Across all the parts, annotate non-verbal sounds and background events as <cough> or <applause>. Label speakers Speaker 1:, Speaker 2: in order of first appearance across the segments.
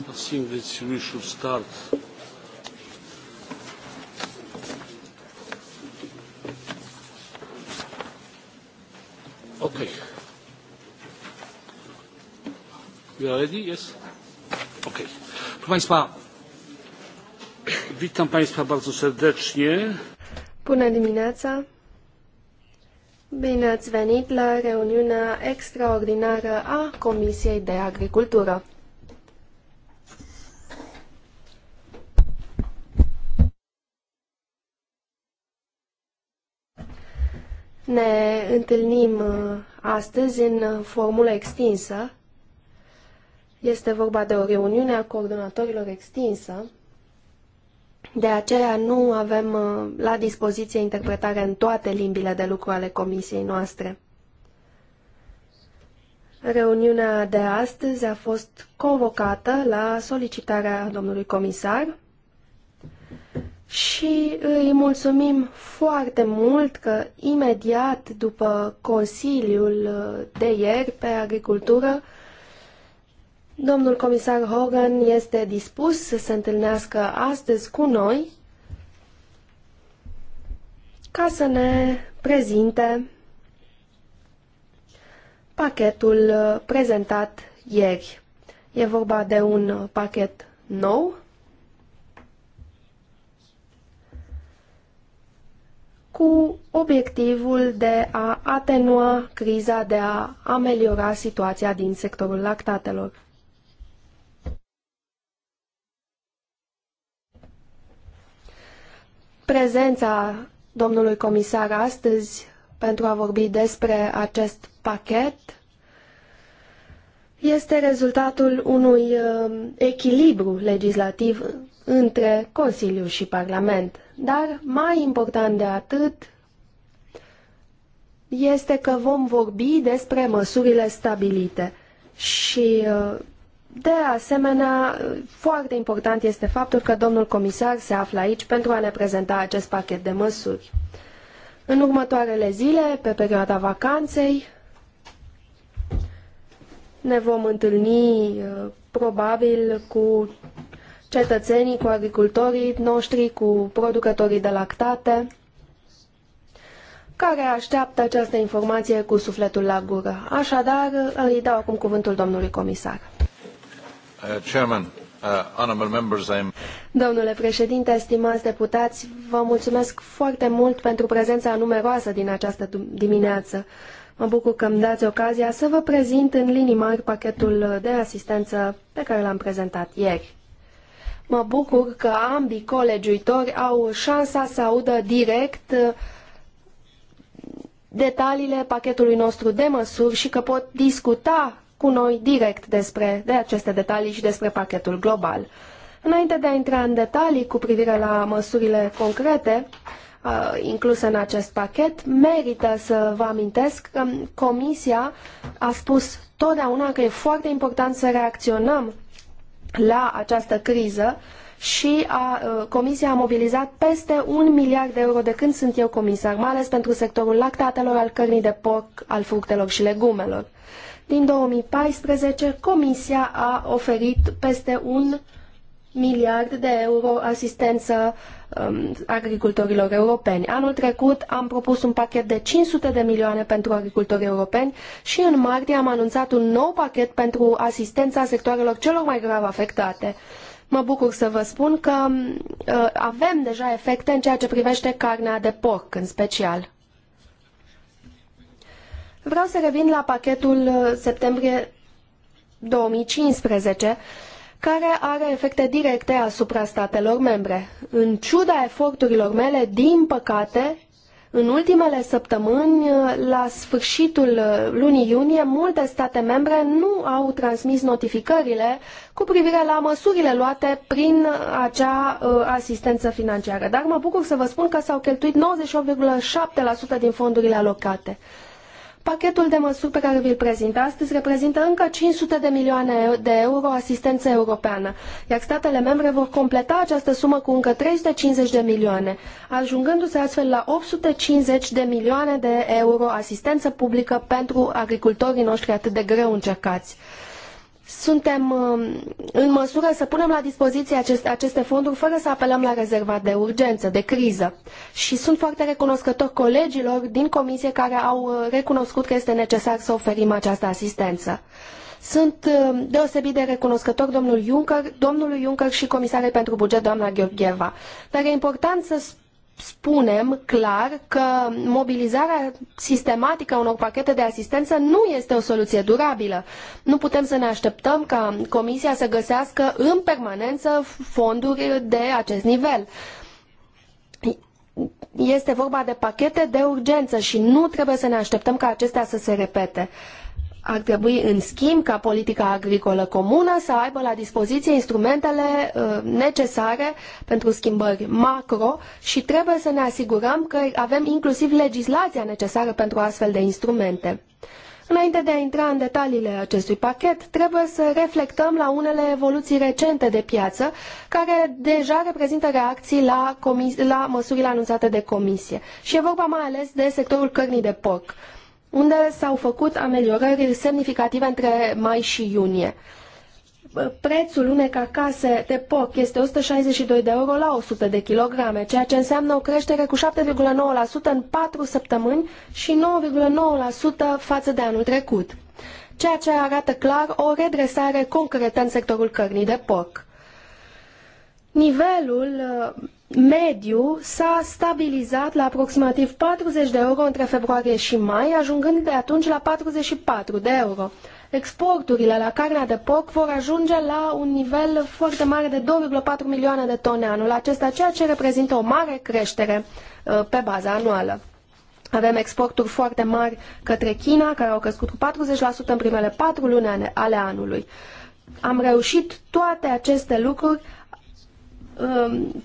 Speaker 1: I think that we start. Okay. You are ready? Yes? Okay. Proszę Państwa, witam Państwa bardzo serdecznie.
Speaker 2: Bună dimineața! Bine ați venit la reuniunea extraordinară a Comisiei de Agricultură. întâlnim uh, astăzi în uh, formulă extinsă. Este vorba de o reuniune a coordonatorilor extinsă. De aceea nu avem uh, la dispoziție interpretare în toate limbile de lucru ale comisiei noastre. Reuniunea de astăzi a fost convocată la solicitarea domnului comisar și îi mulțumim foarte mult că imediat după Consiliul uh, de ieri pe agricultură, domnul comisar Hogan este dispus să se întâlnească astăzi cu noi ca să ne prezinte pachetul uh, prezentat ieri. E vorba de un pachet nou cu obiectivul de a atenua criza, de a ameliora situația din sectorul lactatelor. Prezența domnului comisar astăzi pentru a vorbi despre acest pachet este rezultatul unui uh, echilibru legislativ între Consiliu și Parlament. Dar mai important de atât este că vom vorbi despre măsurile stabilite și uh, de asemenea, foarte important este faptul că domnul comisar se află aici pentru a ne prezenta acest pachet de măsuri. În următoarele zile, pe perioada vacanței, ne vom întâlni uh, probabil cu cetățenii, cu agricultorii noștri, cu producătorii de lactate, care așteaptă această informație cu sufletul la gură. Așadar, îi dau acum cuvântul domnului comisar.
Speaker 1: Uh, chairman, uh, members,
Speaker 2: Domnule președinte, stimați deputați, vă mulțumesc foarte mult pentru prezența numeroasă din această dimineață. Mă bucur că îmi dați ocazia să vă prezint în linii mari pachetul de asistență pe care l-am prezentat ieri. Mă bucur că ambii colegiuitori au șansa să audă direct uh, detaliile pachetului nostru de măsuri și că pot discuta cu noi direct despre de aceste detalii și despre pachetul global. Înainte de a intra în detalii cu privire la măsurile concrete uh, incluse în acest pachet, merită să vă amintesc că Comisia a spus totdeauna că e foarte important să reacționăm la această criză și a, ă, Comisia a mobilizat peste un miliard de euro de când sunt eu comisar, mai ales pentru sectorul lactatelor, al cărnii de porc, al fructelor și legumelor. Din 2014, Comisia a oferit peste un miliard de euro asistență um, agricultorilor europeni. Anul trecut am propus un pachet de 500 de milioane pentru agricultori europeni și în martie am anunțat un nou pachet pentru asistența sectoarelor celor mai grav afectate. Mă bucur să vă spun că um, uh, avem deja efecte în ceea ce privește carnea de porc în special. Vreau să revin la pachetul uh, septembrie 2015 care are efecte directe asupra statelor membre. În ciuda eforturilor mele, din păcate, în ultimele săptămâni, la sfârșitul lunii iunie, multe state membre nu au transmis notificările cu privire la măsurile luate prin acea uh, asistență financiară. Dar mă bucur să vă spun că s-au cheltuit 98,7% din fondurile alocate. Pachetul de măsuri pe care vi-l prezint astăzi reprezintă încă 500 de milioane de euro asistență europeană, iar statele membre vor completa această sumă cu încă 350 de milioane, ajungându-se astfel la 850 de milioane de euro asistență publică pentru agricultorii noștri atât de greu încercați suntem um, în măsură să punem la dispoziție aceste, aceste fonduri fără să apelăm la rezerva de urgență, de criză. Și sunt foarte recunoscător colegilor din comisie care au uh, recunoscut că este necesar să oferim această asistență. Sunt um, deosebit de recunoscător domnul Juncker, domnului Juncker și comisarei pentru buget, doamna Gheorgheva. Dar e important să spunem clar că mobilizarea sistematică a unor pachete de asistență nu este o soluție durabilă. Nu putem să ne așteptăm ca Comisia să găsească în permanență fonduri de acest nivel. Este vorba de pachete de urgență și nu trebuie să ne așteptăm ca acestea să se repete. Uh, ar trebui, în schimb, ca politica agricolă comună să aibă la dispoziție instrumentele uh, necesare pentru schimbări macro și trebuie să ne asigurăm că avem inclusiv legislația necesară pentru astfel de instrumente. Înainte de a intra în detaliile acestui pachet, trebuie să reflectăm la unele evoluții recente de piață, care deja reprezintă reacții la, la măsurile anunțate de comisie. Și e vorba mai ales de sectorul cărnii de porc unde s-au făcut ameliorări semnificative între mai și iunie. Prețul unei carcase de porc este 162 de euro la 100 de kilograme, ceea ce înseamnă o creștere cu 7,9% în 4 săptămâni și 9,9% față de anul trecut, ceea ce arată clar o redresare concretă în sectorul cărnii de porc. Nivelul mediu s-a stabilizat la aproximativ 40 de euro între februarie și mai, ajungând de atunci la 44 de euro. Exporturile la carnea de porc vor ajunge la un nivel foarte mare de 2,4 milioane de tone anul acesta, ceea ce reprezintă o mare creștere uh, pe bază anuală. Avem exporturi foarte mari către China, care au crescut cu 40% în primele patru luni ale anului. Am reușit toate aceste lucruri um,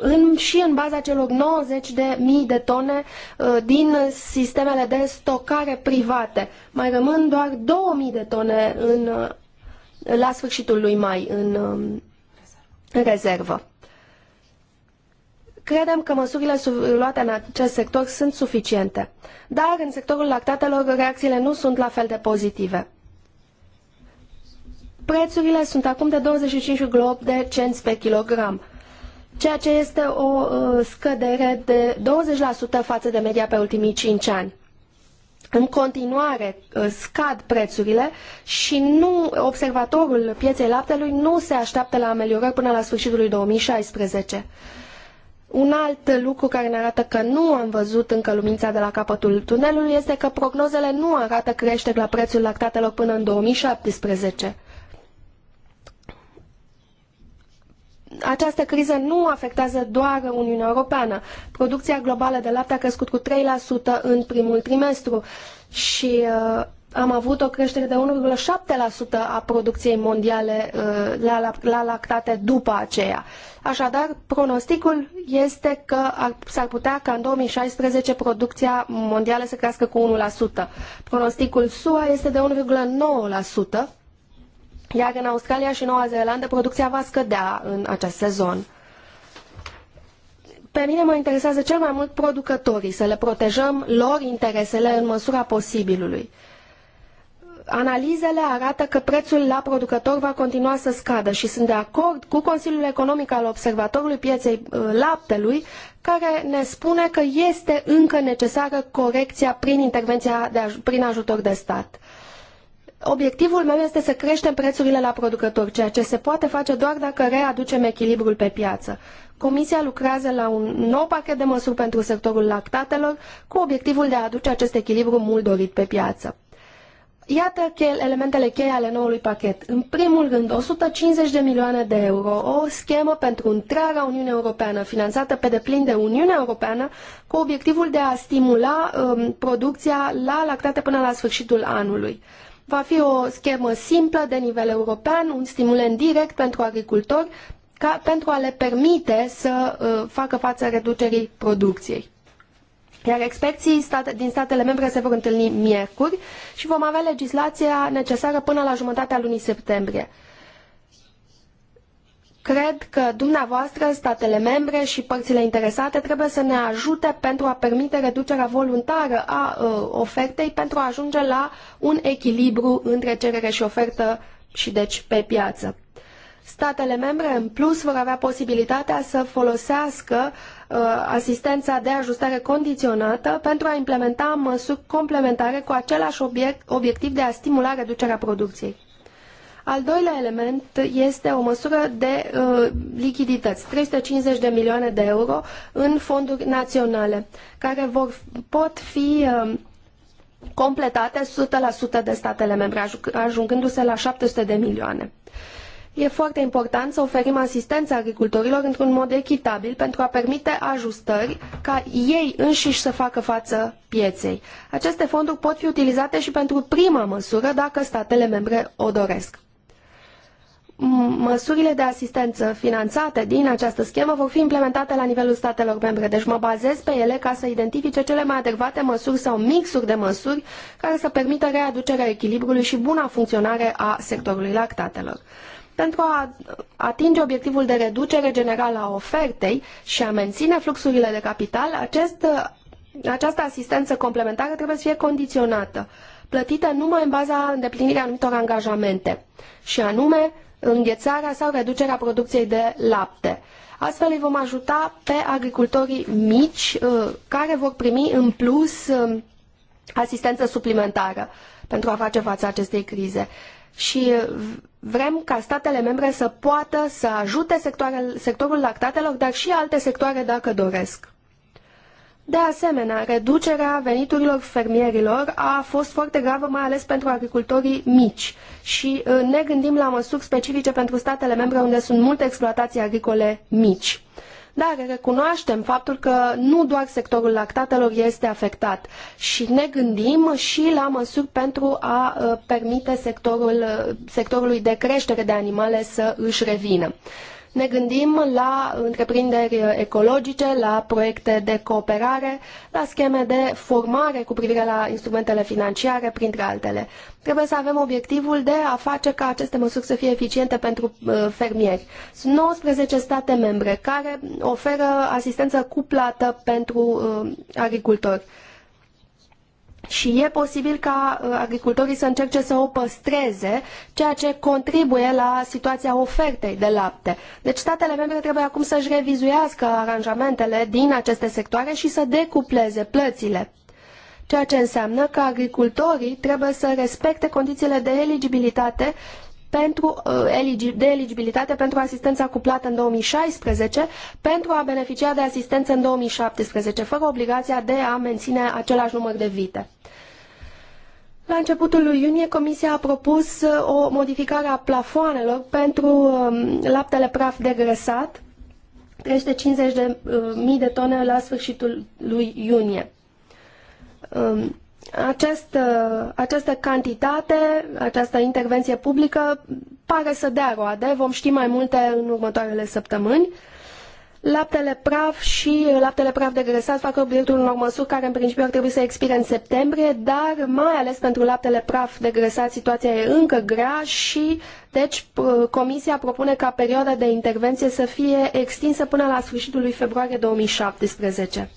Speaker 2: în, și în baza celor 90 de mii de tone uh, din sistemele de stocare private. Mai rămân doar 2000 de tone în, uh, la sfârșitul lui mai în um, rezervă. Credem că măsurile luate în acest sector sunt suficiente, dar în sectorul lactatelor reacțiile nu sunt la fel de pozitive. Prețurile sunt acum de 25,8 de cenți pe kilogram ceea ce este o uh, scădere de 20% față de media pe ultimii cinci ani. În continuare uh, scad prețurile și nu, observatorul pieței laptelui nu se așteaptă la ameliorări până la sfârșitul lui 2016. Un alt lucru care ne arată că nu am văzut încă lumința de la capătul tunelului este că prognozele nu arată creșteri la prețul lactatelor până în 2017. această criză nu afectează doar Uniunea Europeană. Producția globală de lapte a crescut cu 3% în primul trimestru și uh, am avut o creștere de 1,7% a producției mondiale uh, la, la, lactate după aceea. Așadar, pronosticul este că ar, s-ar putea ca în 2016 producția mondială să crească cu 1%. Pronosticul SUA este de 1,9% iar în Australia și Noua Zeelandă producția va scădea în acest sezon. Pe mine mă interesează cel mai mult producătorii, să le protejăm lor interesele în măsura posibilului. Analizele arată că prețul la producător va continua să scadă și sunt de acord cu Consiliul Economic al Observatorului Pieței uh, Laptelui, care ne spune că este încă necesară corecția prin intervenția de aj prin ajutor de stat. Obiectivul meu este să creștem prețurile la producători, ceea ce se poate face doar dacă readucem echilibrul pe piață. Comisia lucrează la un nou pachet de măsuri pentru sectorul lactatelor cu obiectivul de a aduce acest echilibru mult dorit pe piață. Iată elementele cheie ale noului pachet. În primul rând, 150 de milioane de euro, o schemă pentru întreaga Uniune Europeană, finanțată pe deplin de Uniunea Europeană, cu obiectivul de a stimula um, producția la lactate până la sfârșitul anului. Va fi o schemă simplă de nivel european, un stimulent direct pentru agricultori ca, pentru a le permite să uh, facă față reducerii producției. Iar experții state, din statele membre se vor întâlni miercuri și vom avea legislația necesară până la jumătatea lunii septembrie. Cred că dumneavoastră, statele membre și părțile interesate trebuie să ne ajute pentru a permite reducerea voluntară a uh, ofertei pentru a ajunge la un echilibru între cerere și ofertă și deci pe piață. Statele membre în plus vor avea posibilitatea să folosească uh, asistența de ajustare condiționată pentru a implementa măsuri complementare cu același obiect, obiectiv de a stimula reducerea producției. Al doilea element este o măsură de uh, lichidități, 350 de milioane de euro în fonduri naționale, care vor, pot fi uh, completate 100% de statele membre, ajungându-se la 700 de milioane. E foarte important să oferim asistență agricultorilor într-un mod echitabil pentru a permite ajustări ca ei înșiși să facă față pieței. Aceste fonduri pot fi utilizate și pentru prima măsură dacă statele membre o doresc măsurile de asistență finanțate din această schemă vor fi implementate la nivelul statelor membre. Deci mă bazez pe ele ca să identifice cele mai adecvate măsuri sau mixuri de măsuri care să permită readucerea echilibrului și buna funcționare a sectorului lactatelor. Pentru a atinge obiectivul de reducere generală a ofertei și a menține fluxurile de capital, acest, această asistență complementară trebuie să fie condiționată plătită numai în baza îndeplinirii anumitor angajamente, și anume înghețarea sau reducerea producției de lapte. Astfel îi vom ajuta pe agricultorii mici uh, care vor primi în plus uh, asistență suplimentară pentru a face față acestei crize. Și uh, vrem ca statele membre să poată să ajute sectorul lactatelor, dar și alte sectoare dacă doresc. De asemenea, reducerea veniturilor fermierilor a fost foarte gravă, mai ales pentru agricultorii mici și uh, ne gândim la măsuri specifice pentru statele membre unde sunt multe exploatații agricole mici. Dar recunoaștem faptul că nu doar sectorul lactatelor este afectat și ne gândim și la măsuri pentru a uh, permite sectorul, uh, sectorului de creștere de animale să își revină. Ne gândim la întreprinderi ecologice, la proiecte de cooperare, la scheme de formare cu privire la instrumentele financiare, printre altele. Trebuie să avem obiectivul de a face ca aceste măsuri să fie eficiente pentru uh, fermieri. Sunt 19 state membre care oferă asistență cuplată pentru uh, agricultori și e posibil ca uh, agricultorii să încerce să o păstreze, ceea ce contribuie la situația ofertei de lapte. Deci statele membre trebuie acum să-și revizuiască aranjamentele din aceste sectoare și să decupleze plățile. Ceea ce înseamnă că agricultorii trebuie să respecte condițiile de eligibilitate pentru, uh, de eligibilitate pentru asistența cuplată în 2016 pentru a beneficia de asistență în 2017, fără obligația de a menține același număr de vite. La începutul lui iunie, Comisia a propus uh, o modificare a plafoanelor pentru um, laptele praf degresat, 350.000 50.000 de tone la sfârșitul lui iunie. Um, această, această cantitate, această intervenție publică pare să dea roade, vom ști mai multe în următoarele săptămâni. Laptele praf și laptele praf degresat fac obiectul unor măsuri care în principiu ar trebui să expire în septembrie, dar mai ales pentru laptele praf degresat situația e încă grea și deci Comisia propune ca perioada de intervenție să fie extinsă până la sfârșitul lui februarie 2017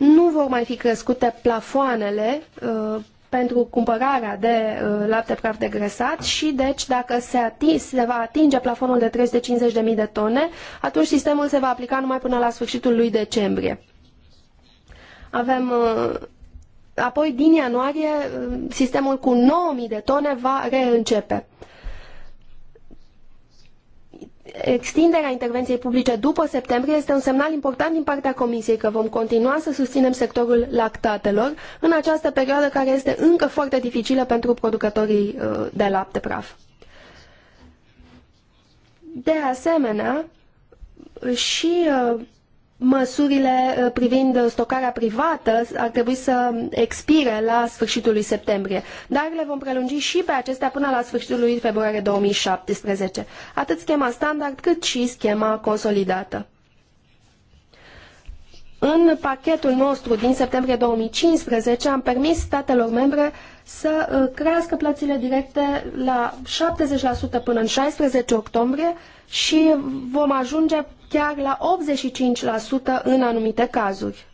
Speaker 2: nu vor mai fi crescute plafoanele uh, pentru cumpărarea de uh, lapte praf degresat și deci dacă se, atins, se va atinge plafonul de 350.000 de tone, atunci sistemul se va aplica numai până la sfârșitul lui decembrie. Avem uh, apoi din ianuarie uh, sistemul cu 9.000 de tone va reîncepe extinderea intervenției publice după septembrie este un semnal important din partea Comisiei că vom continua să susținem sectorul lactatelor în această perioadă care este încă foarte dificilă pentru producătorii uh, de lapte praf. De asemenea, și uh, măsurile uh, privind stocarea privată ar trebui să expire la sfârșitul lui septembrie, dar le vom prelungi și pe acestea până la sfârșitul lui februarie 2017, atât schema standard cât și schema consolidată. În pachetul nostru din septembrie 2015 am permis statelor membre să uh, crească plățile directe la 70% până în 16 octombrie și vom ajunge chiar la 85% în anumite cazuri.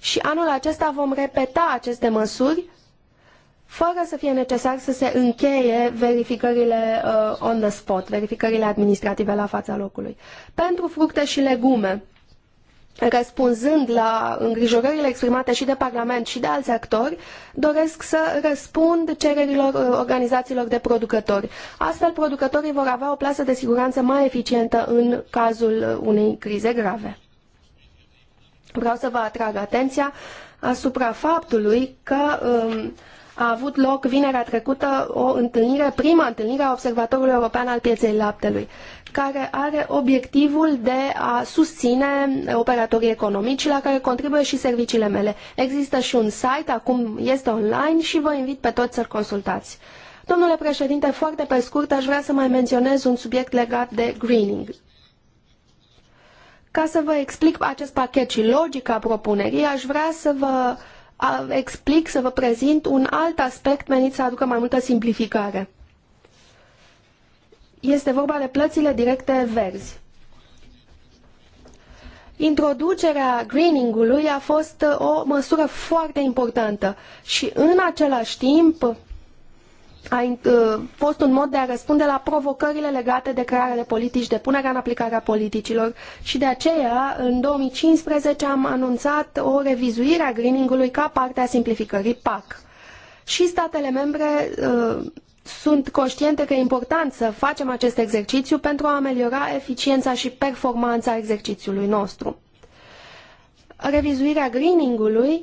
Speaker 2: Și anul acesta vom repeta aceste măsuri fără să fie necesar să se încheie verificările uh, on the spot, verificările administrative la fața locului. Pentru fructe și legume, răspunzând la îngrijorările exprimate și de Parlament și de alți actori, doresc să răspund cererilor uh, organizațiilor de producători. Astfel, producătorii vor avea o plasă de siguranță mai eficientă în cazul uh, unei crize grave. Vreau să vă atrag atenția asupra faptului că um, a avut loc vinerea trecută o întâlnire, prima întâlnire a Observatorului European al Pieței Laptelui care are obiectivul de a susține operatorii economici la care contribuie și serviciile mele. Există și un site, acum este online și vă invit pe toți să-l consultați. Domnule președinte, foarte pe scurt aș vrea să mai menționez un subiect legat de greening. Ca să vă explic acest pachet și logica propunerii, aș vrea să vă explic, să vă prezint un alt aspect menit să aducă mai multă simplificare. Este vorba de plățile directe verzi. Introducerea greening-ului a fost uh, o măsură foarte importantă și în același timp a uh, fost un mod de a răspunde la provocările legate de crearea de politici, de punerea în aplicare a politicilor și de aceea în 2015 am anunțat o revizuire a greening-ului ca parte a simplificării PAC. Și statele membre uh, sunt conștiente că e important să facem acest exercițiu pentru a ameliora eficiența și performanța exercițiului nostru. Revizuirea greening-ului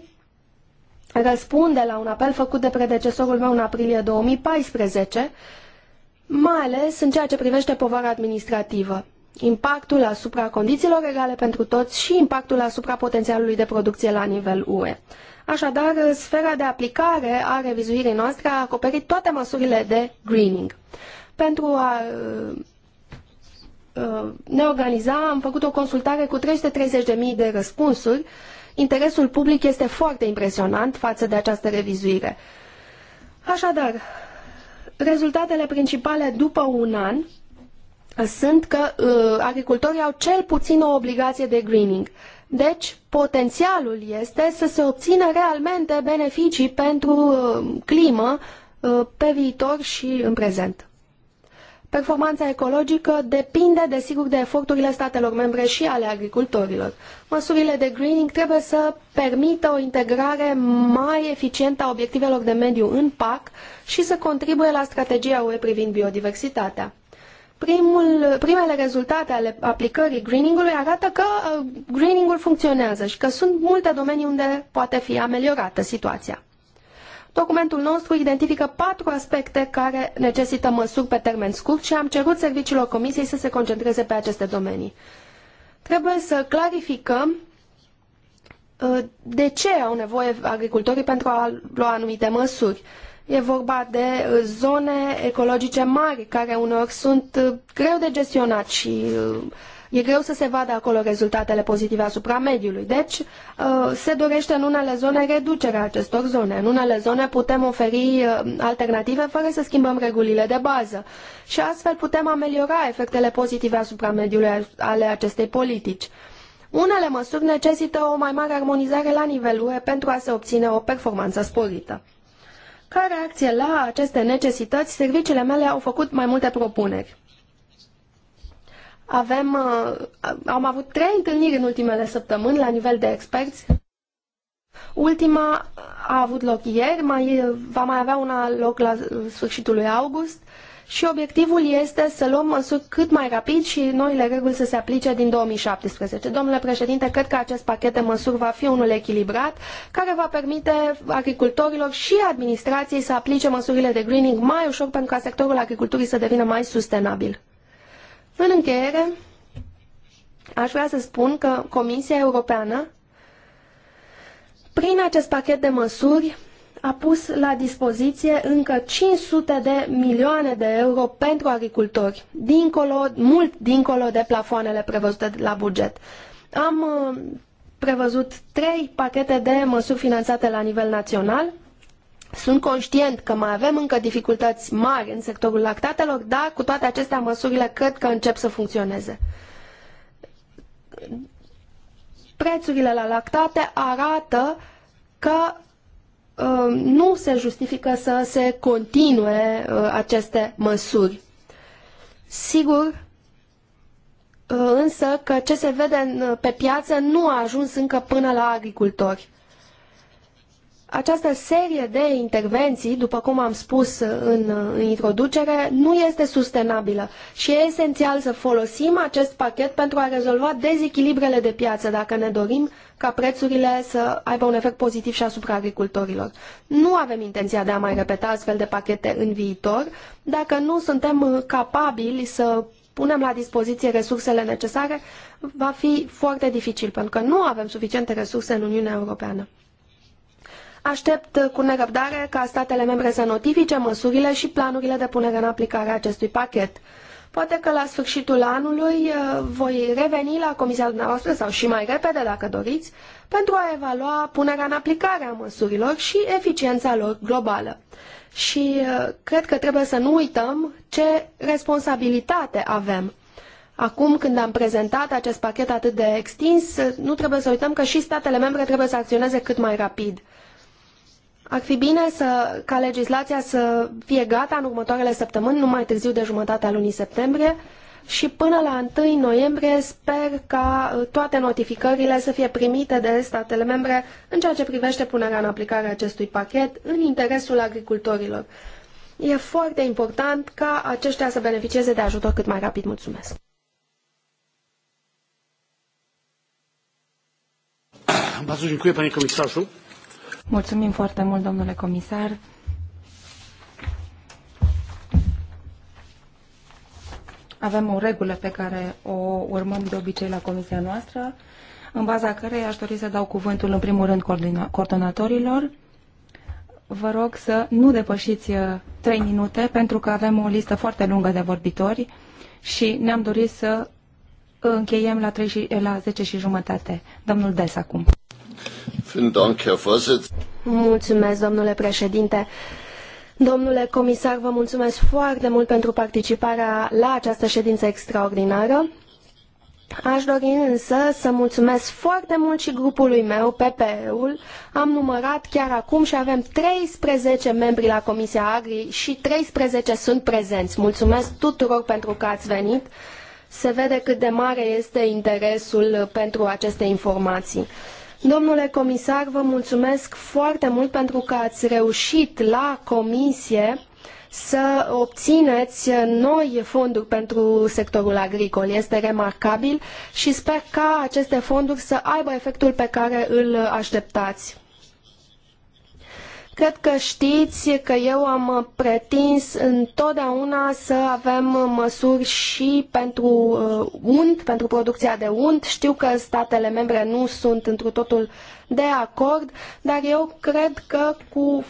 Speaker 2: răspunde la un apel făcut de predecesorul meu în aprilie 2014, mai ales în ceea ce privește povara administrativă, impactul asupra condițiilor egale pentru toți și impactul asupra potențialului de producție la nivel UE. Așadar, sfera de aplicare a revizuirii noastre a acoperit toate măsurile de greening. Pentru a uh, uh, ne organiza, am făcut o consultare cu 330.000 de răspunsuri. Interesul public este foarte impresionant față de această revizuire. Așadar, rezultatele principale după un an sunt că uh, agricultorii au cel puțin o obligație de greening. Deci, potențialul este să se obțină realmente beneficii pentru uh, climă uh, pe viitor și în prezent. Performanța ecologică depinde, desigur, de eforturile statelor membre și ale agricultorilor. Măsurile de greening trebuie să permită o integrare mai eficientă a obiectivelor de mediu în PAC și să contribuie la strategia UE privind biodiversitatea primul, primele rezultate ale aplicării greening-ului arată că uh, greening-ul funcționează și că sunt multe domenii unde poate fi ameliorată situația. Documentul nostru identifică patru aspecte care necesită măsuri pe termen scurt și am cerut serviciilor Comisiei să se concentreze pe aceste domenii. Trebuie să clarificăm uh, de ce au nevoie agricultorii pentru a lua anumite măsuri. E vorba de uh, zone ecologice mari, care uneori sunt uh, greu de gestionat și uh, e greu să se vadă acolo rezultatele pozitive asupra mediului. Deci, se dorește în unele zone reducerea acestor zone. În unele zone putem oferi alternative fără să schimbăm regulile de bază și astfel putem ameliora efectele pozitive asupra mediului ale acestei politici. Unele măsuri necesită o mai mare armonizare la nivel UE pentru a se obține o performanță sporită. Ca reacție la aceste necesități, serviciile mele au făcut mai multe propuneri. Avem, uh, am avut trei întâlniri în ultimele săptămâni la nivel de experți. Ultima a avut loc ieri, mai, va mai avea una loc la sfârșitul lui august și obiectivul este să luăm măsuri cât mai rapid și noile reguli să se aplice din 2017. Domnule președinte, cred că acest pachet de măsuri va fi unul echilibrat care va permite agricultorilor și administrației să aplice măsurile de greening mai ușor pentru ca sectorul agriculturii să devină mai sustenabil. În încheiere, aș vrea să spun că Comisia Europeană, prin acest pachet de măsuri, a pus la dispoziție încă 500 de milioane de euro pentru agricultori, dincolo, mult dincolo de plafoanele prevăzute la buget. Am uh, prevăzut trei pachete de măsuri finanțate la nivel național. Sunt conștient că mai avem încă dificultăți mari în sectorul lactatelor, dar cu toate acestea măsurile cred că încep să funcționeze. Prețurile la lactate arată că Uh, nu se justifică să se continue uh, aceste măsuri. Sigur, uh, însă că ce se vede pe piață nu a ajuns încă până la agricultori. Această serie de intervenții, după cum am spus în, introducere, nu este sustenabilă și e esențial să folosim acest pachet pentru a rezolva dezechilibrele de piață dacă ne dorim ca prețurile să aibă un efect pozitiv și asupra agricultorilor. Nu avem intenția de a mai repeta astfel de pachete în viitor dacă nu suntem capabili să punem la dispoziție resursele necesare, va fi foarte dificil, pentru că nu avem suficiente resurse în Uniunea Europeană. Aștept cu nerăbdare ca statele membre să notifice măsurile și planurile de punere în aplicare a acestui pachet. Poate că la sfârșitul anului uh, voi reveni la comisia dumneavoastră sau și mai repede, dacă doriți, pentru a evalua punerea în aplicare a măsurilor și eficiența lor globală. Și uh, cred că trebuie să nu uităm ce responsabilitate avem. Acum, când am prezentat acest pachet atât de extins, uh, nu trebuie să uităm că și statele membre trebuie să acționeze cât mai rapid. Ar fi bine să, ca legislația să fie gata în următoarele săptămâni, nu mai târziu de jumătatea lunii septembrie, și până la 1 noiembrie sper ca uh, toate notificările să fie primite de statele membre în ceea ce privește punerea în aplicare a acestui pachet în interesul agricultorilor. E foarte important ca aceștia să beneficieze de ajutor cât mai rapid. Mulțumesc!
Speaker 1: Bardzo dziękuję panie komisarzu.
Speaker 3: Mulțumim foarte mult, domnule comisar. Avem o regulă pe care o urmăm de obicei la comisia noastră, în baza cărei aș dori să dau cuvântul în primul rând coordonatorilor. Vă rog să nu depășiți 3 uh, minute, pentru că avem o listă foarte lungă de vorbitori și ne-am dorit să
Speaker 2: încheiem la, 3 și, la 10 și jumătate. Domnul Des acum. Mulțumesc, domnule președinte. Domnule comisar, vă mulțumesc foarte mult pentru participarea la această ședință extraordinară. Aș dori însă să mulțumesc foarte mult și grupului meu, PPE-ul. Am numărat chiar acum și avem 13 membri la Comisia Agri și 13 sunt prezenți. Mulțumesc tuturor pentru că ați venit. Se vede cât de mare este interesul pentru aceste informații. Domnule comisar, vă mulțumesc foarte mult pentru că ați reușit la comisie să obțineți noi fonduri pentru sectorul agricol. Este remarcabil și sper ca aceste fonduri să aibă efectul pe care îl așteptați. Cred că știți că eu am pretins întotdeauna să avem măsuri și pentru uh, unt, pentru producția de unt. Știu că statele membre nu sunt întru totul de acord, dar eu cred că cu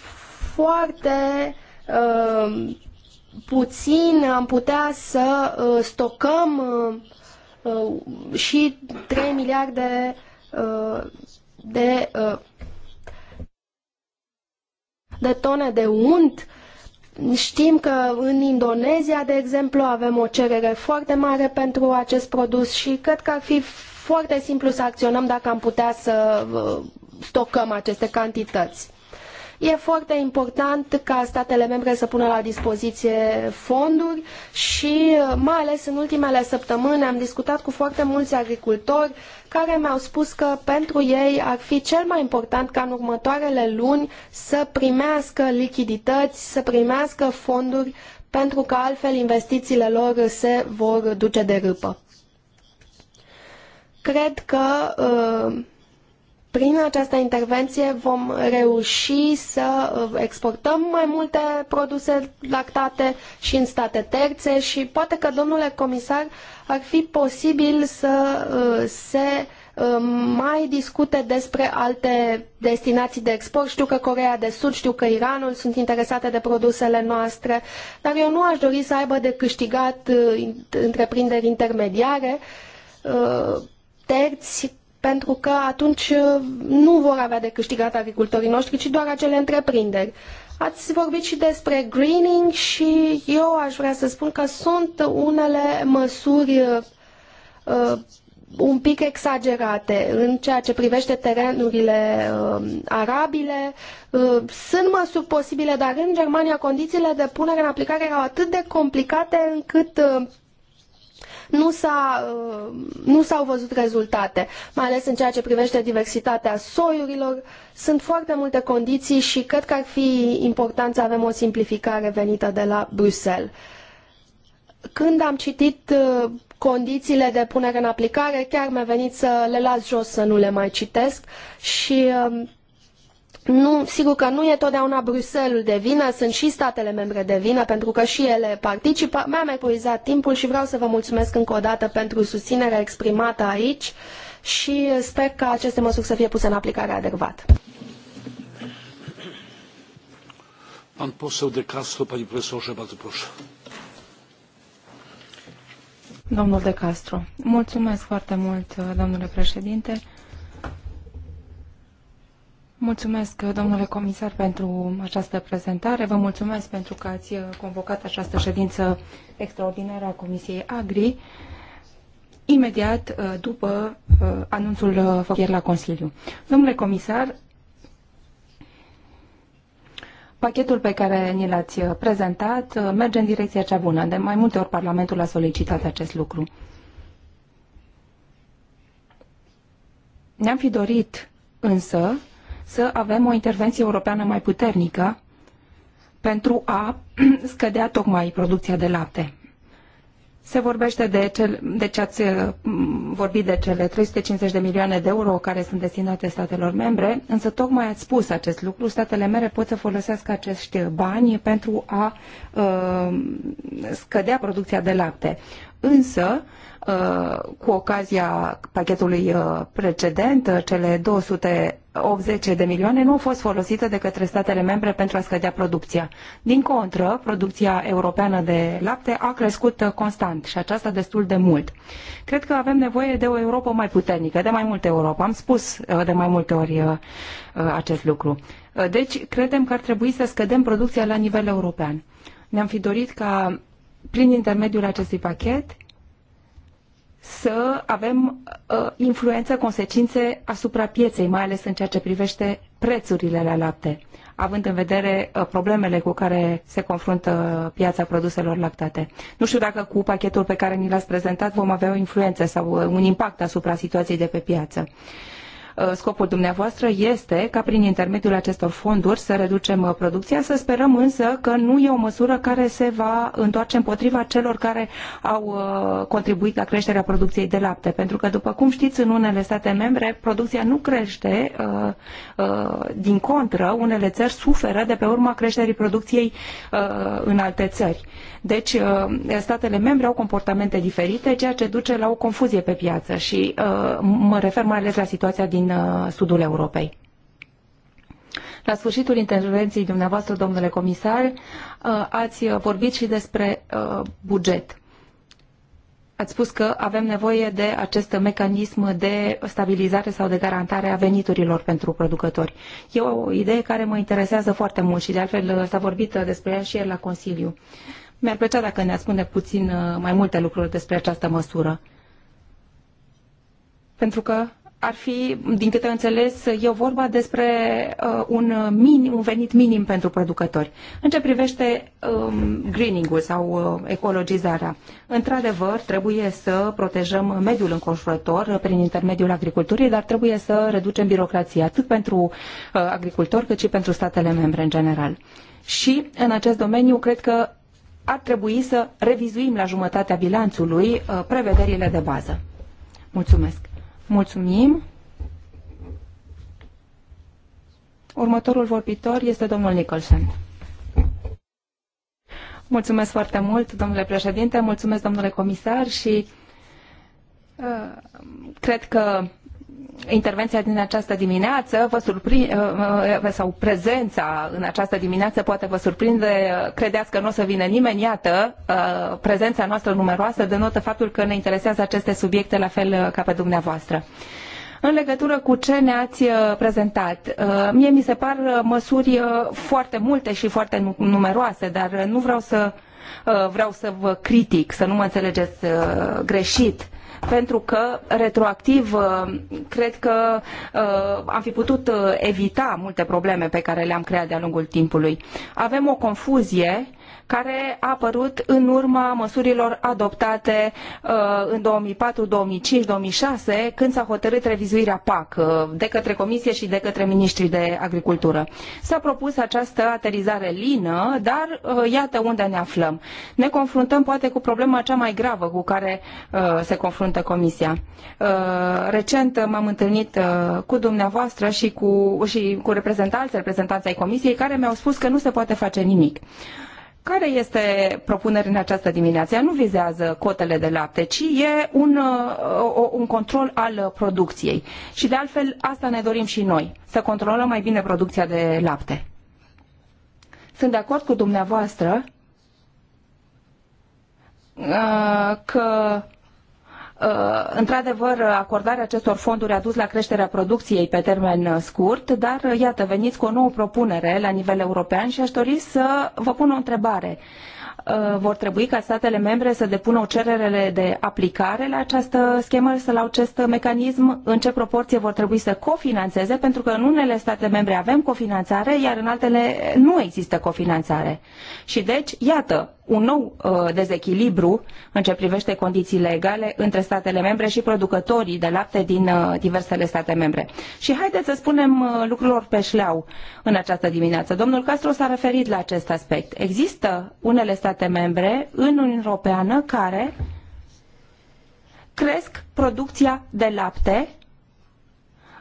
Speaker 2: foarte uh, puțin am putea să uh, stocăm uh, uh și 3 miliarde uh, de de tone de unt. Știm că în Indonezia, de exemplu, avem o cerere foarte mare pentru acest produs și cred că ar fi foarte simplu să acționăm dacă am putea să uh, stocăm aceste cantități. E foarte important ca statele membre să pună la dispoziție fonduri și mai ales în ultimele săptămâni am discutat cu foarte mulți agricultori care mi-au spus că pentru ei ar fi cel mai important ca în următoarele luni să primească lichidități, să primească fonduri pentru că altfel investițiile lor se vor duce de râpă. Cred că uh, prin această intervenție vom reuși să uh, exportăm mai multe produse lactate și în state terțe și poate că, domnule comisar, ar fi posibil să uh, se uh, mai discute despre alte destinații de export. Știu că Coreea de Sud, știu că Iranul sunt interesate de produsele noastre, dar eu nu aș dori să aibă de câștigat întreprinderi intermediare terți pentru că atunci uh, nu vor avea de câștigat agricultorii noștri, ci doar acele întreprinderi. Ați vorbit și despre greening și eu aș vrea să spun că sunt unele măsuri uh, uh, un pic exagerate în ceea ce privește terenurile uh, arabile. Uh, sunt măsuri posibile, dar în Germania condițiile de punere în aplicare erau atât de complicate încât uh, nu, s-a, uh, nu s-au văzut rezultate, mai ales în ceea ce privește diversitatea soiurilor. Sunt foarte multe condiții și cred că ar fi important să avem o simplificare venită de la Bruxelles. Când am citit uh, condițiile de punere în aplicare, chiar mi-a venit să le las jos să nu le mai citesc și um, nu, sigur că nu e totdeauna Bruselul de vină, sunt și statele membre de vină, pentru că și ele participă. Mi-am epuizat timpul și vreau să vă mulțumesc încă o dată pentru susținerea exprimată aici și sper ca aceste măsuri să fie puse în aplicare adecvat.
Speaker 1: Pan de Castro, pani
Speaker 3: Domnul de Castro, mulțumesc foarte mult, domnule președinte. Mulțumesc, domnule comisar, pentru această prezentare. Vă mulțumesc pentru că ați convocat această ședință extraordinară a Comisiei Agri imediat uh, după uh, anunțul uh, făcut ieri la Consiliu. Domnule comisar, Pachetul pe care ni l-ați prezentat merge în direcția cea bună. De mai multe ori Parlamentul a solicitat acest lucru. Ne-am fi dorit însă să avem o intervenție europeană mai puternică pentru a <clears throat> scădea tocmai producția de lapte. Se vorbește de, cel, de ce ați mm, vorbit de cele 350 de milioane de euro care sunt destinate statelor membre, însă tocmai ați spus acest lucru, statele membre pot să folosească acești bani pentru a uh, scădea producția de lapte însă uh, cu ocazia pachetului uh, precedent, uh, cele 280 de milioane nu au fost folosite de către statele membre pentru a scădea producția. Din contră, producția europeană de lapte a crescut constant și aceasta destul de mult. Cred că avem nevoie de o Europa mai puternică, de mai multă Europa. Am spus de mai multe ori acest lucru. Deci, credem că ar trebui să scădem producția la nivel european. Ne-am fi dorit ca prin intermediul acestui pachet, să avem uh, influență, consecințe asupra pieței, mai ales în ceea ce privește prețurile la lapte, având în vedere uh, problemele cu care se confruntă piața produselor lactate. Nu știu dacă cu pachetul pe care ni l-ați prezentat vom avea o influență sau uh, un impact asupra situației de pe piață. Uh, Uh, scopul dumneavoastră este ca prin intermediul acestor fonduri să reducem uh, producția, să sperăm însă că nu e o măsură care se va întoarce împotriva celor care au uh, contribuit la creșterea producției de lapte, pentru că după cum știți în unele state membre producția nu crește, din contră unele țări suferă de pe urma creșterii producției în alte țări. Deci, statele membre au comportamente diferite, ceea ce duce la o confuzie pe piață și mă refer mai ales la situația din din uh, sudul Europei. La sfârșitul intervenției dumneavoastră, domnule comisar, uh, ați vorbit și despre uh, buget. Ați spus că avem nevoie de acest mecanism de stabilizare sau de garantare a veniturilor pentru producători. E o idee care mă interesează foarte mult și de altfel s-a vorbit despre ea și ieri la Consiliu. Mi-ar plăcea dacă ne-ați spune puțin mai multe lucruri despre această măsură. Pentru că ar fi, din câte înțeles, eu vorba despre uh, un, minim, un venit minim pentru producători. În ce privește um, greening-ul sau uh, ecologizarea, într-adevăr, trebuie să protejăm mediul înconjurător prin intermediul agriculturii, dar trebuie să reducem birocrația, atât pentru uh, agricultori, cât și pentru statele membre în general. Și în acest domeniu, cred că ar trebui să revizuim la jumătatea bilanțului uh, prevederile de bază. Mulțumesc! Mulțumim. Următorul vorbitor este domnul Nicholson. Mulțumesc foarte mult, domnule președinte, mulțumesc, domnule comisar și uh, cred că intervenția din această dimineață vă surprinde, uh, uh, uh, sau prezența în această dimineață poate vă surprinde, credeți că nu o să vină nimeni, iată, prezența noastră numeroasă denotă faptul că ne interesează aceste subiecte la fel ca pe dumneavoastră. În legătură cu ce ne-ați prezentat, mie mi se par măsuri foarte multe și foarte numeroase, dar nu vreau să, vreau să vă critic, să nu mă înțelegeți greșit pentru că retroactiv uh, cred că uh, am fi putut uh, evita multe probleme pe care le-am creat de-a lungul timpului. Avem o confuzie care a apărut în urma măsurilor adoptate uh, în 2004, 2005, 2006, când s-a hotărât revizuirea PAC uh, de către Comisie și de către Ministrii de Agricultură. S-a propus această aterizare lină, dar uh, iată unde ne aflăm. Ne confruntăm poate cu problema cea mai gravă cu care se confruntă Comisia. Recent m-am întâlnit cu dumneavoastră și cu, și cu reprezentanți, reprezentanții ai Comisiei, care mi-au spus că nu se poate face nimic care este propunerea în această dimineață? Ea nu vizează cotele de lapte, ci e un, uh, un control al producției. Și de altfel, asta ne dorim și noi, să controlăm mai bine producția de lapte. Sunt de acord cu dumneavoastră uh, că Uh, într-adevăr, acordarea acestor fonduri a dus la creșterea producției pe termen uh, scurt, dar uh, iată, veniți cu o nouă propunere la nivel european și aș dori să vă pun o întrebare vor trebui ca statele membre să depună o cerere de aplicare la această schemă sau la acest mecanism? În ce proporție vor trebui să cofinanțeze? Pentru că în unele state membre avem cofinanțare, iar în altele nu există cofinanțare. Și deci, iată, un nou uh, dezechilibru în ce privește condițiile egale între statele membre și producătorii de lapte din uh, diversele state membre. Și haideți să spunem uh, lucrurilor pe șleau în această dimineață. Domnul Castro s-a referit la acest aspect. Există unele state membre în Uniunea Europeană care cresc producția de lapte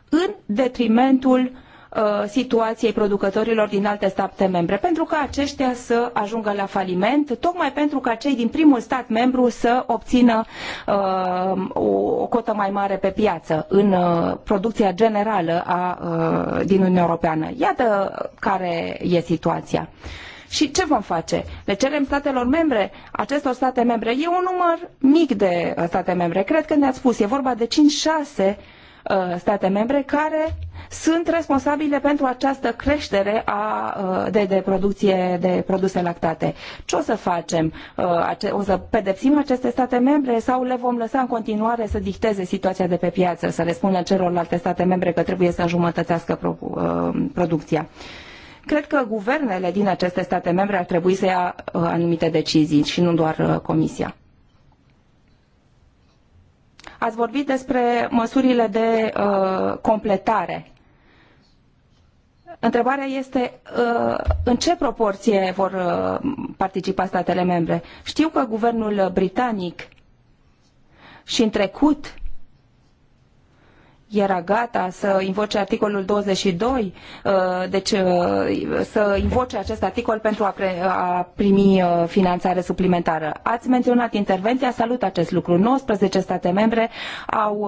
Speaker 3: în detrimentul Uh, situației producătorilor din alte state membre, pentru ca aceștia să ajungă la faliment, tocmai pentru ca cei din primul stat membru să obțină uh, o cotă mai mare pe piață în uh, producția generală a, uh, din Uniunea Europeană. Iată care e situația. Și ce vom face? Le cerem statelor membre, acestor state membre, e un număr mic de uh, state membre, cred că ne-ați spus, e vorba de 5-6 Uh, state membre care sunt responsabile pentru această creștere a, uh, de, de producție de produse lactate. Ce o să facem? Uh, o să pedepsim aceste state membre sau le vom lăsa în continuare să dicteze situația de pe piață, să le spună celorlalte state membre că trebuie să înjumătățească producția? Cred că guvernele din aceste state membre ar trebui să ia anumite decizii și nu doar Comisia ați vorbit despre măsurile de uh, completare. Întrebarea este uh, în ce proporție vor uh, participa statele membre. Știu că guvernul britanic și în trecut era gata să invoce articolul 22, uh, deci uh, să invoce acest articol pentru a, primi uh, finanțare suplimentară. Ați menționat intervenția, salut acest lucru. 19 state membre au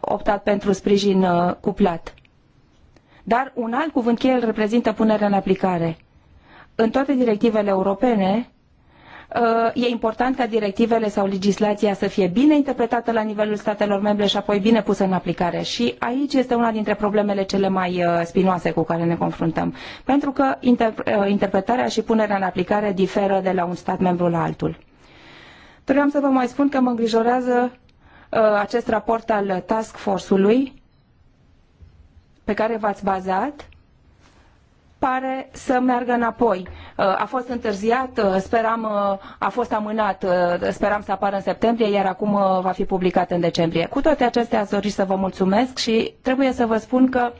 Speaker 3: optat pentru sprijin cuplat. Dar un alt cuvânt cheie îl reprezintă punerea în aplicare. În toate directivele europene, Uh, e important ca directivele sau legislația să fie bine interpretată la nivelul statelor membre și apoi bine pusă în aplicare. Și aici este una dintre problemele cele mai uh, spinoase cu care ne confruntăm. Pentru că uh, interpretarea și punerea în aplicare diferă de la un stat membru la altul. Vreau să vă mai spun că mă îngrijorează acest raport al task force-ului pe care v-ați bazat pare să meargă înapoi. Uh, a fost întârziat, uh, speram, uh, a fost amânat, speram să apară în septembrie, iar acum va fi publicat în decembrie. Cu toate acestea, aș dori să vă mulțumesc și trebuie să vă spun că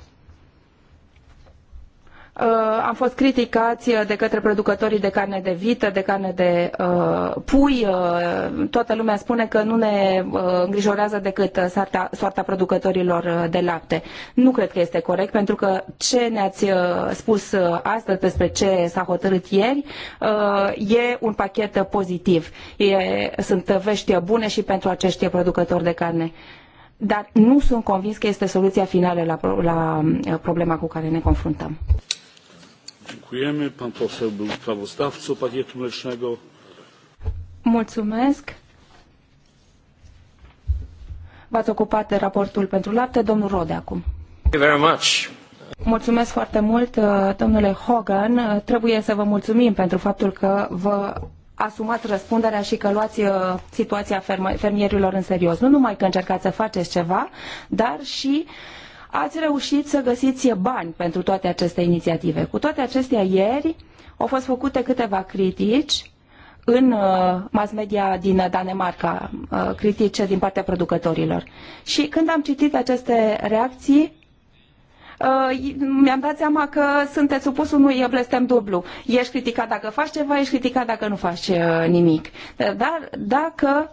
Speaker 3: Uh, am fost criticați de către producătorii de carne de vită, de carne de uh, pui. Uh, toată lumea spune că nu ne îngrijorează decât soarta, soarta producătorilor de lapte. Nu cred că este corect, pentru că ce ne-ați spus astăzi despre ce s-a hotărât ieri e un pachet pozitiv. E, sunt vești bune și pentru acești producători de carne dar nu sunt convins că este soluția finală la, la, problema cu care ne confruntăm.
Speaker 1: Dziękujemy. Pan poseł był sprawozdawcą pakietu mlecznego.
Speaker 3: Mulțumesc. V-ați ocupat de raportul pentru lapte, domnul Rode acum.
Speaker 4: Thank you very much.
Speaker 3: Mulțumesc foarte mult, uh, domnule Hogan. Uh, trebuie să vă mulțumim pentru faptul că vă asumați răspunderea și că luați uh, situația fermierilor în serios. Nu numai că încercați să faceți ceva, dar și uh, ați reușit să găsiți bani pentru toate aceste inițiative. Cu toate acestea, ieri au fost făcute câteva critici în uh, mass media din Danemarca, uh, critici din partea producătorilor. Și când am citit aceste reacții, uh, mi-am dat seama că sunteți supus unui blestem dublu. Ești criticat dacă faci ceva, ești criticat dacă nu faci nimic. Dar dacă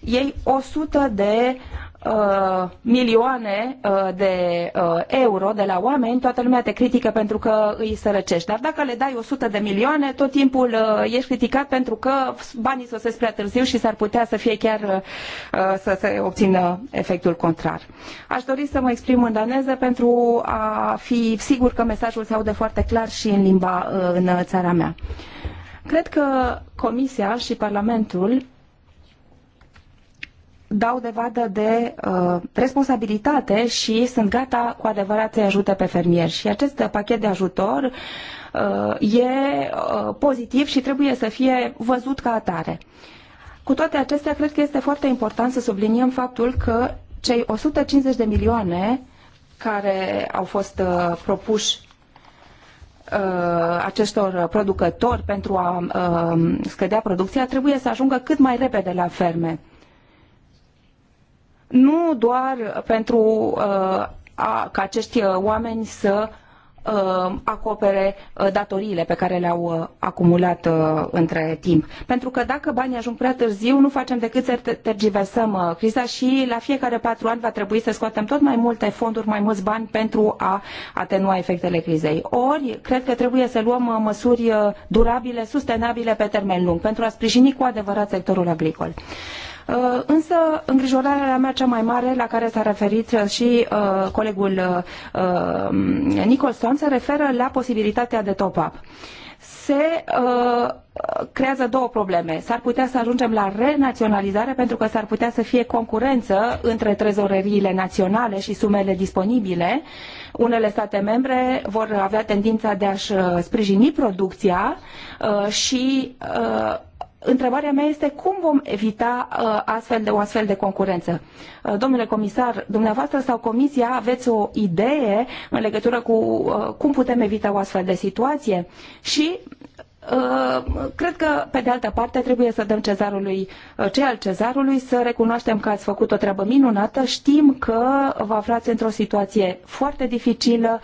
Speaker 3: iei 100 de Uh, milioane uh, de uh, euro de la oameni, toată lumea te critică pentru că îi sărăcești. Dar dacă le dai 100 de milioane, tot timpul ești criticat pentru că banii sosesc prea târziu și s-ar putea să fie chiar să se obțină efectul contrar. Aș dori să mă exprim în daneză pentru a fi sigur că mesajul se aude foarte clar și în limba în țara mea. Cred că Comisia și Parlamentul dau dovadă de uh, responsabilitate și sunt gata cu adevărat să-i ajute pe fermieri. Și acest pachet de ajutor uh, e uh, pozitiv și trebuie să fie văzut ca atare. Cu toate acestea, cred că este foarte important să subliniem faptul că cei 150 de milioane care au fost uh, propuși uh, acestor producători pentru a uh, scădea producția trebuie să ajungă cât mai repede la ferme nu doar pentru uh, a, ca acești uh, oameni să uh, acopere datoriile pe care le-au acumulat între timp. Pentru că dacă banii ajung prea târziu, nu facem decât să tergiversăm criza și la fiecare patru ani va trebui să scoatem tot mai multe fonduri, mai mulți bani pentru a atenua efectele crizei. Ori, cred că trebuie să luăm măsuri durabile, sustenabile pe termen lung, pentru a sprijini cu adevărat sectorul agricol. Uh, însă, îngrijorarea mea cea mai mare, la care s-a referit uh, și uh, colegul Nicholson, se referă la posibilitatea de top-up se uh, creează două probleme. S-ar putea să ajungem la renaționalizare pentru că s-ar putea să fie concurență între trezoreriile naționale și sumele disponibile. Unele state membre vor avea tendința de a-și sprijini producția uh, și uh, Întrebarea mea este cum vom evita uh, astfel de, o astfel de concurență. Uh, domnule comisar, dumneavoastră sau comisia aveți o idee în legătură cu uh, cum putem evita o astfel de situație și cred că, pe de altă parte, trebuie să dăm cezarului ce al cezarului, să recunoaștem că ați făcut o treabă minunată. Știm că vă aflați într-o situație foarte dificilă.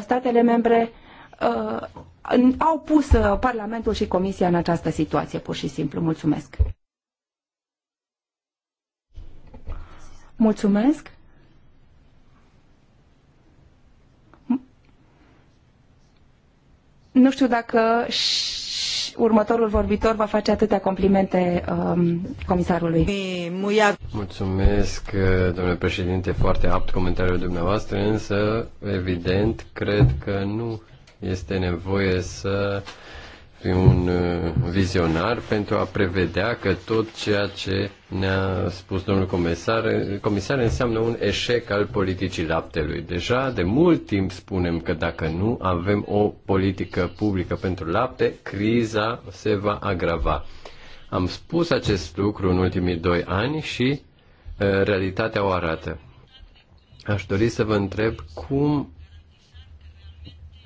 Speaker 3: Statele membre au pus uh, Parlamentul și Comisia în această situație, pur și simplu. Mulțumesc! Mulțumesc! Nu știu dacă următorul vorbitor va face atâtea complimente um, comisarului.
Speaker 4: Mulțumesc, uh, domnule președinte, foarte apt comentariul dumneavoastră, însă, evident, cred că nu este nevoie să fii un uh, vizionar pentru a prevedea că tot ceea ce ne-a spus domnul comisar, comisar înseamnă un eșec al politicii laptelui. Deja de mult timp spunem că dacă nu avem o politică publică pentru lapte, criza se va agrava. Am spus acest lucru în ultimii doi ani și uh, realitatea o arată. Aș dori să vă întreb cum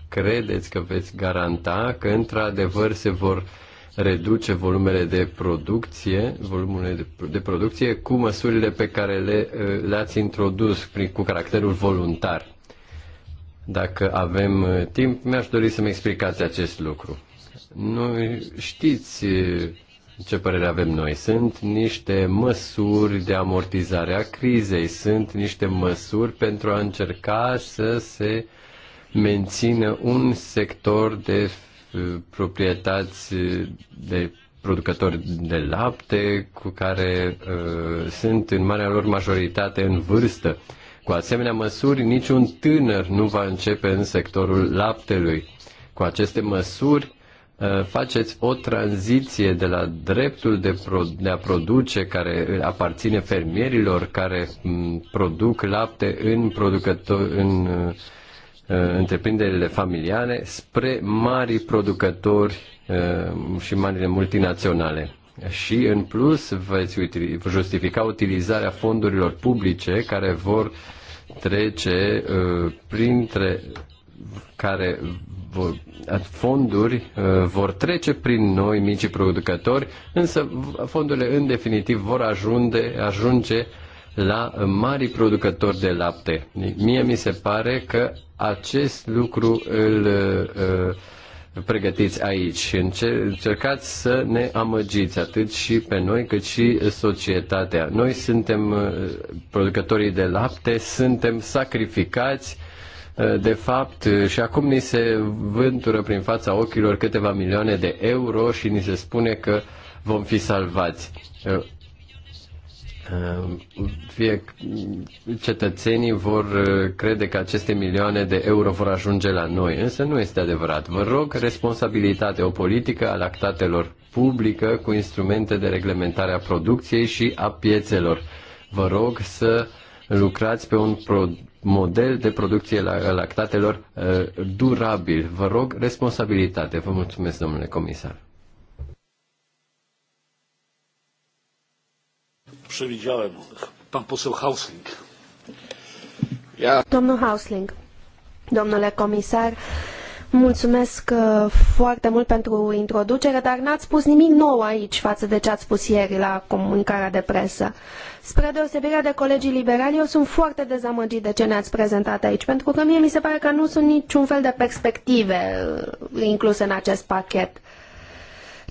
Speaker 4: credeți că veți garanta că într-adevăr se vor reduce volumele de producție, volumele de, de producție cu măsurile pe care le, eh, le-ați introdus prin, cu caracterul voluntar. Dacă avem eh, timp, mi-aș dori să-mi explicați acest lucru. Nu știți eh, ce părere avem noi. Sunt niște măsuri de amortizare a crizei, sunt niște măsuri pentru a încerca să se mențină un sector de eh, proprietăți eh, de producători de lapte cu care uh, sunt în marea lor majoritate în vârstă. Cu asemenea măsuri, niciun tânăr nu va începe în sectorul laptelui. Cu aceste măsuri, faceți o tranziție de la dreptul de, pro- de a produce care aparține fermierilor care mm, produc lapte în producători în uh, Uh, întreprinderile familiale spre mari producători uh, și marile multinaționale. Și în plus veți justifica utilizarea fondurilor publice care vor trece uh, printre care vor, fonduri vor trece prin noi, micii producători, însă fondurile în definitiv vor ajunge, ajunge la mari producători de lapte. Mie mi se pare că acest lucru îl uh, pregătiți aici. Încercați să ne amăgiți atât și pe noi cât și societatea. Noi suntem uh, producătorii de lapte, suntem sacrificați uh, de fapt uh, și acum ni se vântură prin fața ochilor câteva milioane de euro și ni se spune că vom fi salvați fie cetățenii vor uh, crede că aceste milioane de euro vor ajunge la noi, însă nu este adevărat. Vă rog responsabilitate, o politică a lactatelor publică cu instrumente de reglementare a producției și a piețelor. Vă rog să lucrați pe un model de producție la lactatelor uh, durabil. Vă rog responsabilitate. Vă mulțumesc, domnule comisar.
Speaker 1: Przewidziałem. Pan poseł Hausling.
Speaker 4: Ia...
Speaker 2: Domnul Hausling, domnule comisar, mulțumesc uh, foarte mult pentru introducere, dar n-ați spus nimic nou aici față de ce ați spus ieri la comunicarea de presă. Spre deosebire de colegii liberali, eu sunt foarte dezamăgit de ce ne-ați prezentat aici, pentru că mie mi se pare că nu sunt niciun fel de perspective uh, incluse în acest pachet.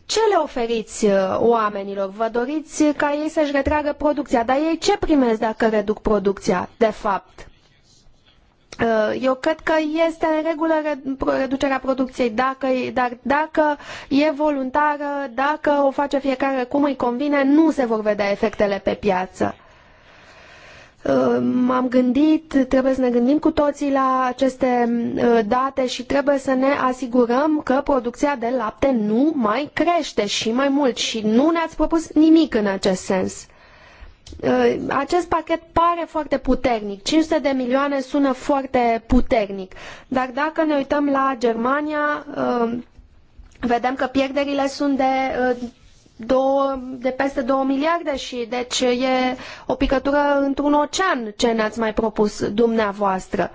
Speaker 2: Ce le oferiți uh, oamenilor? Vă doriți ca ei să-și retragă producția, dar ei ce primesc dacă reduc producția, de fapt? Uh, eu cred că este în regulă reducerea producției, dacă, dar dacă e voluntară, dacă o face fiecare cum îi convine, nu se vor vedea efectele pe piață. Uh, m-am gândit, trebuie să ne gândim cu toții la aceste uh, date și trebuie să ne asigurăm că producția de lapte nu mai crește și mai mult și nu ne-ați propus nimic în acest sens. Uh, acest pachet pare foarte puternic, 500 de milioane sună foarte puternic, dar dacă ne uităm la Germania, vedem că pierderile sunt de două, de peste 2 miliarde și deci e o picătură într-un ocean ce ne-ați mai propus dumneavoastră.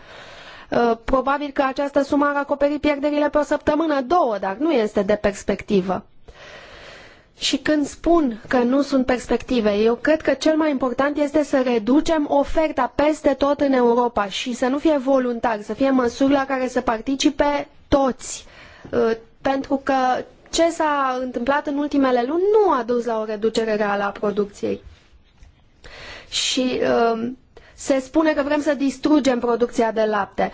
Speaker 2: Uh, probabil că această sumă ar acoperi pierderile pe o săptămână, două, dar nu este de perspectivă. Și când spun că nu sunt perspective, eu cred că cel mai important este să reducem oferta peste tot în Europa și să nu fie voluntar, să fie măsuri la care să participe toți. Uh, pentru că ce s-a întâmplat în ultimele luni nu a dus la o reducere reală a producției. Și uh, se spune că vrem să distrugem producția de lapte.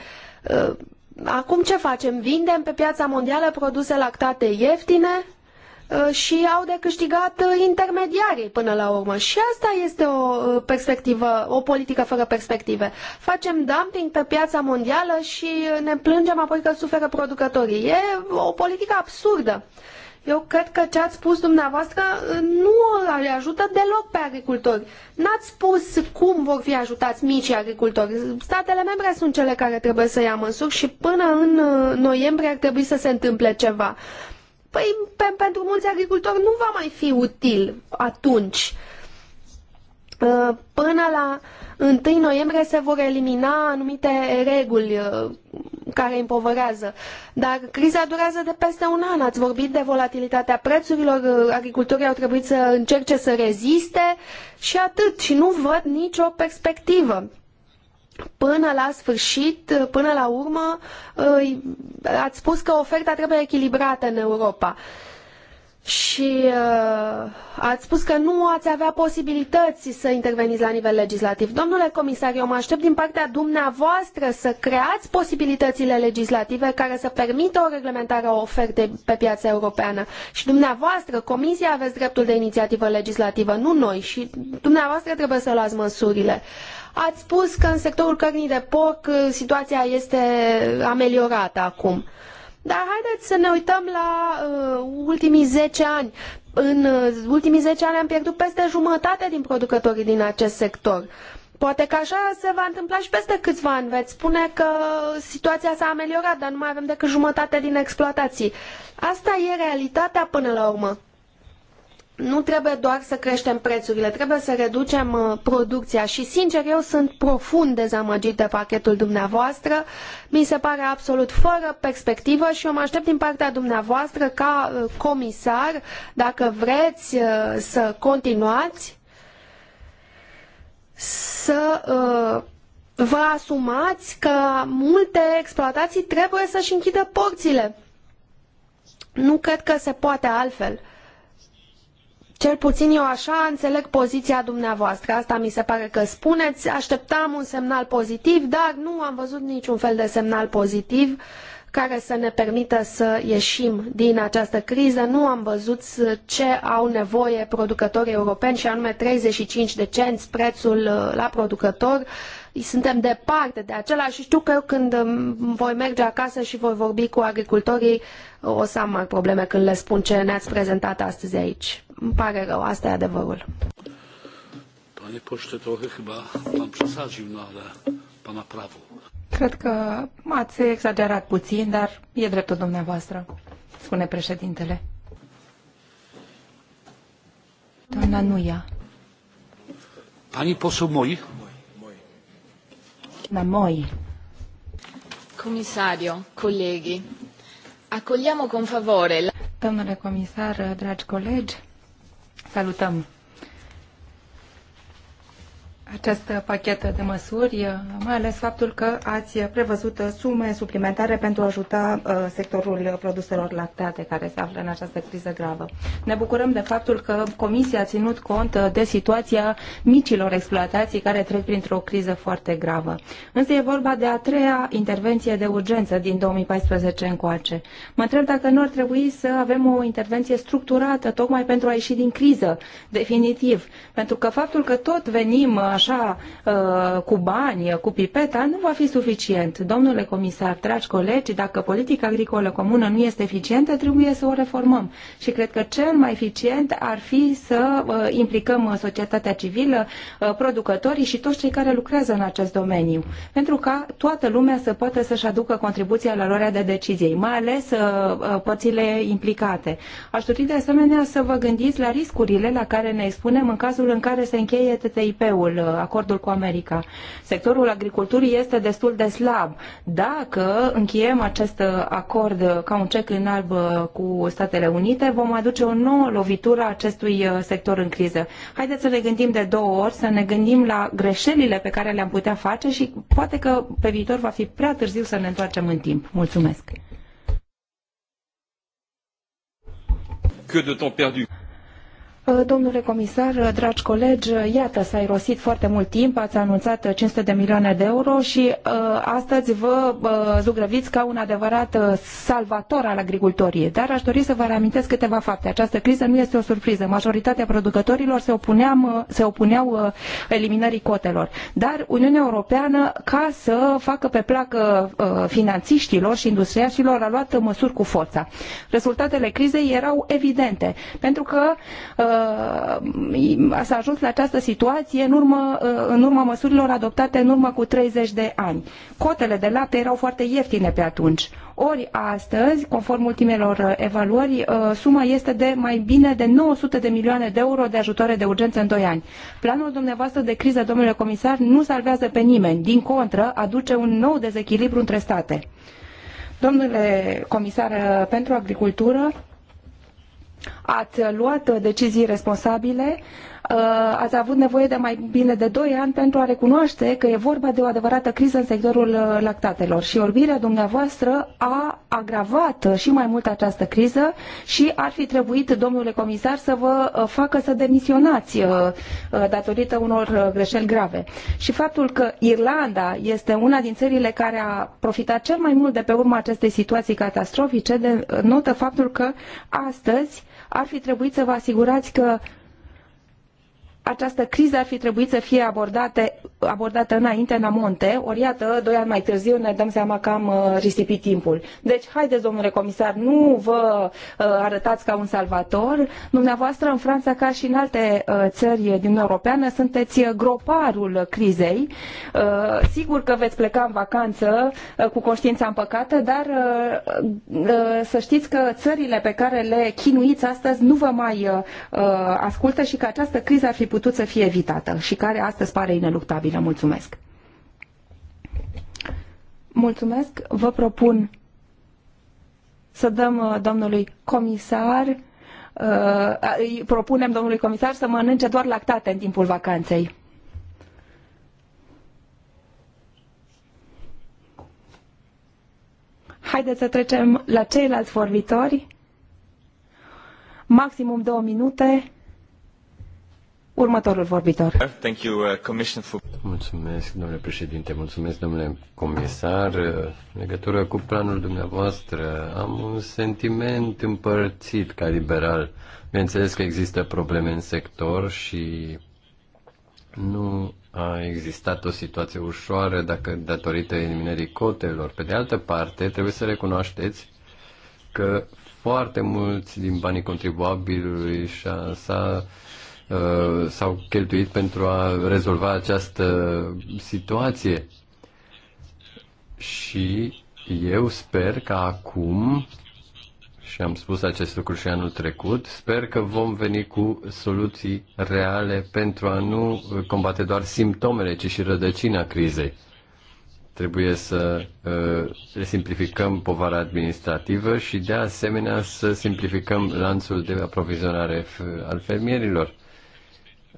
Speaker 2: Uh, acum ce facem? Vindem pe piața mondială produse lactate ieftine Uh, și au de câștigat uh, intermediarii până la urmă. Și asta este o uh, perspectivă, o politică fără perspective. Facem dumping pe piața mondială și ne plângem apoi că suferă producătorii. E o politică absurdă. Eu cred că ce ați spus dumneavoastră nu le ajută deloc pe agricultori. N-ați spus cum vor fi ajutați micii agricultori. Statele membre sunt cele care trebuie să ia măsuri și până în noiembrie ar trebui să se întâmple ceva. Uh, păi pe, pentru mulți agricultori nu va mai fi util atunci. Uh, până la 1 noiembrie se vor elimina anumite reguli uh, care împovărează. Dar criza durează de peste un an. Ați vorbit de volatilitatea prețurilor, uh, agricultorii au trebuit să încerce să reziste și atât. Și nu văd nicio perspectivă până la sfârșit, până la urmă, ați spus că oferta trebuie echilibrată în Europa. Și uh, ați spus că nu ați avea posibilități să interveniți la nivel legislativ. Domnule comisar, eu mă aștept din partea dumneavoastră să creați posibilitățile legislative care să permită o reglementare a ofertei pe piața europeană. Și dumneavoastră, comisia, aveți dreptul de inițiativă legislativă, nu noi. Și dumneavoastră trebuie să luați măsurile. Uh, Ați spus că în sectorul cărnii de porc uh, situația este ameliorată acum. Dar haideți să ne uităm la uh, ultimii zece ani. În uh, ultimii zece ani am pierdut peste jumătate din producătorii din acest sector. Poate că așa se va întâmpla și peste câțiva ani. Veți spune că situația s-a ameliorat, dar nu mai avem decât jumătate din exploatații. Asta e realitatea până la urmă nu trebuie doar să creștem prețurile, trebuie să reducem uh, producția și, sincer, eu sunt profund dezamăgit de pachetul dumneavoastră. Mi se pare absolut fără perspectivă și eu mă aștept din partea dumneavoastră ca uh, comisar, dacă vreți uh, să continuați, să vă asumați că multe exploatații trebuie să-și închidă porțile. Nu cred că se poate altfel. Uh, cel puțin eu așa înțeleg poziția dumneavoastră. Asta mi se pare că spuneți. Așteptam un semnal pozitiv, dar nu am văzut niciun fel de semnal pozitiv care să ne permită să ieșim din această criză. Nu am văzut ce au nevoie producătorii europeni și anume 35 de cenți prețul uh, la producător suntem departe de acela și știu că când voi merge acasă și voi vorbi cu agricultorii, o să am mari probleme când le spun ce ne-ați prezentat astăzi aici. Îmi pare rău, asta e adevărul.
Speaker 1: Panie poște, trochę chyba pan przesadził, no ale pana prawo.
Speaker 3: Cred că ați exagerat puțin, dar e dreptul dumneavoastră, spune președintele. Doamna
Speaker 1: Nuia. Pani poseł moi? Moi.
Speaker 2: Comisario, colleghi,
Speaker 3: accogliamo con favore... La... Domnule comisar, dragi colegi, salutăm acest pachet de măsuri, mai ales faptul că ați prevăzut sume suplimentare pentru a ajuta uh, sectorul produselor lactate care se află în această criză gravă. Ne bucurăm de faptul că Comisia a ținut cont uh, de situația micilor exploatații care trec printr-o criză foarte gravă. Însă e vorba de a treia intervenție de urgență din 2014 încoace. Mă întreb dacă nu ar trebui să avem o intervenție structurată tocmai pentru a ieși din criză definitiv, pentru că faptul că tot venim uh, așa, uh, cu bani, cu pipeta, nu va fi suficient. Domnule comisar, dragi colegi, dacă politica agricolă comună nu este eficientă, trebuie să o reformăm. Și cred că cel mai eficient ar fi să uh, implicăm uh, societatea civilă, producătorii și toți cei care lucrează în acest domeniu, pentru ca toată lumea să poată să-și aducă contribuția la luarea de decizii, mai ales pățile implicate. Aș dori de asemenea să vă gândiți la riscurile la care ne expunem în cazul în care se încheie TTIP-ul acordul cu America. Sectorul agriculturii este destul de slab. Dacă încheiem acest acord ca un cec în alb cu Statele Unite, vom aduce o nouă lovitură acestui uh, sector în criză. Haideți să ne gândim de două ori, să ne gândim la greșelile pe care le-am putea face și poate că pe viitor va fi prea târziu să ne întoarcem în timp. Mulțumesc!
Speaker 1: Que de temps perdu!
Speaker 3: Uh, domnule comisar, uh, dragi colegi, uh, iată, s-a irosit foarte mult timp, ați anunțat 500 de milioane de euro și astăzi vă zugrăviți ca un adevărat salvator al agricultoriei. Dar aș dori să vă reamintesc câteva fapte. Această criză nu este o surpriză. Majoritatea producătorilor se, opuneam, se opuneau eliminării cotelor. Dar Uniunea Europeană, ca să facă pe placă finanțiștilor și industriașilor, a luat măsuri cu forța. Rezultatele crizei erau evidente, pentru că Uh, s-a ajuns la această situație în urmă, uh, în urma măsurilor adoptate în urmă cu 30 de ani. Cotele de lapte erau foarte ieftine pe atunci. Ori astăzi, conform ultimelor evaluări, uh, suma este de mai bine de 900 de milioane de euro de ajutoare de urgență în 2 ani. Planul dumneavoastră de criză, domnule comisar, nu salvează pe nimeni. Din contră, aduce un nou dezechilibru între state. Domnule comisar pentru agricultură, ați luat decizii responsabile, uh, ați avut nevoie de mai bine de 2 ani pentru a recunoaște că e vorba de o adevărată criză în sectorul uh, lactatelor și orbirea dumneavoastră a agravat uh, și mai mult această criză și ar fi trebuit, domnule comisar, să vă facă să demisionați datorită unor greșeli grave. Și faptul că Irlanda este una din țările care a profitat cel mai mult de pe urma acestei situații catastrofice denotă faptul că astăzi ar fi trebuit să vă asigurați că această criză ar fi trebuit să fie abordate, abordată înainte, în amonte, ori iată, doi ani mai târziu ne dăm seama că am uh, risipit timpul. Deci, haideți, domnule comisar, nu vă uh, arătați ca un salvator. Dumneavoastră, în Franța, ca și în alte uh, țări din Europeană, sunteți groparul crizei. Sigur că veți pleca în vacanță cu conștiința împăcată, dar să știți că țările pe care le chinuiți astăzi nu vă mai ascultă și că această criză ar fi putut putut să fie evitată și care astăzi pare ineluctabilă. Mulțumesc! Mulțumesc! Vă propun să dăm uh, domnului comisar uh, îi propunem domnului comisar să mănânce doar lactate în timpul vacanței. Haideți să trecem la ceilalți vorbitori. Maximum două minute. Următorul vorbitor.
Speaker 4: Thank you, uh, for... Mulțumesc, domnule președinte, mulțumesc, domnule comisar. În legătură cu planul dumneavoastră, am un sentiment împărțit ca liberal. Bineînțeles că există probleme în sector și nu a existat o situație ușoară dacă datorită eliminării cotelor. Pe de altă parte, trebuie să recunoașteți că foarte mulți din banii contribuabilului și a, s-a Uh, s-au cheltuit pentru a rezolva această situație. Și eu sper că acum, și am spus acest lucru și anul trecut, sper că vom veni cu soluții reale pentru a nu combate doar simptomele, ci și rădăcina crizei trebuie să uh, simplificăm povara administrativă și de asemenea să simplificăm lanțul de aprovizionare al fermierilor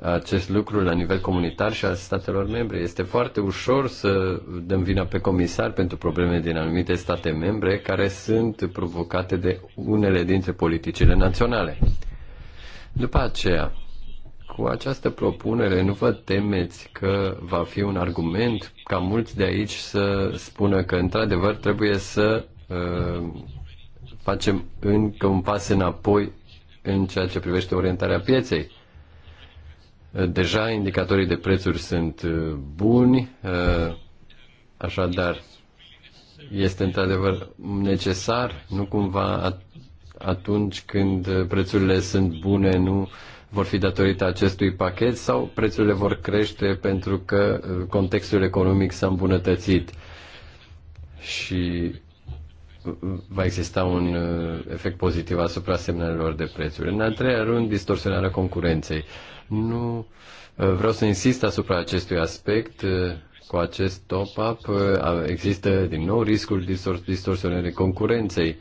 Speaker 4: acest lucru la nivel comunitar și al statelor membre. Este foarte ușor să dăm vina pe comisar pentru probleme din anumite state membre care sunt provocate de unele dintre politicile naționale. După aceea, cu această propunere nu vă temeți că va fi un argument ca mulți de aici să spună că într-adevăr trebuie să uh, facem încă un pas înapoi în ceea ce privește orientarea pieței Deja indicatorii de prețuri sunt uh, buni, uh, așadar este într-adevăr necesar, nu cumva atunci când prețurile sunt bune, nu vor fi datorită acestui pachet sau prețurile vor crește pentru că uh, contextul economic s-a îmbunătățit și va exista un efect pozitiv asupra semnalelor de prețuri. În al treilea rând, distorsionarea concurenței. Uh, nu uh, vreau să insist asupra acestui aspect. Uh, cu acest top-up uh, există din nou riscul distorsionării concurenței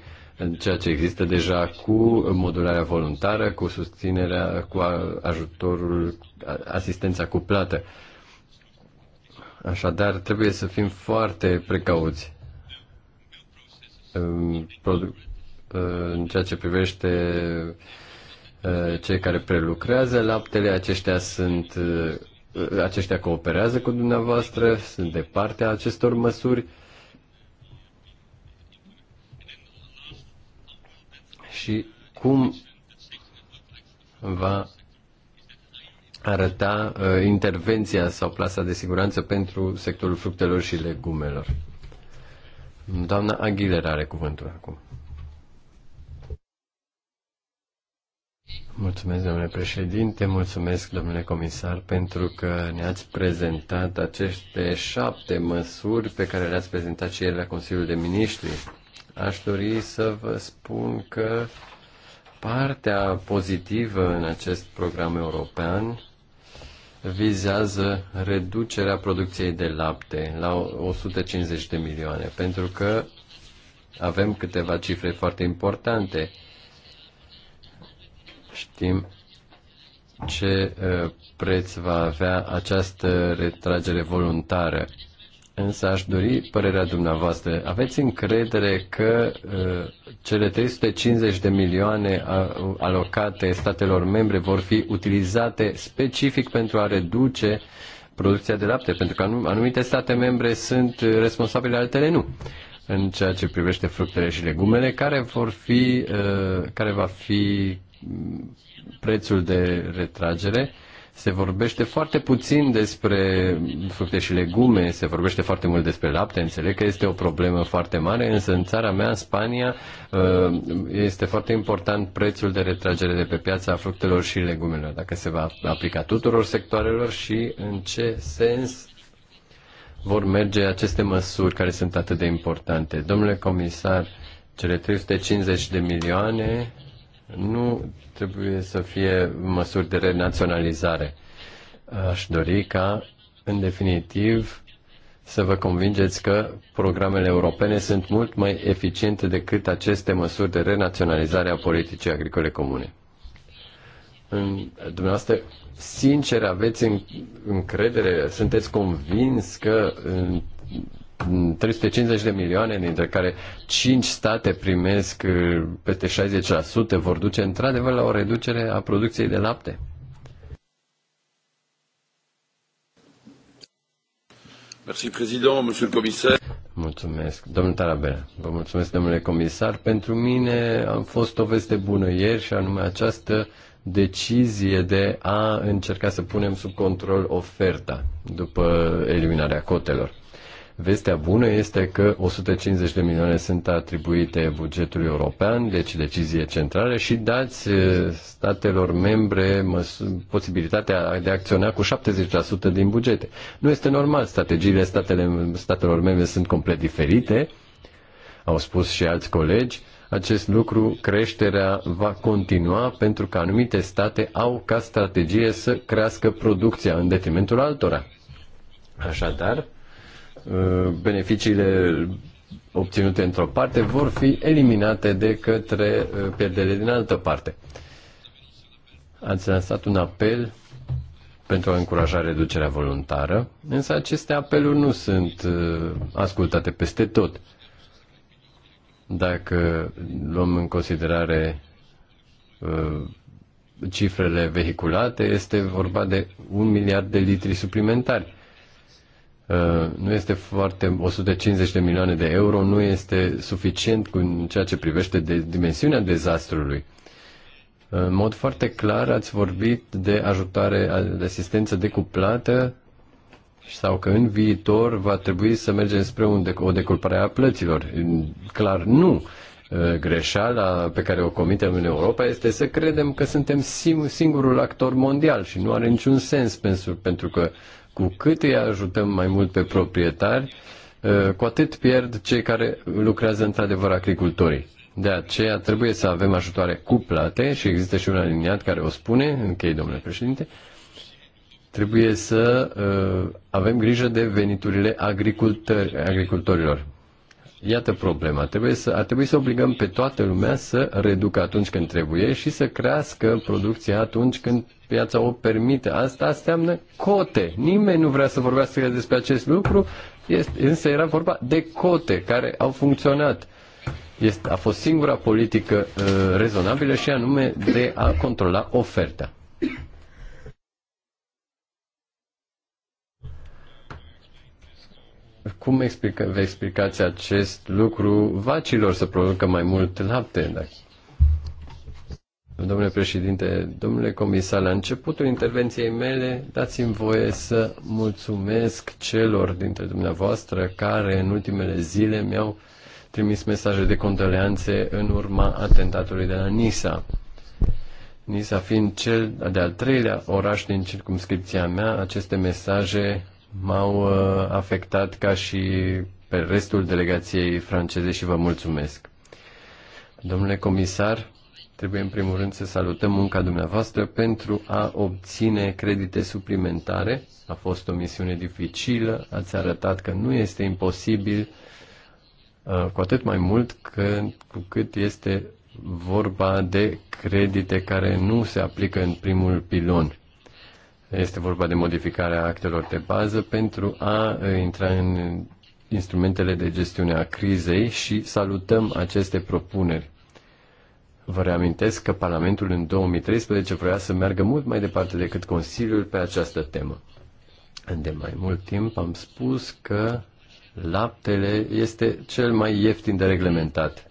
Speaker 4: ceea ce există deja cu modularea voluntară, cu susținerea, cu ajutorul, asistența cu plată. Așadar, trebuie să fim foarte precauți um, în ceea ce privește Uh, cei care prelucrează laptele, aceștia sunt uh, aceștia cooperează cu dumneavoastră, sunt de partea acestor măsuri. Și cum va arăta uh, intervenția sau plasa de siguranță pentru sectorul fructelor și legumelor? Doamna Aguilera are cuvântul acum. Mulțumesc, domnule președinte, mulțumesc, domnule comisar, pentru că ne-ați prezentat aceste șapte măsuri pe care le-ați prezentat și ieri la Consiliul de Ministri. Aș dori să vă spun că partea pozitivă în acest program european vizează reducerea producției de lapte la 150 de milioane, pentru că avem câteva cifre foarte importante. Știm ce preț va avea această retragere voluntară. Însă aș dori părerea dumneavoastră. Aveți încredere că cele 350 de milioane alocate statelor membre vor fi utilizate specific pentru a reduce producția de lapte? Pentru că anumite state membre sunt responsabile, altele nu. În ceea ce privește fructele și legumele, care vor fi, uh, care va fi prețul de retragere, se vorbește foarte puțin despre fructe și legume, se vorbește foarte mult despre lapte, înțeleg că este o problemă foarte mare, însă în țara mea, Spania, uh, este foarte important prețul de retragere de pe piața fructelor și legumelor, dacă se va aplica tuturor sectoarelor și în ce sens vor merge aceste măsuri care sunt atât de importante. Domnule comisar, cele 350 de milioane nu trebuie să fie măsuri de renaționalizare. Aș dori ca, în definitiv, să vă convingeți că programele europene sunt mult mai eficiente decât aceste măsuri de renaționalizare a politicii agricole comune. În, dumneavoastră, sincer, aveți încredere, sunteți convins că în, 350 de milioane, dintre care 5 state primesc uh, peste 60%, vor duce într-adevăr la o reducere a producției de lapte? Merci, président, monsieur le commissaire. Mulțumesc, domnul Tarabela. Vă mulțumesc, domnule comisar. Pentru mine a fost o veste bună ieri și anume această decizie de a încerca să punem sub control oferta după eliminarea cotelor Vestea bună este că 150 de milioane sunt atribuite bugetului european, deci decizie centrală, și dați eh, statelor membre posibilitatea de a acționa cu 70% din bugete. Nu este normal, strategiile statele, statelor membre sunt complet diferite, au spus și alți colegi, acest lucru, creșterea va continua pentru că anumite state au ca strategie să crească producția în detrimentul altora. Așadar, Uh, beneficiile obținute într-o parte vor fi eliminate de către uh, pierdere din altă parte. Ați lansat un apel pentru a încuraja reducerea voluntară, însă aceste apeluri nu sunt uh, ascultate peste tot. Dacă luăm în considerare cifrele vehiculate, este vorba de un miliard de litri suplimentari. Uh, nu este foarte 150 de milioane de euro, nu este suficient cu ceea ce privește de dimensiunea dezastrului. Uh, în mod foarte clar ați vorbit de ajutare, de asistență decuplată sau că în viitor va trebui să mergem spre un dec- o deculpare a plăților. Clar nu. Uh, greșeala pe care o comitem în Europa este să credem că suntem singurul actor mondial și nu are niciun sens pentru că cu cât îi ajutăm mai mult pe proprietari, ă, cu atât pierd cei care lucrează într-adevăr agricultorii. De aceea trebuie să avem ajutoare plate și există și un aliniat care o spune, închei domnule președinte, trebuie să uh, avem grijă de veniturile agricultor- agricultorilor. Iată problema. Trebuie să, ar trebui să obligăm pe toată lumea să reducă atunci când trebuie și să crească producția atunci când piața o permite. Asta înseamnă cote. Nimeni nu vrea să vorbească despre acest lucru, este, însă era vorba de cote care au funcționat. Este, a fost singura politică uh, rezonabilă și anume de a controla oferta. Cum explica, vei explicați acest lucru vacilor să producă mai mult lapte? da? Domnule președinte, domnule comisar, la începutul intervenției mele dați-mi voie să mulțumesc celor dintre dumneavoastră care în ultimele zile mi-au trimis mesaje de condoleanțe în urma atentatului de la Nisa. Nisa fiind cel de-al treilea oraș din circumscripția mea, aceste mesaje m-au uh, afectat ca și pe restul delegației franceze și vă mulțumesc. Domnule comisar, trebuie în primul rând să salutăm munca dumneavoastră pentru a obține credite suplimentare. A fost o misiune dificilă, ați arătat că nu este imposibil, uh, cu atât mai mult că, cu cât este vorba de credite care nu se aplică în primul pilon. Este vorba de modificarea actelor de bază pentru a eh, intra în instrumentele de gestiune a crizei și salutăm aceste propuneri. Vă reamintesc că Parlamentul în 2013 vrea să meargă mult mai departe decât Consiliul pe această temă. De mai mult timp am spus că laptele este cel mai ieftin de reglementat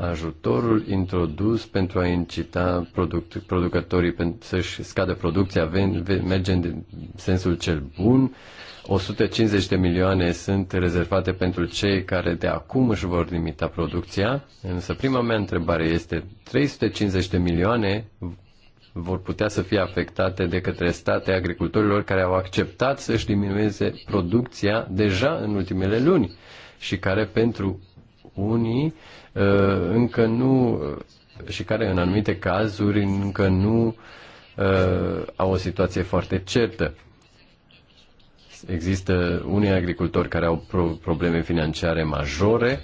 Speaker 4: ajutorul introdus pentru a incita produc- producătorii să-și scadă producția ven, ven, merge în sensul cel bun. 150 de milioane sunt rezervate pentru cei care de acum își vor limita producția, însă prima mea întrebare este 350 de milioane vor putea să fie afectate de către state agricultorilor care au acceptat să-și diminueze producția deja în ultimele luni și care pentru unii Uh, încă nu uh, și care în anumite cazuri încă nu uh, au o situație foarte certă. Există unii agricultori care au probleme financiare majore.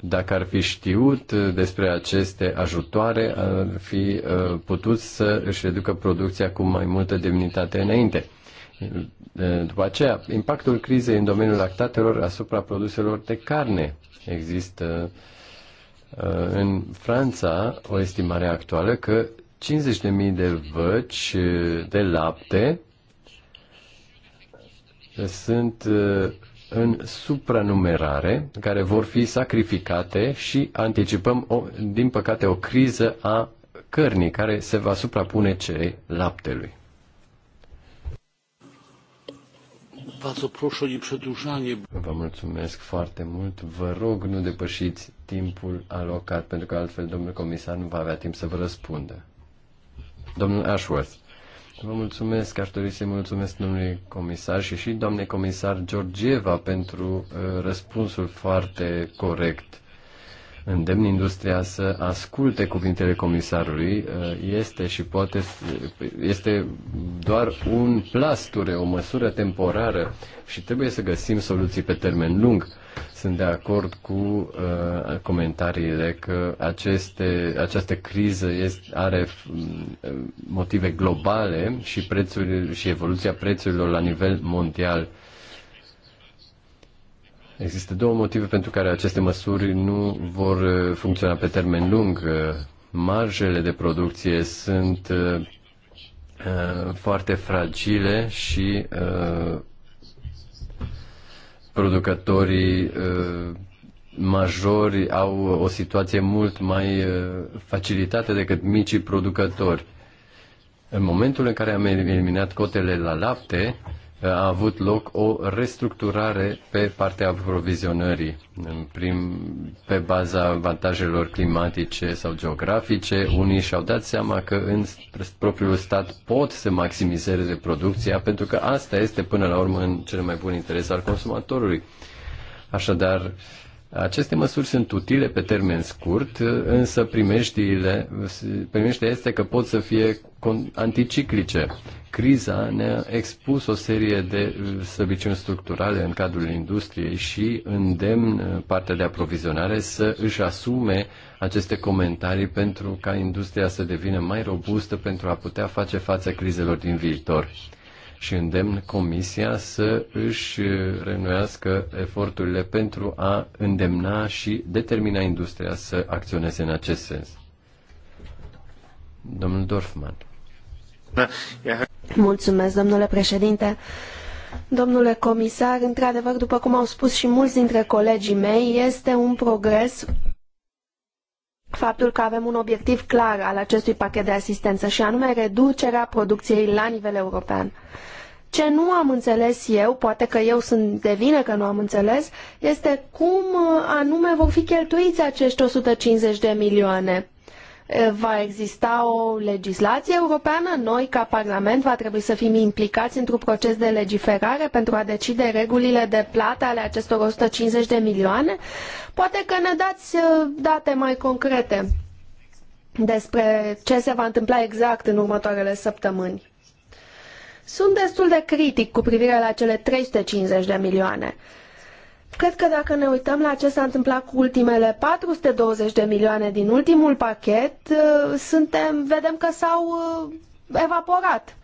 Speaker 4: Dacă ar fi știut despre aceste ajutoare, ar fi putut să își reducă producția cu mai multă demnitate înainte. După aceea, impactul crizei în domeniul lactatelor asupra produselor de carne Există uh, în Franța o estimare actuală că 50.000 de văci uh, de lapte sunt uh, în supranumerare care vor fi sacrificate și anticipăm, o, din păcate, o criză a cărnii care se va suprapune cerei laptelui. Vă mulțumesc foarte mult. Vă rog, nu depășiți timpul alocat, pentru că altfel domnul comisar nu va avea timp să vă răspundă. Domnul Ashworth, vă mulțumesc. Aș dori să-i mulțumesc domnului comisar și și doamnei comisar Georgieva pentru uh, răspunsul foarte corect îndemn industria să asculte cuvintele comisarului. Uh, este și poate, uh, este doar un plasture, o măsură temporară și trebuie să găsim soluții pe termen lung. Sunt de acord cu uh, comentariile că aceste, această criză este, are uh, motive globale și, prețurile, și evoluția prețurilor la nivel mondial uh, Există două motive pentru care aceste măsuri nu vor uh, funcționa pe termen lung. Uh, marjele de producție sunt uh, foarte fragile și producătorii majori au o situație mult mai facilitată decât micii producători. În momentul în care am eliminat cotele la lapte, a avut loc o restructurare pe partea aprovizionării în prim, pe baza avantajelor climatice sau geografice. Unii și-au dat seama că în propriul stat pot să maximizeze producția pentru că asta este până la urmă în cel mai bun interes al consumatorului. Așadar, aceste măsuri sunt utile pe termen scurt, însă primeștile, primeștile este că pot să fie anticiclice. Criza ne-a expus o serie de slăbiciuni structurale în cadrul industriei și îndemn partea de aprovizionare să își asume aceste comentarii pentru ca industria să devină mai robustă pentru a putea face față crizelor din viitor și îndemn Comisia să își renuiască eforturile pentru a îndemna și determina industria să acționeze în acest sens. Domnul Dorfman.
Speaker 2: Mulțumesc, domnule președinte. Domnule comisar, într-adevăr, după cum au spus și mulți dintre colegii mei, este un progres faptul că avem un obiectiv clar al acestui pachet de asistență și anume reducerea producției la nivel european. Ce nu am înțeles eu, poate că eu sunt de vină că nu am înțeles, este cum uh, anume vor fi cheltuiți acești 150 de milioane va exista o legislație europeană, noi ca Parlament va trebui să fim implicați într-un proces de legiferare pentru a decide regulile de plată ale acestor 150 de milioane. Poate că ne dați date mai concrete despre ce se va întâmpla exact în următoarele săptămâni. Sunt destul de critic cu privire la cele 350 de milioane. Cred că dacă ne uităm la ce s-a întâmplat cu ultimele 420 de milioane din ultimul pachet, uh, suntem, vedem că s-au uh, evaporat.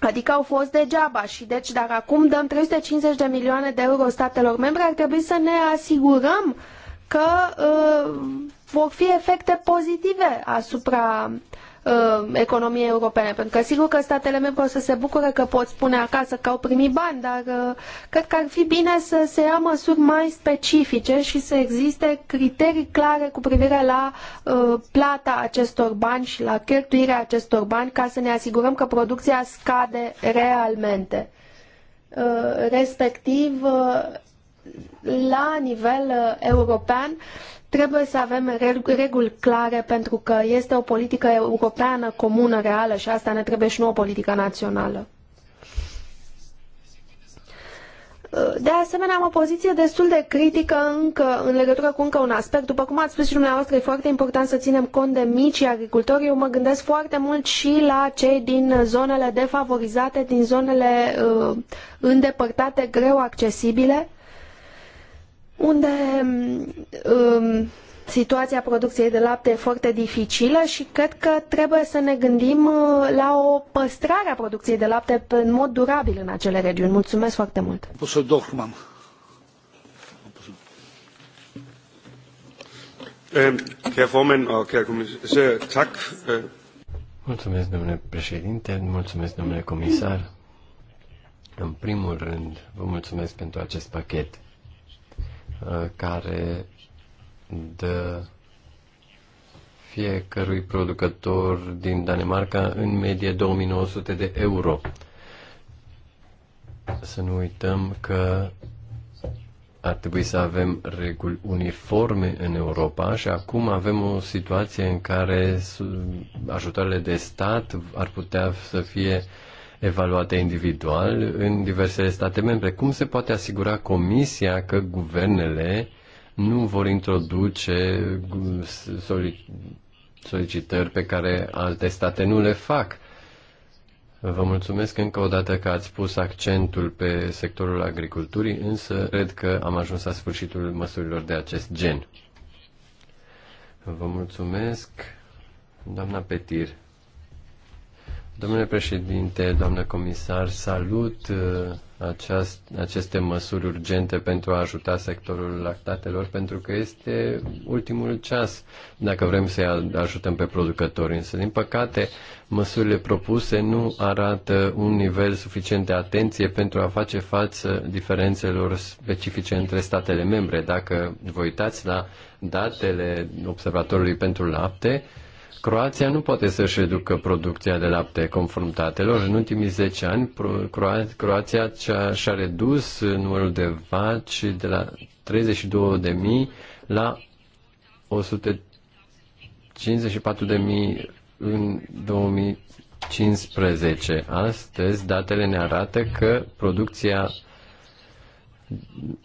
Speaker 2: Adică au fost degeaba și deci dacă acum dăm 350 de milioane de euro statelor membre, ar trebui să ne asigurăm că uh, vor fi efecte pozitive asupra uh, uh, economiei europene. Pentru că sigur că statele membre o să se bucure că pot spune acasă că au primit bani, dar uh, cred că ar fi bine să se ia măsuri mai specifice și să existe criterii clare cu privire la uh, plata acestor bani și la cheltuirea acestor bani ca să ne asigurăm că producția scade realmente. Uh, respectiv uh, la nivel uh, european Trebuie să avem reguli clare pentru că este o politică europeană comună reală și asta ne trebuie și nouă politică națională. De asemenea, am o poziție destul de critică încă în legătură cu încă un aspect. După cum ați spus și dumneavoastră, e foarte important să ținem cont de micii agricultori. Eu mă gândesc foarte mult și la cei din zonele defavorizate, din zonele uh, îndepărtate, greu accesibile unde um, um, situația producției de lapte e foarte dificilă și cred că trebuie să ne gândim uh, la o păstrare a producției de lapte în mod durabil în acele regiuni. Mulțumesc foarte
Speaker 1: mult! Kære formand og kære kommissær,
Speaker 4: Mulțumesc, domnule președinte, mulțumesc, domnule comisar. În primul rând, vă mulțumesc pentru acest pachet Uh, care dă fiecărui producător din Danemarca în medie 2900 de euro. Să nu uităm că ar trebui să avem reguli uniforme în Europa și acum avem o situație în care ajutoarele de stat ar putea să fie uh, evaluate individual în diversele state membre. Cum se poate asigura Comisia că guvernele nu vor introduce solicitări pe care alte state nu le fac? Vă mulțumesc încă o dată că ați pus accentul pe sectorul agriculturii, însă cred că am ajuns la sfârșitul măsurilor de acest gen. Vă mulțumesc, doamna Petir. Domnule președinte, doamnă comisar, salut uh, aceast, aceste măsuri urgente pentru a ajuta sectorul lactatelor, pentru că este ultimul ceas dacă vrem să-i ajutăm pe producători. Însă, din păcate, măsurile propuse nu arată un nivel suficient de atenție pentru a face față diferențelor specifice între statele membre. Dacă vă uitați la datele Observatorului pentru Lapte, Croația nu poate să-și reducă producția de lapte conform datelor. În ultimii 10 ani, Croația și-a redus numărul de vaci de la 32.000 la 154.000 în 2015. Astăzi, datele ne arată că producția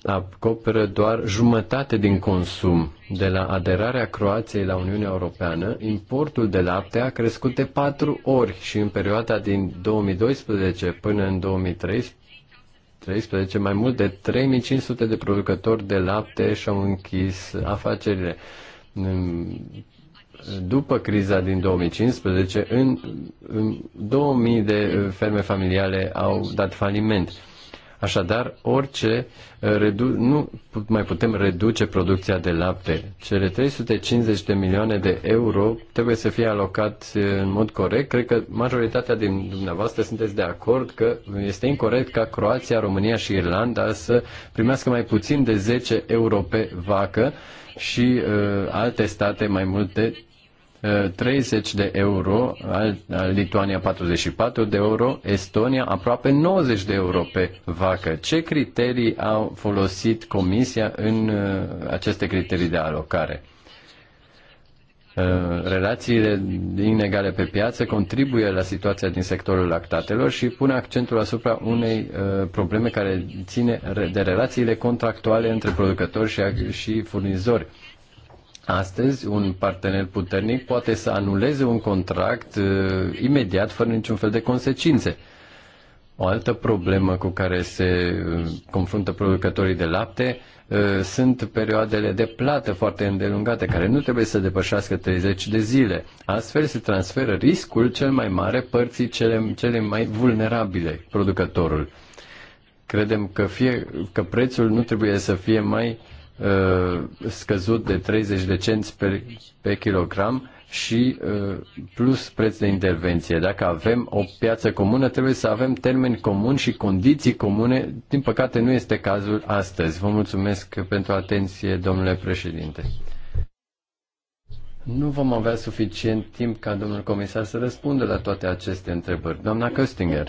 Speaker 4: acoperă doar jumătate din consum. De la aderarea Croației la Uniunea Europeană, importul de lapte a crescut de patru ori și în perioada din 2012 până în 2013, mai mult de 3500 de producători de lapte și-au închis afacerile. După criza din 2015, în, în 2000 de ferme familiale au dat faliment Așadar, orice uh, nu mai putem reduce producția de lapte. Cele 350 de milioane de euro trebuie să fie alocat uh, în mod corect. Cred că majoritatea din dumneavoastră sunteți de acord că este incorrect ca Croația, România și Irlanda să primească mai puțin de 10 euro pe vacă și uh, alte state mai mult de 30 de euro, Lituania 44 de euro, Estonia aproape 90 de euro pe vacă. Ce criterii au folosit Comisia în uh, aceste criterii de alocare? Uh, relațiile inegale pe piață contribuie la situația din sectorul lactatelor și pun accentul asupra unei uh, probleme care ține de relațiile contractuale între producători și furnizori Astăzi, un partener puternic poate să anuleze un contract uh, imediat, fără niciun fel de consecințe. O altă problemă cu care se uh, confruntă producătorii de lapte uh, sunt perioadele de plată foarte îndelungate, care nu trebuie să depășească 30 de zile. Astfel se transferă riscul cel mai mare părții cele, cele mai vulnerabile, producătorul. Credem că, fie, că prețul nu trebuie să fie mai uh, Uh, scăzut de 30 de cenți pe, pe kilogram și uh, plus preț de intervenție. Dacă avem o piață comună, trebuie să avem termeni comuni și condiții comune. Din păcate, nu este cazul astăzi. Vă mulțumesc pentru atenție, domnule președinte. Nu vom avea suficient timp ca domnul comisar să răspundă la toate aceste întrebări. Doamna Köstinger.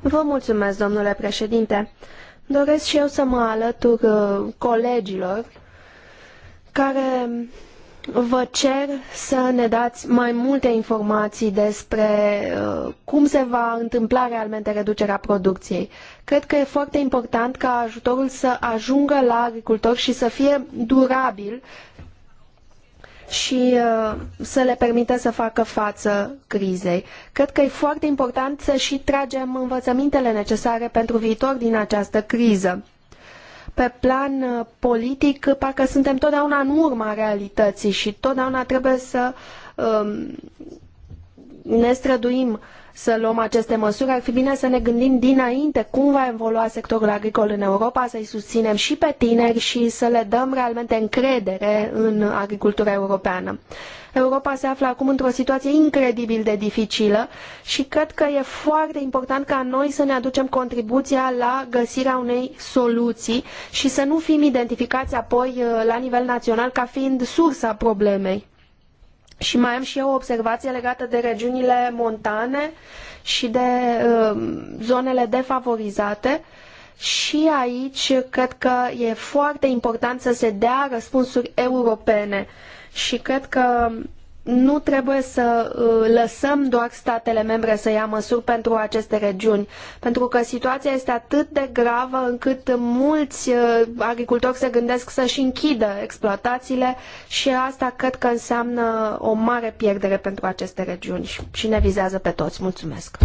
Speaker 2: Vă mulțumesc, domnule președinte. Doresc și eu să mă alătur uh, colegilor care vă cer să ne dați mai multe informații despre uh, cum se va întâmpla realmente reducerea producției. Cred că e foarte important ca ajutorul să ajungă la agricultori și să fie durabil și uh, să le permită să facă față crizei. Cred că e foarte important să și tragem învățămintele necesare pentru viitor din această criză. Pe plan uh, politic, parcă suntem totdeauna în urma realității și totdeauna trebuie să um, ne străduim să luăm aceste măsuri, ar fi bine să ne gândim dinainte cum va evolua sectorul agricol în Europa, să-i susținem și pe tineri și să le dăm realmente încredere în agricultura europeană. Europa se află acum într-o situație incredibil de dificilă și cred că e foarte important ca noi să ne aducem contribuția la găsirea unei soluții și să nu fim identificați apoi uh, la nivel național ca fiind sursa problemei. Și mai am și eu o observație legată de regiunile montane și de uh, zonele defavorizate. Și aici cred că e foarte important să se dea răspunsuri europene și cred că nu trebuie să uh, lăsăm doar statele membre să ia măsuri pentru aceste regiuni, pentru că situația este atât de gravă încât mulți uh, agricultori se gândesc să-și închidă exploatațiile și asta cred că înseamnă o mare pierdere pentru aceste regiuni și ne vizează pe toți. Mulțumesc!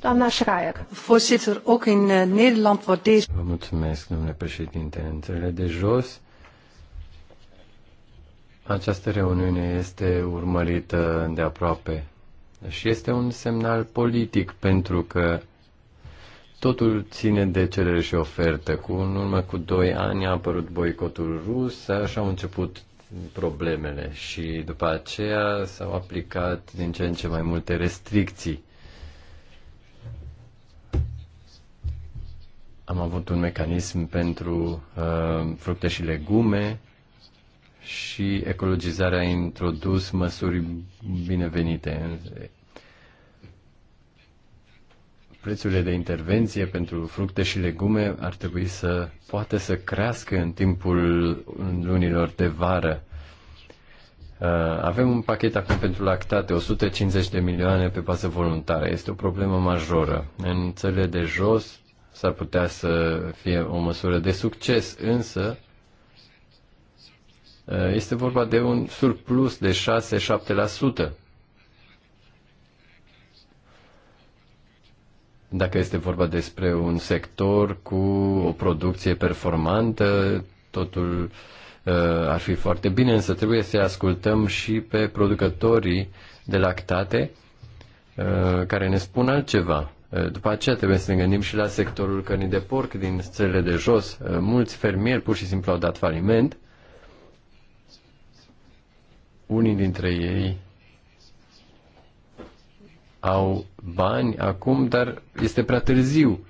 Speaker 2: Doamna Schreier. Eh, Nederland Vă
Speaker 4: mulțumesc, domnule președinte. În de jos această reuniune este urmărită de aproape și este un semnal politic pentru că totul ține de cerere și ofertă. Cu în urmă cu doi ani a apărut boicotul rus, așa au început problemele și după aceea s-au aplicat din ce în ce mai multe restricții. Am avut un mecanism pentru uh, fructe și legume și ecologizarea a introdus măsuri binevenite. Prețurile de intervenție pentru fructe și legume ar trebui să poată să crească în timpul lunilor de vară. Uh, avem un pachet acum pentru lactate, 150 de milioane pe bază voluntară. Este o problemă majoră. În țările de jos s-ar putea să fie o măsură de succes, însă Eh, este vorba de un surplus de 6-7%. Dacă este vorba despre un sector cu o producție performantă, totul eh, ar fi foarte bine, însă trebuie să ascultăm și pe producătorii de lactate eh, care ne spun altceva. După aceea trebuie să ne gândim și la sectorul cărnii de porc din țările de jos. Mulți fermieri pur și simplu au dat faliment unii dintre ei au bani acum, dar este prea târziu.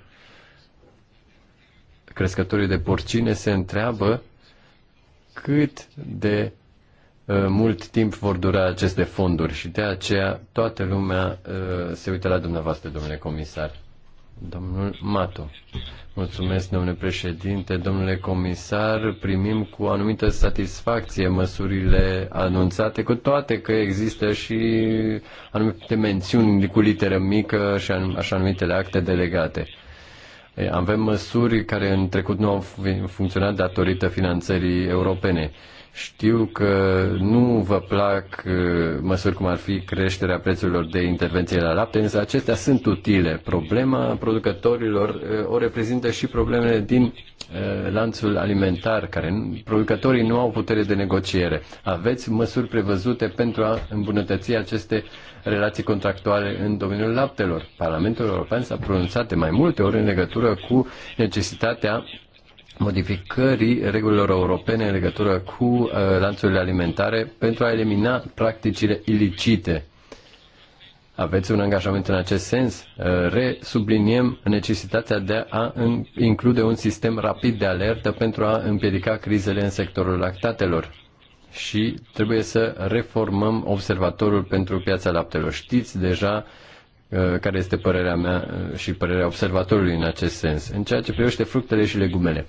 Speaker 4: Crescătorii de porcine se întreabă cât de uh, mult timp vor dura aceste fonduri și de aceea toată lumea uh, se uită la dumneavoastră, domnule comisar. Domnul Mato. Mulțumesc, domnule președinte, domnule comisar. Primim cu anumită satisfacție măsurile anunțate, cu toate că există și anumite mențiuni cu literă mică și așa numitele acte delegate. Avem măsuri care în trecut nu au funcționat datorită finanțării europene. Știu că nu vă plac uh, măsuri cum ar fi creșterea prețurilor de intervenție la lapte, însă acestea sunt utile. Problema producătorilor uh, o reprezintă și problemele din uh, lanțul alimentar, care producătorii nu au putere de negociere. Aveți măsuri prevăzute pentru a îmbunătăți aceste relații contractuale în domeniul laptelor. Parlamentul European s-a pronunțat de mai multe ori în legătură cu necesitatea modificării regulilor europene în legătură cu uh, lanțurile alimentare pentru a elimina practicile ilicite. Aveți un angajament în acest sens? Uh, resubliniem necesitatea de a include un sistem rapid de alertă pentru a împiedica crizele în sectorul lactatelor. Și trebuie să reformăm observatorul pentru piața laptelor. Știți deja uh, Uh, care este părerea mea uh, și părerea observatorului în acest sens. În ceea ce privește fructele și legumele,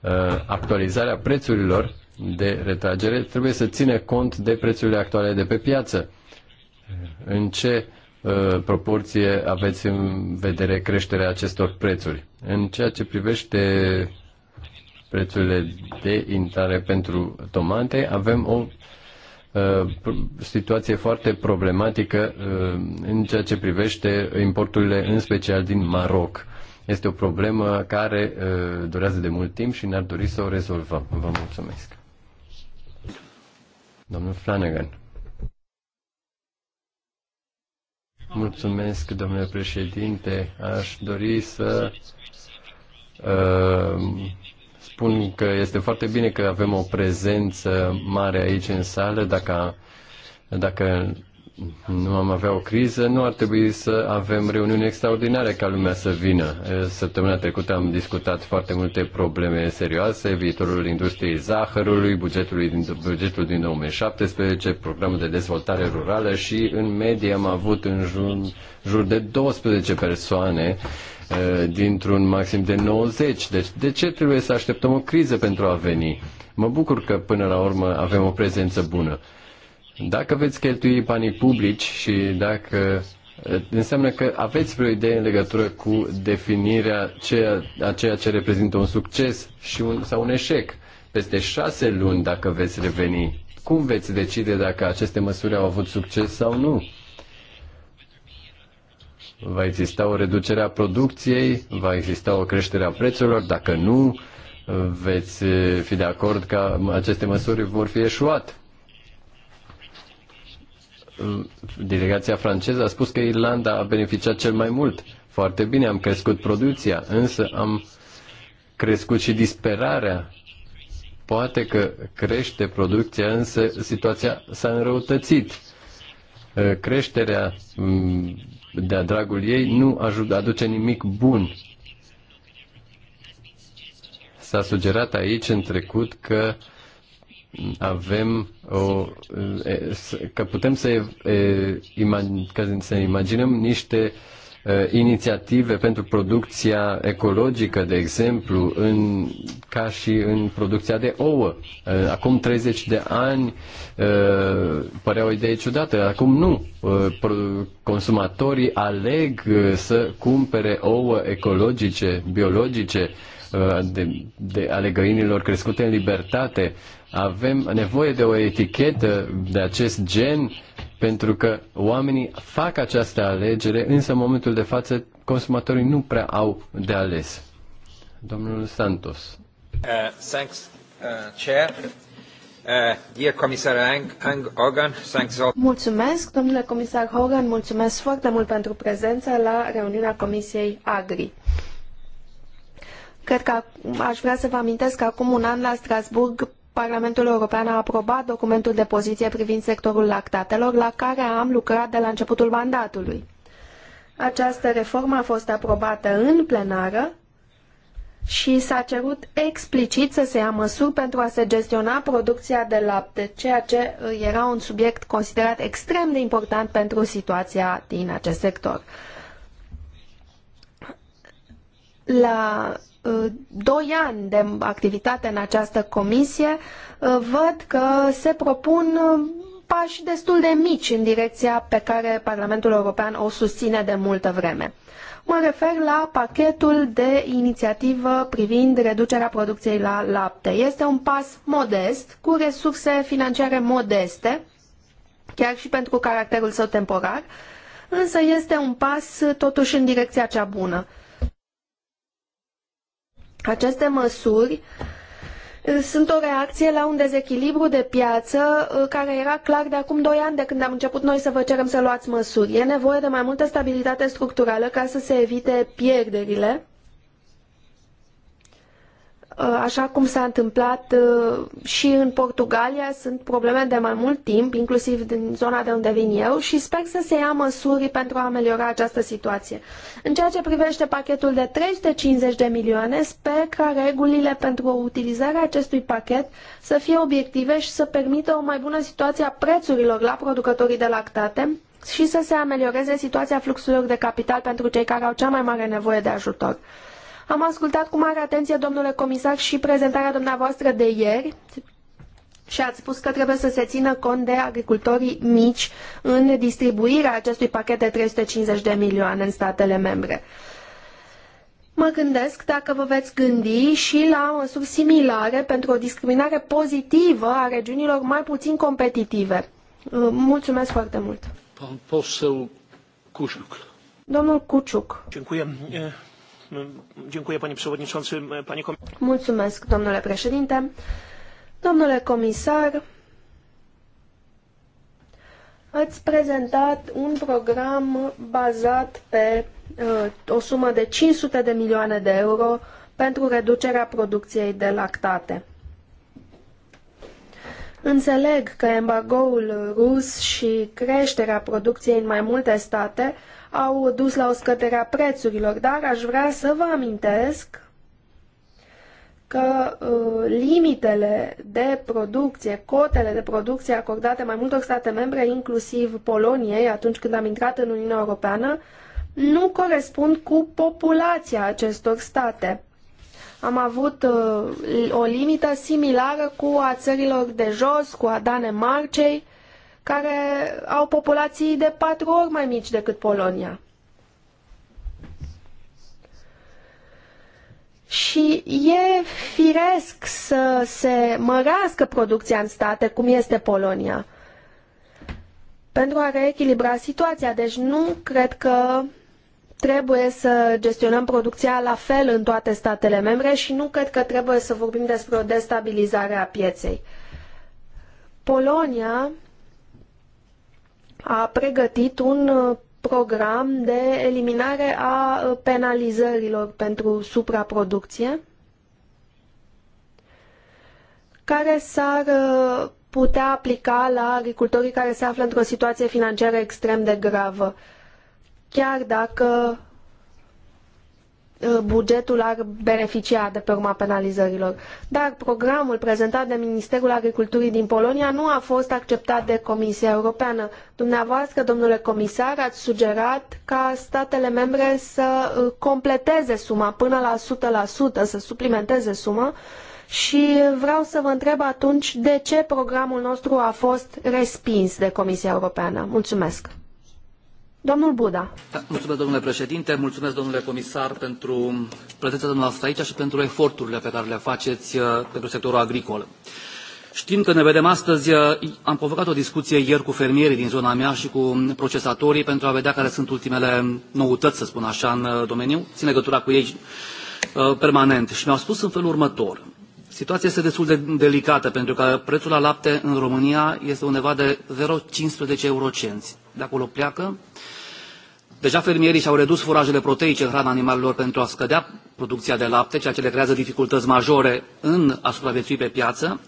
Speaker 4: uh, actualizarea prețurilor de retragere trebuie să ține cont de prețurile actuale de pe piață. În ce proporție aveți în vedere creșterea acestor prețuri? În ceea ce privește prețurile de intrare pentru tomate, avem o Uh, situație foarte problematică uh, în ceea ce privește importurile, în special din Maroc. Este o problemă care uh, durează de mult timp și ne-ar dori să o rezolvăm. Vă mulțumesc. Domnul Flanagan. Mulțumesc, domnule președinte. Aș dori să uh, spun că este foarte bine că avem o prezență mare aici în sală. Dacă, dacă nu am avea o criză, nu ar trebui să avem reuniuni extraordinare ca lumea să vină. Săptămâna trecută am discutat foarte multe probleme serioase, viitorul industriei zahărului, bugetului din, bugetul din 2017, programul de dezvoltare rurală și în medie am avut în jur, jur de 12 persoane Uh, dintr-un maxim de 90. Deci de ce trebuie să așteptăm o criză pentru a veni? Mă bucur că până la urmă avem o prezență bună. Dacă veți cheltui banii publici și dacă uh, înseamnă că aveți vreo idee în legătură cu definirea ceea, a ceea ce reprezintă un succes și un, sau un eșec. Peste șase luni, dacă veți reveni, cum veți decide dacă aceste măsuri au avut succes sau nu? va exista o reducere a producției, va exista o creștere a prețurilor, dacă nu, veți fi de acord că aceste măsuri vor fi eșuate. Delegația franceză a spus că Irlanda a beneficiat cel mai mult. Foarte bine, am crescut producția, însă am crescut și disperarea. Poate că crește producția, însă situația s-a înrăutățit. Creșterea de-a dragul ei nu aduce nimic bun. S-a sugerat aici în trecut că avem o, că putem să, e, imag, că să imaginăm niște uh, Uh, inițiative pentru producția ecologică, de exemplu, în, ca și în producția de ouă. Uh, acum 30 de ani uh, părea o idee ciudată, acum nu. Consumatorii aleg să cumpere ouă ecologice, biologice, Uh, de, de, ale găinilor crescute în libertate. Avem nevoie de o etichetă de acest gen pentru că oamenii fac această alegere, însă în momentul de față consumatorii nu prea au de ales. Domnul Santos. Uh,
Speaker 1: thanks, uh, Chair.
Speaker 4: Uh,
Speaker 2: mulțumesc, domnule comisar Hogan, mulțumesc foarte mult pentru prezența la reuniunea Comisiei Agri. Cred că aș vrea să vă amintesc că acum un an la Strasbourg Parlamentul European a aprobat documentul de poziție privind sectorul lactatelor, la care am lucrat de la începutul mandatului. Această reformă a fost aprobată în plenară și s-a cerut explicit să se ia măsuri pentru a se gestiona producția de lapte, ceea ce uh, era un subiect considerat extrem de important pentru situația din acest sector. La Uh, doi ani de activitate în această comisie, uh, văd că se propun uh, pași destul de mici în direcția pe care Parlamentul European o susține de multă vreme. Mă refer la pachetul de inițiativă privind reducerea producției la lapte. Este un pas modest, cu resurse financiare modeste, chiar și pentru caracterul său temporar, însă este un pas totuși în direcția cea bună. Aceste măsuri uh, sunt o reacție la un dezechilibru de piață uh, care era clar de acum doi ani de când am început noi să vă cerem să luați măsuri. E nevoie de mai multă stabilitate structurală ca să se evite pierderile Uh, așa cum s-a întâmplat uh, și în Portugalia, sunt probleme de mai mult timp, inclusiv din zona de unde vin eu și sper să se ia măsuri pentru a ameliora această situație. În ceea ce privește pachetul de 350 de milioane, sper ca regulile pentru utilizarea acestui pachet să fie obiective și să permită o mai bună situație a prețurilor la producătorii de lactate și să se amelioreze situația fluxurilor de capital pentru cei care au cea mai mare nevoie de ajutor. Am ascultat cu mare atenție, domnule comisar, și prezentarea dumneavoastră de ieri și ați spus că trebuie să se țină cont de agricultorii mici în distribuirea acestui pachet de 350 de milioane în statele membre. Mă gândesc dacă vă veți gândi și la măsuri similare pentru o discriminare pozitivă a regiunilor mai puțin competitive. Uh, mulțumesc foarte mult.
Speaker 1: Domnul Cuciuc.
Speaker 2: Domnul Cuciuc.
Speaker 1: Dziękuję. Dziękuję, panie przewodniczący, panie
Speaker 2: Mulțumesc, domnule președinte. Domnule comisar, ați prezentat un program bazat pe uh, o sumă de 500 de milioane de euro pentru reducerea producției de lactate. Înțeleg că embargoul rus și creșterea producției în mai multe state au dus la o scădere a prețurilor, dar aș vrea să vă amintesc că uh, limitele de producție, cotele de producție acordate mai multor state membre, inclusiv Poloniei, atunci când am intrat în Uniunea Europeană, nu corespund cu populația acestor state. Am avut uh, o limită similară cu a țărilor de jos, cu a Danemarcei, care au populații de patru ori mai mici decât Polonia. Și e firesc să se mărească producția în state, cum este Polonia, pentru a reechilibra situația. Deci nu cred că trebuie să gestionăm producția la fel în toate statele membre și nu cred că trebuie să vorbim despre o destabilizare a pieței. Polonia a pregătit un uh, program de eliminare a uh, penalizărilor pentru supraproducție care s-ar uh, putea aplica la agricultorii care se află într-o situație financiară extrem de gravă, chiar dacă Uh, bugetul ar beneficia de pe urma penalizărilor. Dar programul prezentat de Ministerul Agriculturii din Polonia nu a fost acceptat de Comisia Europeană. Dumneavoastră, domnule comisar, ați sugerat ca statele membre să uh, completeze suma până la 100%, să suplimenteze suma și vreau să vă întreb atunci de ce programul nostru a fost respins de Comisia Europeană. Mulțumesc! Domnul Buda.
Speaker 1: Da, mulțumesc, domnule președinte, mulțumesc, domnule comisar, pentru prezența dumneavoastră aici și pentru eforturile pe care le faceți uh, pentru sectorul agricol. Știm că ne vedem astăzi, uh, am provocat o discuție ieri cu fermierii din zona mea și cu procesatorii pentru a vedea care sunt ultimele noutăți, să spun așa, în uh, domeniu. Țin legătura cu ei permanent și mi-au spus în felul următor. Situația este destul de delicată pentru că prețul la lapte în România este undeva de 0,15 eurocenți. De acolo pleacă Deja fermierii și-au redus furajele proteice în hrana animalelor pentru a scădea producția de lapte, ceea ce le creează dificultăți majore în a supraviețui pe piață,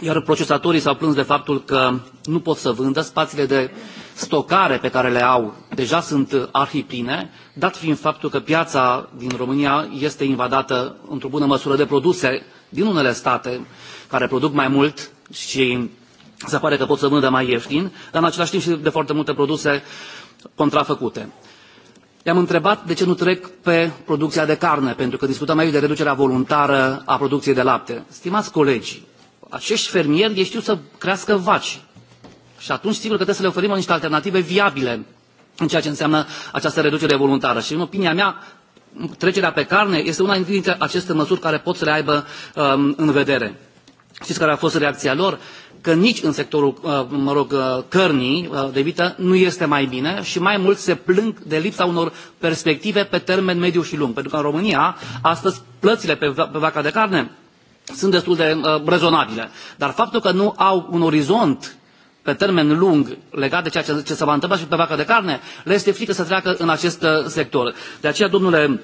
Speaker 1: iar procesatorii s-au plâns de faptul că nu pot să vândă, spațiile de stocare pe care le au deja sunt arhipline, dat fiind faptul că piața din România este invadată într-o bună măsură de produse din unele state care produc mai mult și se pare că pot să vândă mai ieftin, dar în același timp și de foarte multe produse uh, contrafăcute. I-am întrebat de ce nu trec pe producția de carne, pentru că discutăm aici de reducerea voluntară a producției de lapte. Stimați colegi, acești fermieri ei știu să crească vaci. Și atunci, sigur că trebuie să le oferim niște alternative viabile în ceea ce înseamnă această reducere voluntară. Și, în opinia mea, trecerea pe carne este una dintre aceste măsuri care pot să le aibă um, în vedere. Știți care a fost reacția lor? că nici în sectorul, uh, mă rog, uh, cărnii uh, de vită nu este mai bine și mai mult se plâng de lipsa unor perspective pe termen mediu și lung. Pentru că în România, astăzi, plățile pe, pe vaca de carne sunt destul de uh, rezonabile. Dar faptul că nu au un orizont pe termen lung legat de ceea ce, ce se va întâmpla și pe vaca de carne, le este frică să treacă în acest sector. De aceea, domnule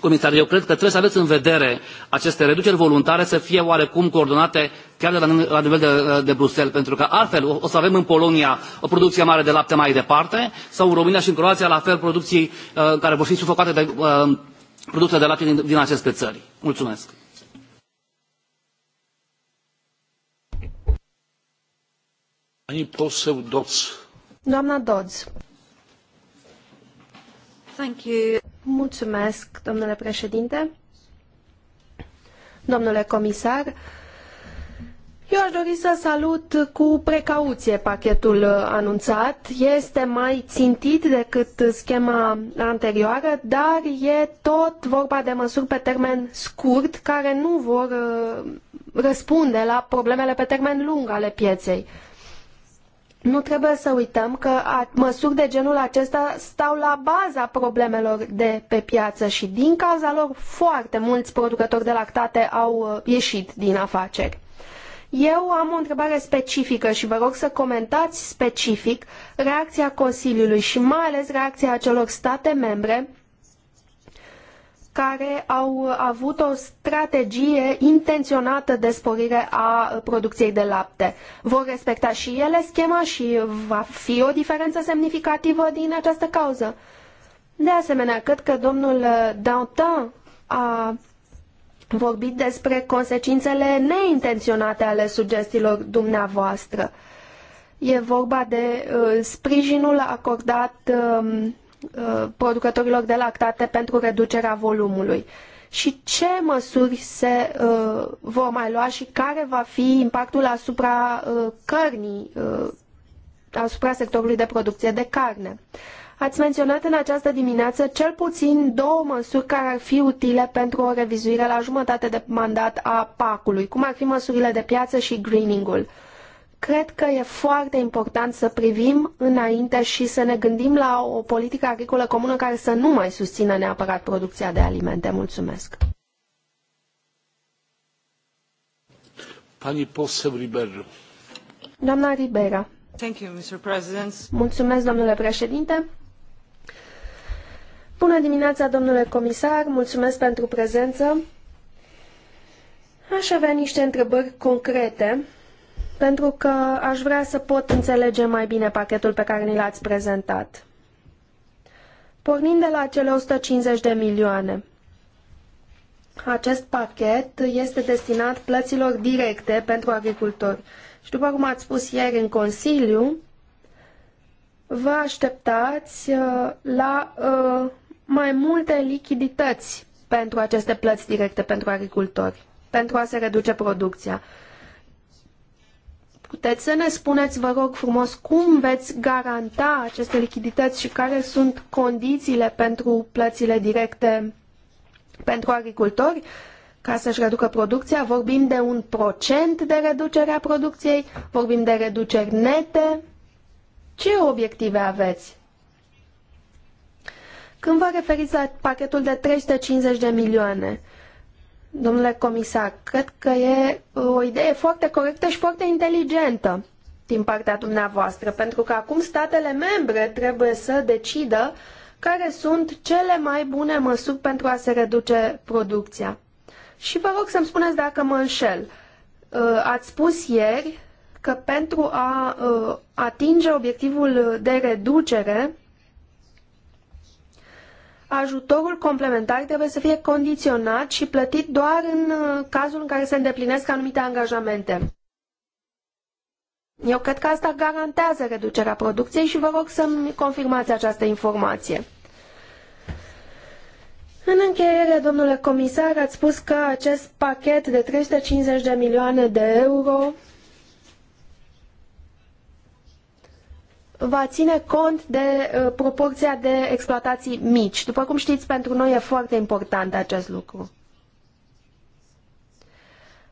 Speaker 1: Comisar, eu cred că trebuie să aveți în vedere aceste reduceri voluntare să fie oarecum coordonate chiar de la, la nivel de, de Bruxelles, pentru că altfel o, o să avem în Polonia o producție mare de lapte mai departe sau în România și în Croația la fel producții uh, care vor fi sufocate de uh, produse de lapte din, din aceste țări. Mulțumesc!
Speaker 2: Doamna Dodds. Thank you. Mulțumesc, domnule președinte. Domnule comisar, eu aș dori să salut cu precauție pachetul anunțat. Este mai țintit decât schema anterioară, dar e tot vorba de măsuri pe termen scurt care nu vor uh, răspunde la problemele pe termen lung ale pieței nu trebuie să uităm că măsuri de genul acesta stau la baza problemelor de pe piață și din cauza lor foarte mulți producători de lactate au uh, ieșit din afaceri. Eu am o întrebare specifică și vă rog să comentați specific reacția Consiliului și mai ales reacția acelor state membre care au avut o strategie intenționată de sporire a producției de lapte. Vor respecta și ele schema și va fi o diferență semnificativă din această cauză. De asemenea, cred că domnul Dantin a vorbit despre consecințele neintenționate ale sugestiilor dumneavoastră. E vorba de uh, sprijinul acordat uh, Uh, producătorilor de lactate pentru reducerea volumului și ce măsuri se uh, vor mai lua și care va fi impactul asupra uh, cărnii, uh, asupra sectorului de producție de carne. Ați menționat în această dimineață cel puțin două măsuri care ar fi utile pentru o revizuire la jumătate de mandat a PAC-ului, cum ar fi măsurile de piață și greening-ul. Cred că e foarte important să privim înainte și să ne gândim la o politică agricolă comună care să nu mai susțină neapărat producția de alimente. Mulțumesc!
Speaker 1: Pani poseł Ribeiro.
Speaker 2: Doamna Ribera.
Speaker 1: Thank you, Mr. President.
Speaker 2: Mulțumesc, domnule președinte. Bună dimineața, domnule comisar, mulțumesc pentru prezență. Aș avea niște întrebări concrete pentru că aș vrea să pot înțelege mai bine pachetul pe care ni l-ați prezentat. Pornind de la cele 150 de milioane, acest pachet este destinat plăților directe pentru agricultori. Și după cum ați spus ieri în Consiliu, vă așteptați uh, la uh, mai multe lichidități pentru aceste plăți directe pentru agricultori, pentru a se reduce producția. Puteți să ne spuneți, vă rog frumos, cum veți garanta aceste lichidități și care sunt condițiile pentru plățile directe pentru agricultori ca să-și reducă producția? Vorbim de un procent de reducere a producției? Vorbim de reduceri nete? Ce obiective aveți? Când vă referiți la pachetul de 350 de milioane, Domnule comisar, cred că e uh, o idee foarte corectă și foarte inteligentă din partea dumneavoastră, pentru că acum statele membre trebuie să decidă care sunt cele mai bune măsuri pentru a se reduce producția. Și vă rog să-mi spuneți dacă mă înșel. Uh, ați spus ieri că pentru a uh, atinge obiectivul de reducere ajutorul complementar trebuie să fie condiționat și plătit doar în uh, cazul în care se îndeplinesc anumite angajamente. Eu cred că asta garantează reducerea producției și vă rog să-mi confirmați această informație. În încheiere, domnule comisar, ați spus că acest pachet de 350 de milioane de euro va ține cont de uh, proporția de exploatații mici. După cum știți, pentru noi e foarte important acest lucru.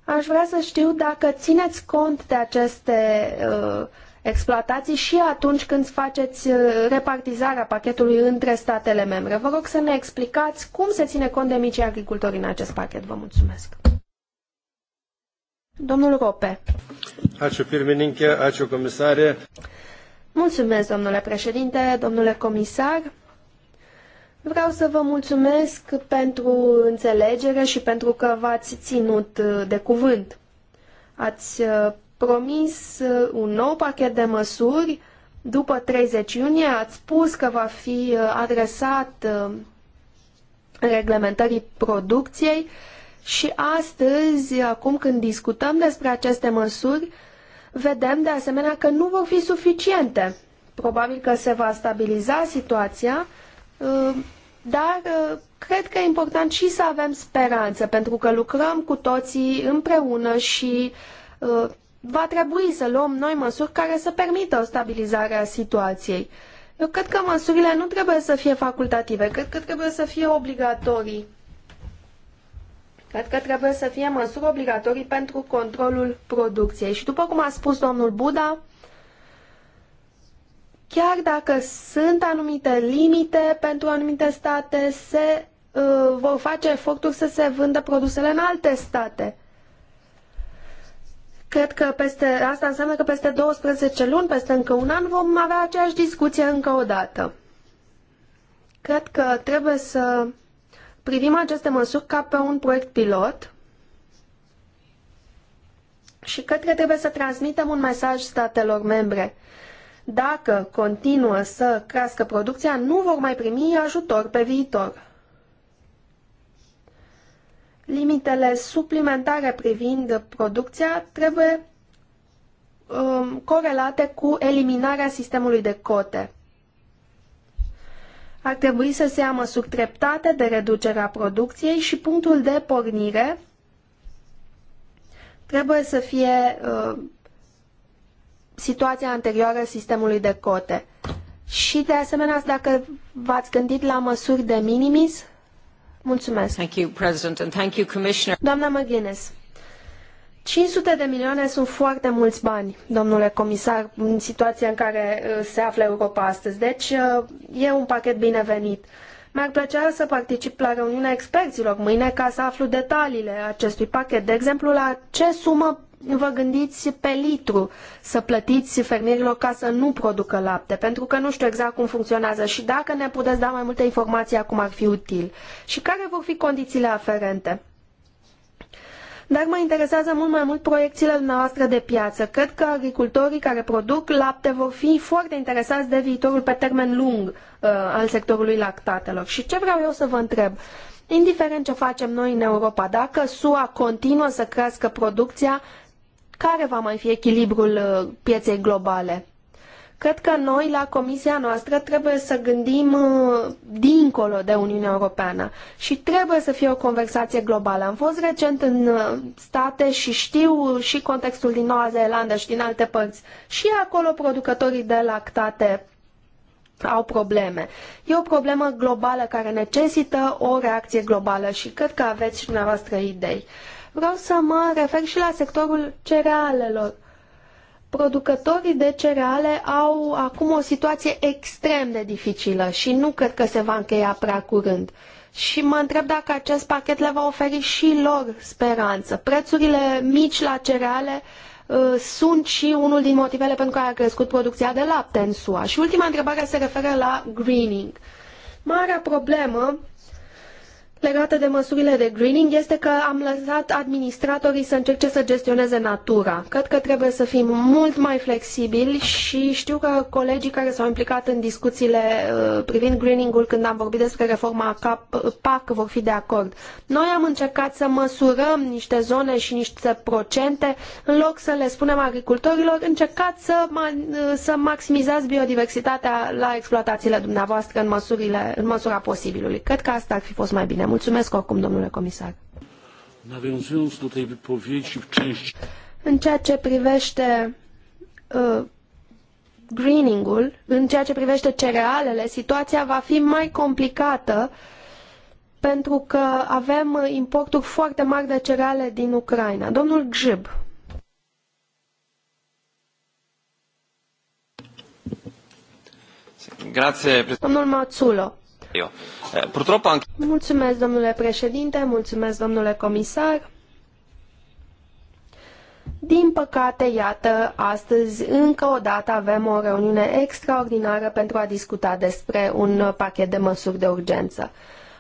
Speaker 2: Aș vrea să știu dacă țineți cont de aceste uh, exploatații și atunci când faceți uh, repartizarea pachetului între statele membre. Vă rog să ne explicați cum se ține cont de micii agricultori în acest pachet. Vă mulțumesc. Domnul Rope.
Speaker 4: Ačiū pirmininkė, ačiū komisarė.
Speaker 2: Mulțumesc, domnule președinte, domnule comisar. Vreau să vă mulțumesc pentru înțelegere și pentru că v-ați ținut uh, de cuvânt. Ați uh, promis uh, un nou pachet de măsuri după 30 iunie, ați spus că va fi adresat reglementării producției și astăzi, acum când discutăm despre aceste măsuri, Vedem de asemenea că nu vor fi suficiente. Probabil că se va stabiliza situația, uh, dar uh, cred că e important și să avem speranță, pentru că lucrăm cu toții împreună și uh, va trebui să luăm noi măsuri care să permită o stabilizare a situației. Eu cred că măsurile nu trebuie să fie facultative, cred că trebuie să fie obligatorii. Cred că trebuie să fie măsuri obligatorii pentru controlul producției. Și după cum a spus domnul Buda, chiar dacă sunt anumite limite pentru anumite state, se uh, vor face eforturi să se vândă produsele în alte state. Cred că peste, asta înseamnă că peste 12 luni, peste încă un an, vom avea aceeași discuție încă o dată. Cred că trebuie să Privim aceste măsuri ca pe un proiect pilot și cred că trebuie să transmitem un mesaj statelor membre. Dacă continuă să crească producția, nu vor mai primi ajutor pe viitor. Limitele suplimentare privind producția trebuie um, corelate cu eliminarea sistemului de cote ar trebui să se ia măsuri treptate de reducerea producției și punctul de pornire trebuie să fie uh, situația anterioară sistemului de cote. Și de asemenea, dacă v-ați gândit la măsuri de minimis, mulțumesc. Thank you, President, and thank you, Commissioner. Doamna McGuinness. 500 de milioane sunt foarte mulți bani, domnule comisar, în situația în care uh, se află Europa astăzi. Deci uh, e un pachet binevenit. Mi-ar plăcea să particip la reuniunea experților mâine ca să aflu detaliile acestui pachet. De exemplu, la ce sumă vă gândiți pe litru să plătiți fermierilor ca să nu producă lapte, pentru că nu știu exact cum funcționează și dacă ne puteți da mai multe informații acum ar fi util. Și care vor fi condițiile aferente? dar mă interesează mult mai mult proiecțiile dumneavoastră de piață. Cred că agricultorii care produc lapte vor fi foarte interesați de viitorul pe termen lung uh, al sectorului lactatelor. Și ce vreau eu să vă întreb? Indiferent ce facem noi în Europa, dacă SUA continuă să crească producția, care va mai fi echilibrul uh, pieței globale? Cred că noi, la comisia noastră, trebuie să gândim uh, dincolo de Uniunea Europeană și trebuie să fie o conversație globală. Am fost recent în uh, state și știu și contextul din Noua Zeelandă și din alte părți. Și acolo producătorii de lactate au probleme. E o problemă globală care necesită o reacție globală și cred că aveți și dumneavoastră idei. Vreau să mă refer și la sectorul cerealelor producătorii de cereale au acum o situație extrem de dificilă și nu cred că se va încheia prea curând. Și mă întreb dacă acest pachet le va oferi și lor speranță. Prețurile mici la cereale uh, sunt și unul din motivele pentru care a crescut producția de lapte în SUA. Și ultima întrebare se referă la greening. Marea problemă legată de măsurile de greening este că am lăsat administratorii să încerce să gestioneze natura. Cred că trebuie să fim mult mai flexibili și știu că colegii care s-au implicat în discuțiile uh, privind greening-ul când am vorbit despre reforma PAC vor fi de acord. Noi am încercat să măsurăm niște zone și niște procente în loc să le spunem agricultorilor încercat să, uh, să maximizați biodiversitatea la exploatațiile dumneavoastră în, măsurile, în măsura posibilului. Cred că asta ar fi fost mai bine mulțumesc oricum, domnule comisar. În ceea ce privește uh, greening-ul, în ceea ce privește cerealele, situația va fi mai complicată pentru că avem importuri foarte mari de cereale din Ucraina. Domnul Gjib.
Speaker 4: Grazie. Domnul
Speaker 2: Mațulo.
Speaker 4: Eu. Eh,
Speaker 2: mulțumesc, domnule președinte, mulțumesc, domnule comisar. Din păcate, iată, astăzi încă o dată avem o reuniune extraordinară pentru a discuta despre un pachet de măsuri de urgență.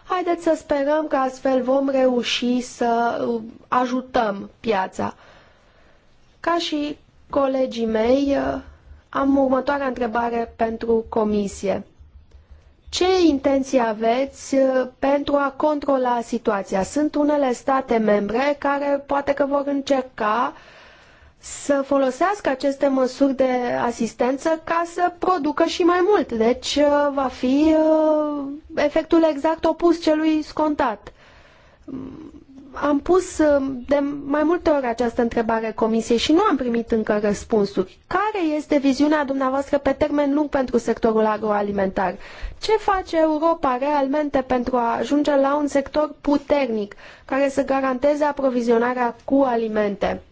Speaker 2: Haideți să sperăm că astfel vom reuși să uh, ajutăm piața. Ca și colegii mei, uh, am următoarea întrebare pentru comisie. Ce intenții aveți uh, pentru a controla situația? Sunt unele state membre care poate că vor încerca să folosească aceste măsuri de asistență ca să producă și mai mult. Deci uh, va fi uh, efectul exact opus celui scontat am pus uh, de mai multe ori această întrebare comisiei și nu am primit încă răspunsuri. Care este viziunea dumneavoastră pe termen lung pentru sectorul agroalimentar? Ce face Europa realmente pentru a ajunge la un sector puternic care să garanteze aprovizionarea cu alimente?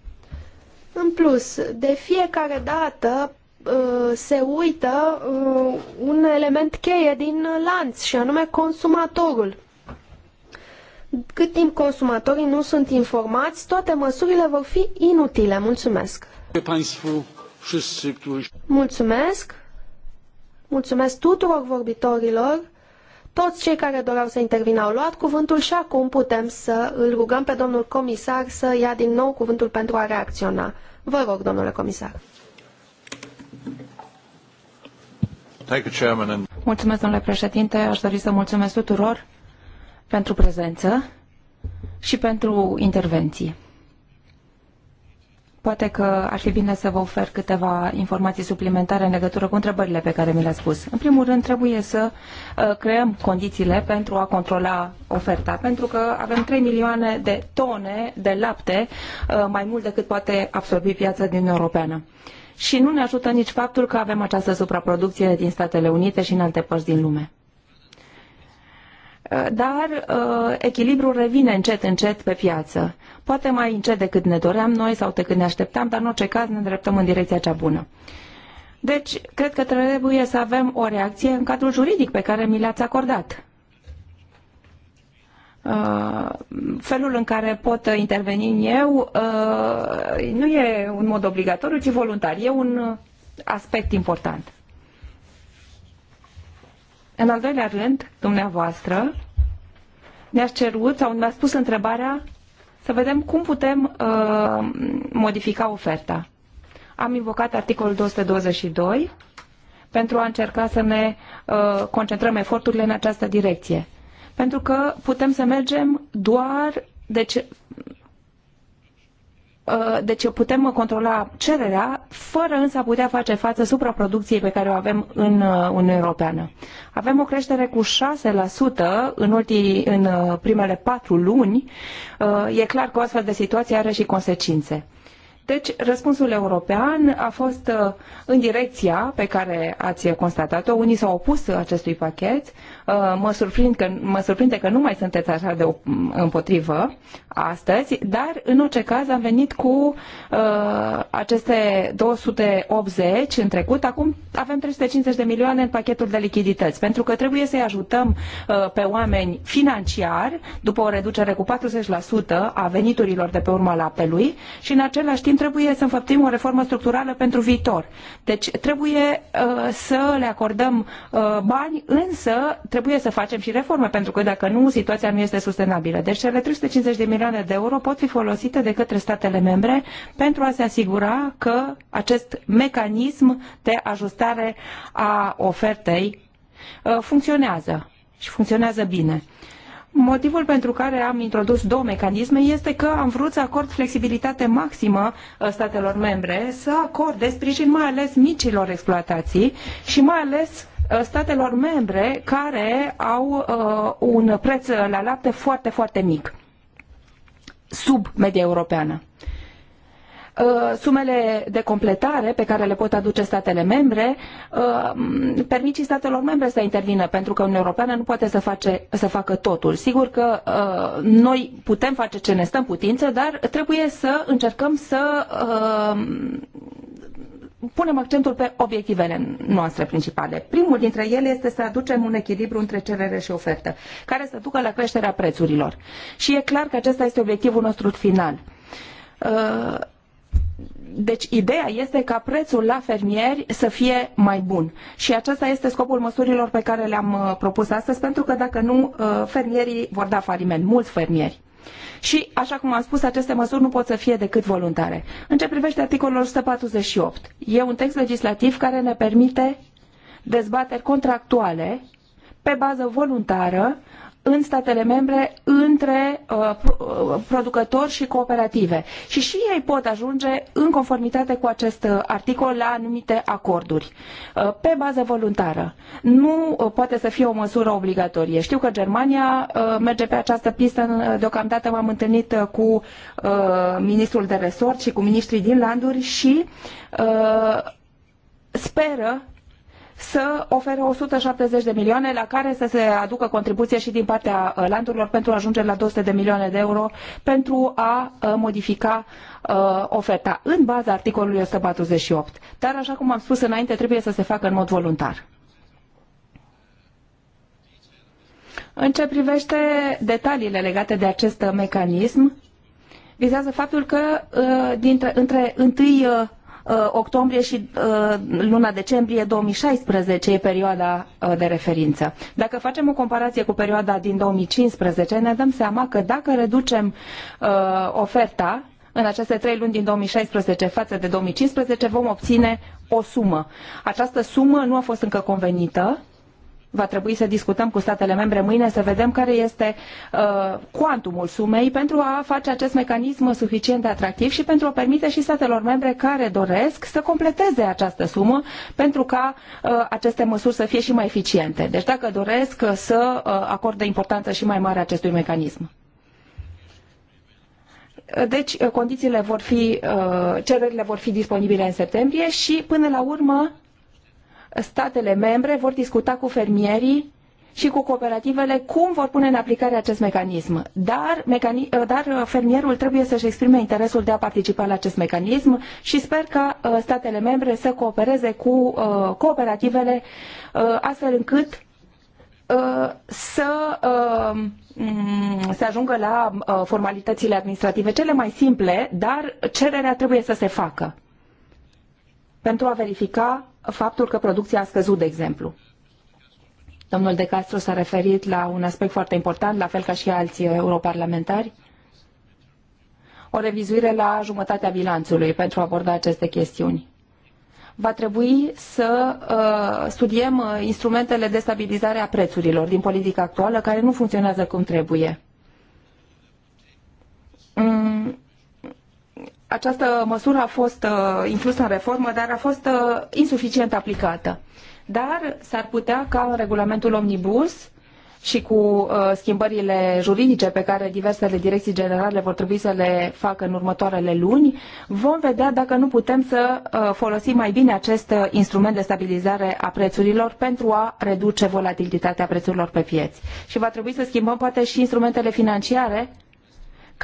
Speaker 2: În plus, de fiecare dată uh, se uită uh, un element cheie din lanț și anume consumatorul cât timp consumatorii nu sunt informați, toate măsurile vor fi inutile. Mulțumesc! Mulțumesc! Mulțumesc tuturor vorbitorilor! Toți cei care doreau să intervină au luat cuvântul și acum putem să îl rugăm pe domnul comisar să ia din nou cuvântul pentru a reacționa. Vă rog, domnule comisar.
Speaker 3: Mulțumesc, domnule președinte. Aș dori să mulțumesc tuturor pentru prezență și pentru intervenții. Poate că ar fi bine să vă ofer câteva informații suplimentare în legătură cu întrebările pe care mi le-ați spus. În primul rând, trebuie să uh, creăm condițiile pentru a controla oferta, pentru că avem 3 milioane de tone de lapte, uh, mai mult decât poate absorbi piața din Europeană. Și nu ne ajută nici faptul că avem această supraproducție din Statele Unite și în alte părți din lume. Uh, dar uh, echilibrul revine încet, încet pe piață. Poate mai încet decât ne doream noi sau decât ne așteptam, dar în orice caz ne îndreptăm în direcția cea bună. Deci, cred că trebuie să avem o reacție în cadrul juridic pe care mi l-ați acordat. Uh, felul în care pot interveni eu uh, nu e un mod obligatoriu, ci voluntar. E un aspect important. În al doilea rând, dumneavoastră ne-ați cerut sau ne-ați pus întrebarea să vedem cum putem uh, modifica oferta. Am invocat articolul 222 pentru a încerca să ne uh, concentrăm eforturile în această direcție. Pentru că putem să mergem doar, deci Uh, deci putem controla cererea fără însă a putea face față supraproducției pe care o avem în Uniunea uh, Europeană. Avem o creștere cu 6% în, ultimii, în uh, primele patru luni. E clar că o astfel de situație are și consecințe. Deci, răspunsul european a fost în direcția pe care ați constatat-o. Unii s-au opus acestui pachet, Uh, mă, surprind că, mă surprinde că nu mai sunteți așa de împotrivă astăzi, dar în orice caz am venit cu uh, aceste 280 în trecut, acum avem 350 de milioane în pachetul de lichidități, pentru că trebuie să-i ajutăm uh, pe oameni financiar, după o reducere cu 40% a veniturilor de pe urma lapelui și în același timp trebuie să înfăptim o reformă structurală pentru viitor. Deci trebuie uh, să le acordăm uh, bani, însă trebuie trebuie să facem și reforme, pentru că dacă nu, situația nu este sustenabilă. Deci cele 350 de milioane de euro pot fi folosite de către statele membre pentru a se asigura că acest mecanism de ajustare a ofertei uh, funcționează și funcționează bine. Motivul pentru care am introdus două mecanisme este că am vrut să acord flexibilitate maximă uh, statelor membre, să acorde sprijin mai ales micilor exploatații și mai ales Uh, statelor membre care au uh, un preț la lapte foarte, foarte mic, sub media europeană uh, sumele de completare pe care le pot aduce statele membre permit și statelor membre să intervină, pentru că Uniunea Europeană nu poate să, face, să facă totul. Sigur că noi putem face ce ne stă în putință, dar trebuie să încercăm să punem accentul pe obiectivele noastre principale. Primul dintre ele este să aducem un echilibru între cerere și ofertă, care să ducă la creșterea prețurilor. Și e clar că acesta este obiectivul nostru final. Uh, deci ideea este ca prețul la fermieri să fie mai bun. Și acesta este scopul măsurilor pe care le-am uh, propus astăzi, pentru că dacă nu, uh, fermierii vor da faliment, mulți fermieri. Și, așa cum am spus, aceste măsuri nu pot să fie decât voluntare. În ce privește articolul 148, e un text legislativ care ne permite dezbateri contractuale pe bază voluntară în statele membre între uh, uh, producători și cooperative. Și și ei pot ajunge în conformitate cu acest uh, articol la anumite acorduri pe bază voluntară. Nu poate să fie o măsură obligatorie. Știu că Germania merge pe această pistă. Deocamdată m-am întâlnit cu ministrul de resort și cu ministrii din landuri și speră să ofere 170 de milioane la care să se aducă contribuție și din partea uh, landurilor pentru a ajunge la 200 de milioane de euro pentru a uh, modifica uh, oferta în baza articolului 148. Dar, așa cum am spus înainte, trebuie să se facă în mod voluntar. În ce privește detaliile legate de acest mecanism, vizează faptul că dintre, între 1 Uh, octombrie și uh, luna decembrie 2016 e perioada uh, de referință. Dacă facem o comparație cu perioada din 2015, ne dăm seama că dacă reducem oferta în aceste trei luni din 2016 față de 2015 vom obține o sumă. Această sumă nu a fost încă convenită, va trebui să discutăm cu statele membre mâine, să vedem care este uh, cuantumul sumei pentru a face acest mecanism suficient de atractiv și pentru a permite și statelor membre care doresc să completeze această sumă pentru ca uh, aceste măsuri să fie și mai eficiente. Deci dacă doresc să uh, acorde importanță și mai mare acestui mecanism. Deci uh, condițiile vor fi, uh, cererile vor fi disponibile în septembrie și până la urmă statele membre vor discuta cu fermierii și cu cooperativele cum vor pune în aplicare acest mecanism. Dar, mecani... Uh, dar uh, fermierul trebuie să-și exprime interesul de a participa la acest mecanism și sper ca uh, statele membre să coopereze cu cooperativele astfel încât să mm, se ajungă la formalitățile administrative cele mai simple, dar cererea trebuie să se facă pentru a verifica faptul că producția a scăzut, de exemplu. Domnul De Castro s-a referit la un aspect foarte important, la fel ca și alții europarlamentari, o revizuire la jumătatea bilanțului pentru a aborda aceste chestiuni. Va trebui să uh, studiem uh, instrumentele de stabilizare a prețurilor din politica actuală, care nu funcționează cum trebuie. Mm această măsură a fost uh, inclusă în reformă, dar a fost uh, insuficient aplicată. Dar s-ar putea ca în regulamentul omnibus și cu uh, schimbările juridice pe care diversele direcții generale vor trebui să le facă în următoarele luni, vom vedea dacă nu putem să folosim mai bine acest instrument de stabilizare a prețurilor pentru a reduce volatilitatea prețurilor pe pieți. Și va trebui să schimbăm poate și instrumentele financiare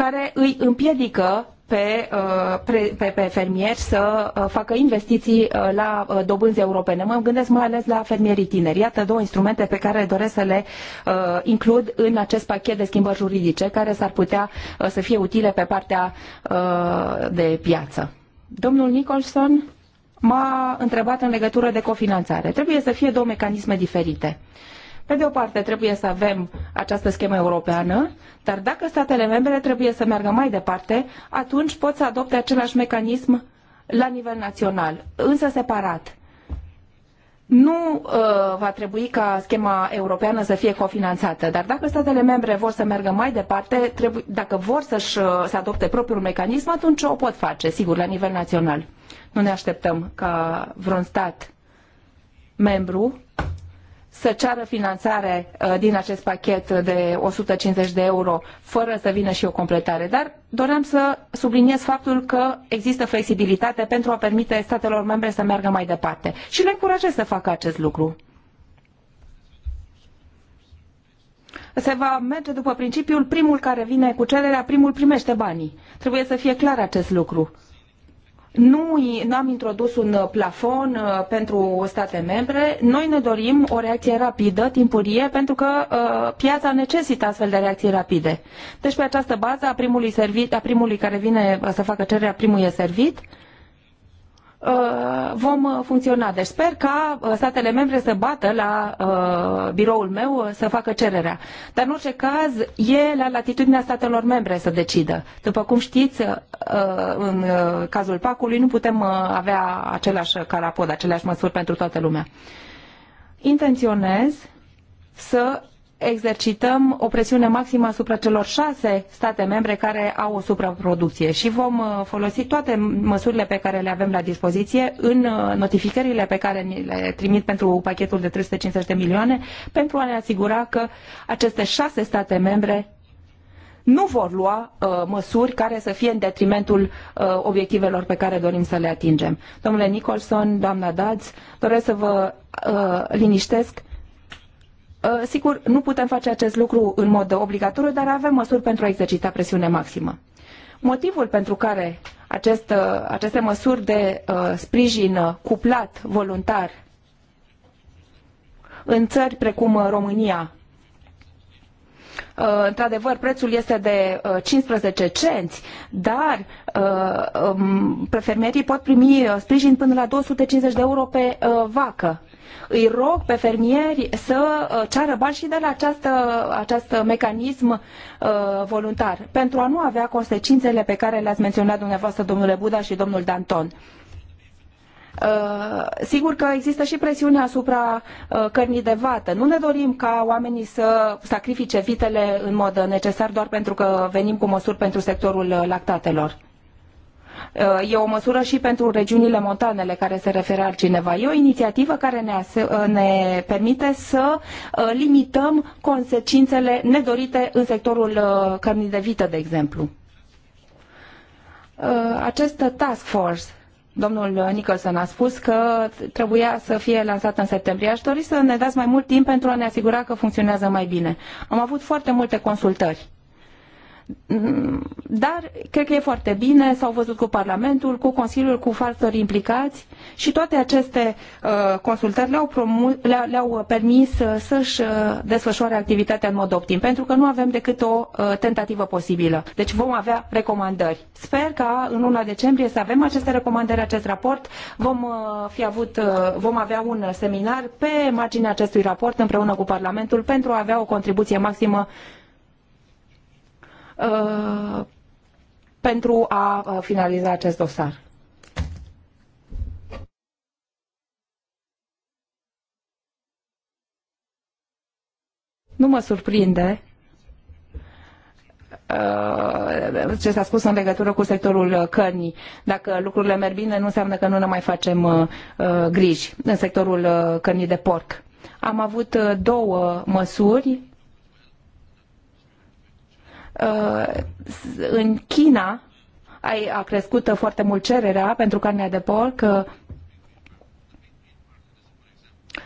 Speaker 3: care îi împiedică pe, uh, pe, pe fermieri să uh, facă investiții uh, la dobânzi europene. Mă gândesc mai ales la fermierii tineri. Iată două instrumente pe care doresc să le includ în acest pachet de schimbări juridice care s-ar putea să fie utile pe partea de piață. Domnul Nicholson m-a întrebat în legătură de cofinanțare. Trebuie să fie două mecanisme diferite. Uh, pe de o parte, trebuie să avem această schemă europeană, dar dacă statele membre trebuie să meargă mai departe, atunci pot să adopte același mecanism la nivel național, însă separat. Nu uh, va trebui ca schema europeană să fie cofinanțată, dar dacă statele membre vor să meargă mai departe, trebuie, dacă vor să-și uh, să adopte propriul mecanism, atunci o pot face, sigur, la nivel național. Nu ne așteptăm ca vreun stat membru să ceară finanțare uh, din acest pachet de 150 de euro fără să vină și o completare. Dar doream să subliniez faptul că există flexibilitate pentru a permite statelor membre să meargă mai departe și le încurajez să facă acest lucru. se va merge după principiul primul care vine cu cererea, primul primește banii. Trebuie să fie clar acest lucru nu, nu am introdus un uh, plafon uh, pentru state membre. Noi ne dorim o reacție rapidă, timpurie, pentru că uh, piața necesită astfel de reacții rapide. Deci pe această bază a primului, servit, a primului care vine să facă cererea, primul e servit. Uh, Uh, vom uh, funcționa. Deci sper ca uh, statele membre să bată la biroul meu să facă cererea. Dar în orice caz e la latitudinea statelor membre să decidă. După cum știți, în cazul pacului nu putem avea același carapod, aceleași măsuri pentru toată lumea. Intenționez să exercităm o presiune maximă asupra celor șase state membre care au o supraproducție și vom uh, folosi toate măsurile pe care le avem la dispoziție în uh, notificările pe care ni le trimit pentru pachetul de 350 de milioane pentru a ne asigura că aceste șase state membre nu vor lua uh, măsuri care să fie în detrimentul uh, obiectivelor pe care dorim să le atingem. Domnule Nicholson, doamna Dads, doresc să vă uh, liniștesc Uh, sigur, nu putem face acest lucru în mod obligatoriu, dar avem măsuri pentru a exercita presiune maximă. Motivul pentru care acest, uh, aceste măsuri de uh, sprijin cuplat, voluntar, în țări precum România, Într-adevăr, prețul este de 15 cenți, dar um, fermierii pot primi sprijin până la 250 de euro pe vacă. Îi rog pe fermieri să uh, ceară bani și de la această, acest mecanism uh, voluntar, pentru a nu avea consecințele pe care le-ați menționat dumneavoastră, domnule Buda și domnul Danton. Uh, sigur că există și presiune asupra uh, cărnii de vată. Nu ne dorim ca oamenii să sacrifice vitele în mod necesar doar pentru că venim cu măsuri pentru sectorul uh, lactatelor. E o măsură și pentru regiunile montane la care se referă altcineva. E o inițiativă care ne, ne permite să limităm consecințele nedorite în sectorul cărnii de vită, de exemplu. Acest task force Domnul Nicholson a spus că trebuia să fie lansat în septembrie. Aș dori să ne dați mai mult timp pentru a ne asigura că funcționează mai bine. Am avut foarte multe consultări Mm, dar cred că e foarte bine, s-au văzut cu Parlamentul, cu Consiliul, cu factorii implicați și toate aceste uh, consultări le-au, le le uh, permis uh, să-și uh, desfășoare activitatea în mod optim, pentru că nu avem decât o uh, tentativă posibilă. Deci vom avea recomandări. Sper ca în luna decembrie să avem aceste recomandări, acest raport. Vom, uh, fi avut, vom avea un seminar pe marginea acestui raport împreună cu Parlamentul pentru a avea o contribuție maximă Uh, pentru a uh, finaliza acest dosar. Nu mă surprinde uh, ce s-a spus în legătură cu sectorul cărnii. Dacă lucrurile merg bine, nu înseamnă că nu ne mai facem griji în sectorul cărnii de porc. Am avut două măsuri Uh, în China a crescut foarte mult cererea pentru carnea de porc. Uh,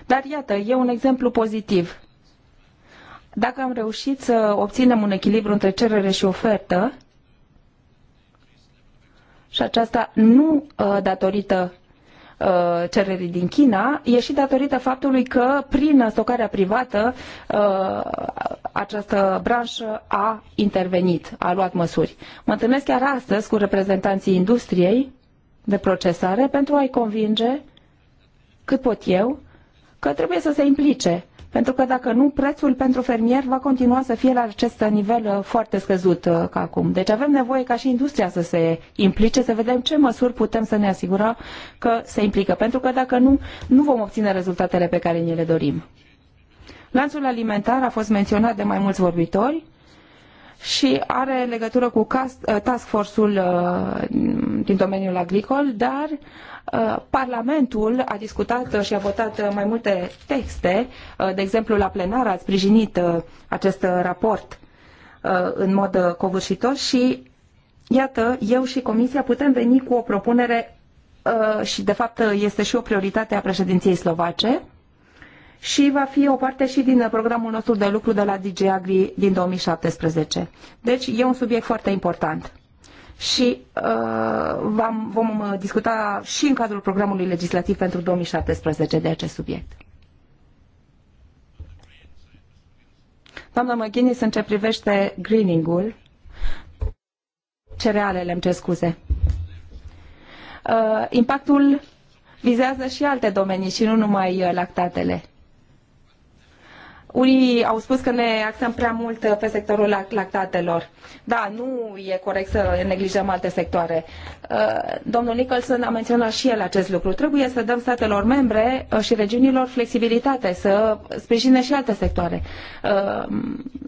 Speaker 3: dar iată, e un exemplu pozitiv. Dacă am reușit să obținem un echilibru între cerere și ofertă, și aceasta nu uh, datorită Uh, cererii din China e și datorită faptului că prin stocarea privată uh, această branșă a intervenit, a luat măsuri. Mă întâlnesc chiar astăzi cu reprezentanții industriei de procesare pentru a-i convinge cât pot eu că trebuie să se implice pentru că dacă nu, prețul pentru fermier va continua să fie la acest nivel uh, foarte scăzut uh, ca acum. Deci avem nevoie ca și industria să se implice, să vedem ce măsuri putem să ne asigurăm că se implică. Pentru că dacă nu, nu vom obține rezultatele pe care ni le dorim. Lanțul alimentar a fost menționat de mai mulți vorbitori și are legătură cu uh, task force-ul din domeniul agricol, dar Uh, Parlamentul a discutat și a votat mai multe texte, uh, de exemplu la plenar a sprijinit uh, acest raport în mod covârșitor și iată, eu și Comisia putem veni cu o propunere și de fapt este și o prioritate a președinției slovace și va fi o parte și din programul nostru de lucru de la DG Agri din 2017. Deci e un subiect foarte important și uh, vom uh, discuta și în cadrul programului legislativ pentru 2017 de acest subiect. Doamna McGuinness, în ce privește greening-ul, cerealele, îmi ce scuze. Uh, impactul vizează și alte domenii și nu numai uh, lactatele. Unii au spus că ne axăm prea mult pe sectorul lactatelor. Da, nu e corect să neglijăm alte sectoare. Uh, domnul Nicholson a menționat și el acest lucru. Trebuie să dăm statelor membre uh, și regiunilor flexibilitate, să sprijine și alte sectoare. Uh,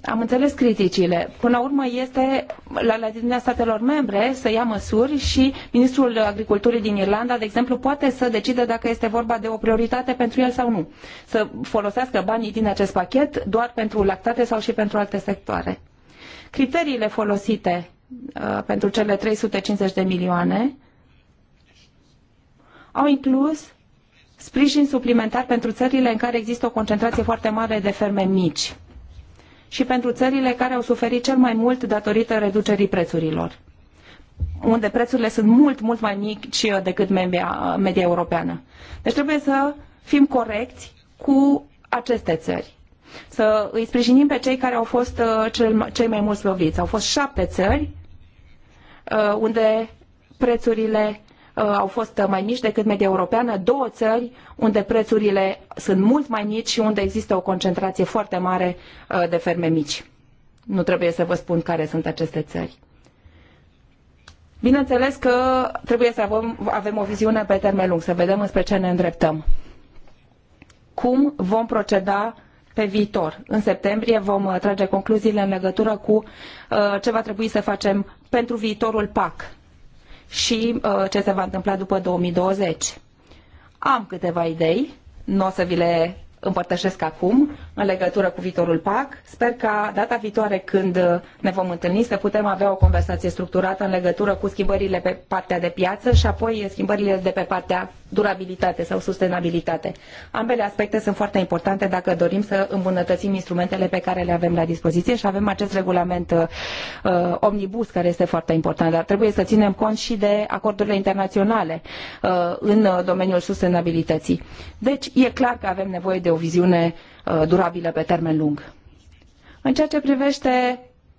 Speaker 3: am înțeles criticile. Până la urmă este la latitudinea statelor membre să ia măsuri și Ministrul Agriculturii din Irlanda, de exemplu, poate să decide dacă este vorba de o prioritate pentru el sau nu. Să folosească banii din acest pachet pachet doar pentru lactate sau și pentru alte sectoare. Criteriile folosite uh, pentru cele 350 de milioane au inclus sprijin suplimentar pentru țările în care există o concentrație foarte mare de ferme mici și pentru țările care au suferit cel mai mult datorită reducerii prețurilor, unde prețurile sunt mult, mult mai mici decât media, media europeană. Deci trebuie să fim corecți cu aceste țări să îi sprijinim pe cei care au fost uh, cel, cei mai mulți loviți. Au fost șapte țări uh, unde prețurile uh, au fost mai mici decât media europeană, două țări unde prețurile sunt mult mai mici și unde există o concentrație foarte mare de ferme mici. Nu trebuie să vă spun care sunt aceste țări. Bineînțeles că trebuie să avem, avem o viziune pe termen lung, să vedem înspre ce ne îndreptăm. Cum vom proceda pe viitor. În septembrie vom uh, trage concluziile în legătură cu uh, ce va trebui să facem pentru viitorul PAC și uh, ce se va întâmpla după 2020. Am câteva idei, nu o să vi le împărtășesc acum în legătură cu viitorul PAC. Sper ca data viitoare când uh, ne vom întâlni să putem avea o conversație structurată în legătură cu schimbările pe partea de piață și apoi uh, schimbările de pe partea durabilitate sau sustenabilitate. Ambele aspecte sunt foarte importante dacă dorim să îmbunătățim instrumentele pe care le avem la dispoziție și avem acest regulament uh, uh omnibus care este foarte important, dar trebuie să ținem cont și de acordurile internaționale uh, în domeniul sustenabilității. Deci e clar că avem nevoie de o viziune uh, durabilă pe termen lung. În ceea ce privește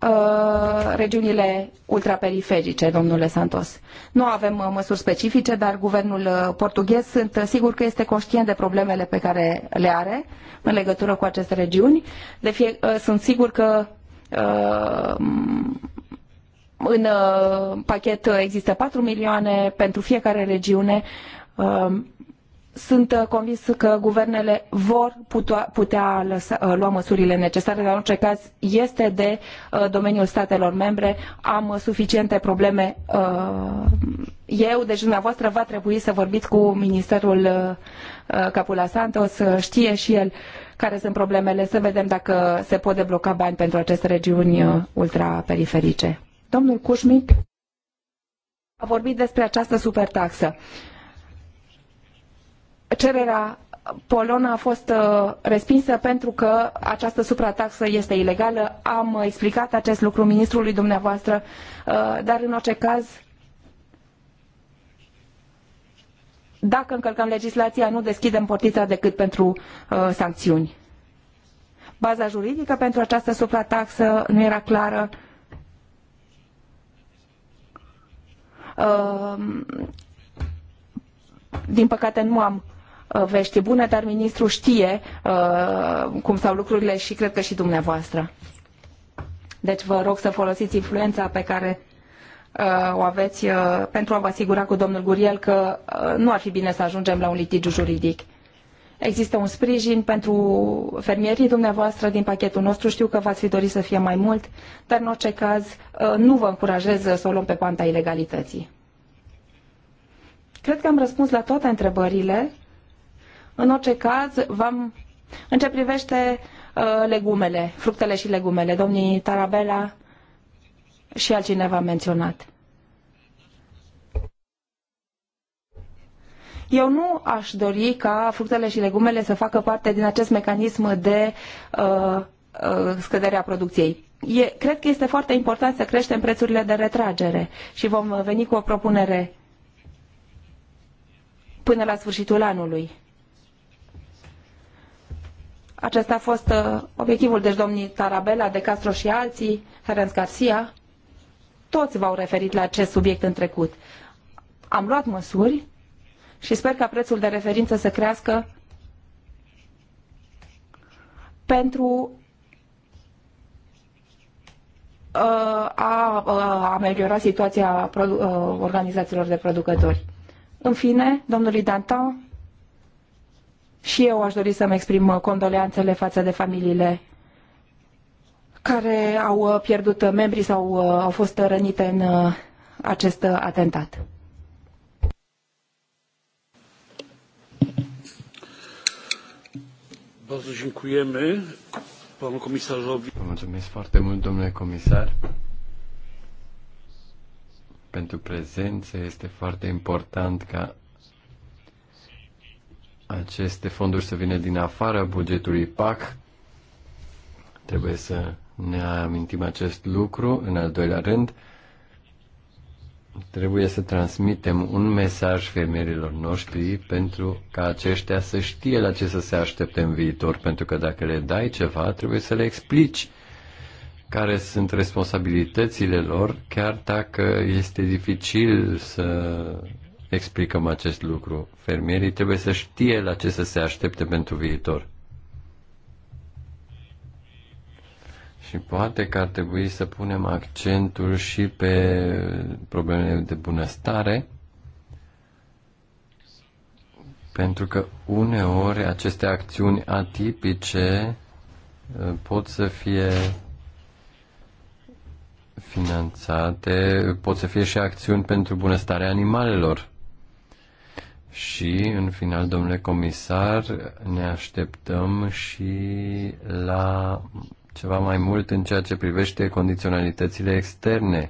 Speaker 3: uh, regiunile ultraperiferice, domnule Santos. Nu avem uh, măsuri specifice, dar guvernul portughez sunt sigur că este conștient de problemele pe care le are în legătură cu aceste regiuni. De fie, sunt sigur că în pachet există patru milioane pentru fiecare regiune sunt uh, convins că guvernele vor putea, putea lăsa, uh, lua măsurile necesare, dar în orice caz este de uh, domeniul statelor membre. Am suficiente probleme eu, deci dumneavoastră va trebui să vorbiți cu ministerul Capula Santos, știe și el care sunt problemele, să vedem dacă se pot debloca bani pentru aceste regiuni ultraperiferice. Domnul Cușmic a vorbit despre această supertaxă cererea Polona a fost uh, respinsă pentru că această suprataxă este ilegală. Am explicat acest lucru ministrului dumneavoastră, uh, dar în orice caz, dacă încălcăm legislația, nu deschidem portița decât pentru uh, sancțiuni. Baza juridică pentru această suprataxă nu era clară. din păcate nu am Uh, vești bune, dar ministrul știe uh, cum stau lucrurile și cred că și dumneavoastră. Deci vă rog să folosiți influența pe care uh, o aveți pentru a vă asigura cu domnul Guriel că nu ar fi bine să ajungem la un litigiu juridic. Există un sprijin pentru fermierii dumneavoastră din pachetul nostru. Știu că v-ați fi dorit să fie mai mult, dar în orice caz nu vă încurajez să o luăm pe panta ilegalității. Cred că am răspuns la toate întrebările în orice caz, v-am... În ce privește uh, legumele, fructele și legumele, domnii tarabela și altcineva menționat. Eu nu aș dori ca fructele și legumele să facă parte din acest mecanism de uh, uh, scădere a producției. E, cred că este foarte important să creștem prețurile de retragere și vom veni cu o propunere până la sfârșitul anului acesta a fost uh, obiectivul, deci domnii Tarabella, De Castro și alții, Ferenc Garcia, toți v-au referit la acest subiect în trecut. Am luat măsuri și sper ca prețul de referință să crească pentru uh, a uh, ameliora situația organizațiilor de producători. În fine, domnului Dantan, și eu aș dori să-mi exprim uh, condoleanțele față de familiile care au uh, pierdut uh, membrii sau au fost rănite în acest atentat.
Speaker 4: Vă Mulțumesc foarte mult, domnule comisar, pentru prezență. Este foarte important ca aceste fonduri să vină din afara bugetului PAC. Trebuie să ne amintim acest lucru. În al doilea rând, trebuie să transmitem un mesaj femeilor noștri pentru ca aceștia să știe la ce să se aștepte în viitor, pentru că dacă le dai ceva, trebuie să le explici care sunt responsabilitățile lor, chiar dacă este dificil să explicăm acest lucru. Fermierii trebuie să știe la ce să se aștepte pentru viitor. Și poate că ar trebui să punem accentul și pe problemele de bunăstare, pentru că uneori aceste acțiuni atipice uh, pot să fie finanțate, pot să fie și acțiuni pentru bunăstarea animalelor. Și, în final, domnule comisar, ne așteptăm și la ceva mai mult în ceea ce privește condiționalitățile externe.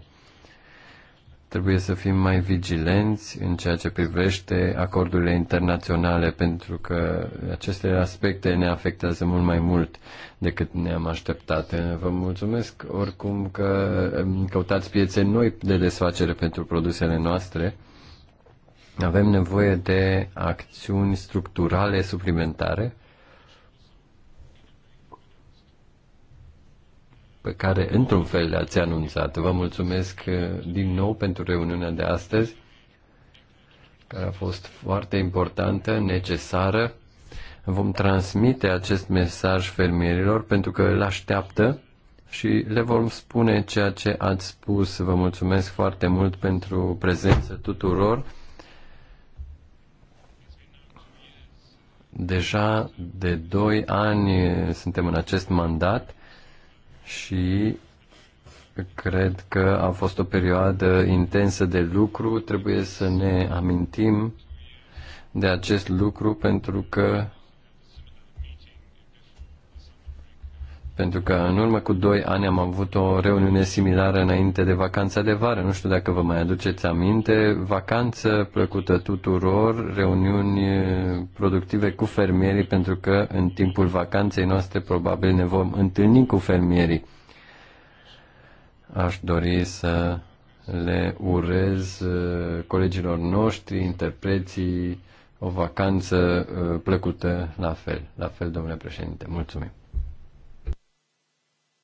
Speaker 4: Trebuie să fim mai vigilenți în ceea ce privește acordurile internaționale, pentru că aceste aspecte ne afectează mult mai mult decât ne-am așteptat. Vă mulțumesc oricum că căutați piețe noi de desfacere pentru produsele noastre avem nevoie de acțiuni structurale suplimentare pe care, într-un fel, le-ați anunțat. Vă mulțumesc uh, din nou pentru reuniunea de astăzi, care a fost foarte importantă, necesară. Vom transmite acest mesaj fermierilor pentru că îl așteaptă și le vom spune ceea ce ați spus. Vă mulțumesc foarte mult pentru prezență tuturor. Deja de doi ani suntem în acest mandat și cred că a fost o perioadă intensă de lucru. Trebuie să ne amintim de acest lucru pentru că Pentru că în urmă cu doi ani am avut o reuniune similară înainte de vacanța de vară. Nu știu dacă vă mai aduceți aminte. Vacanță plăcută tuturor, reuniuni productive cu fermierii, pentru că în timpul vacanței noastre probabil ne vom întâlni cu fermierii. Aș dori să le urez uh, colegilor noștri, interpreții, o vacanță uh, plăcută la fel. La fel, domnule președinte. Mulțumim.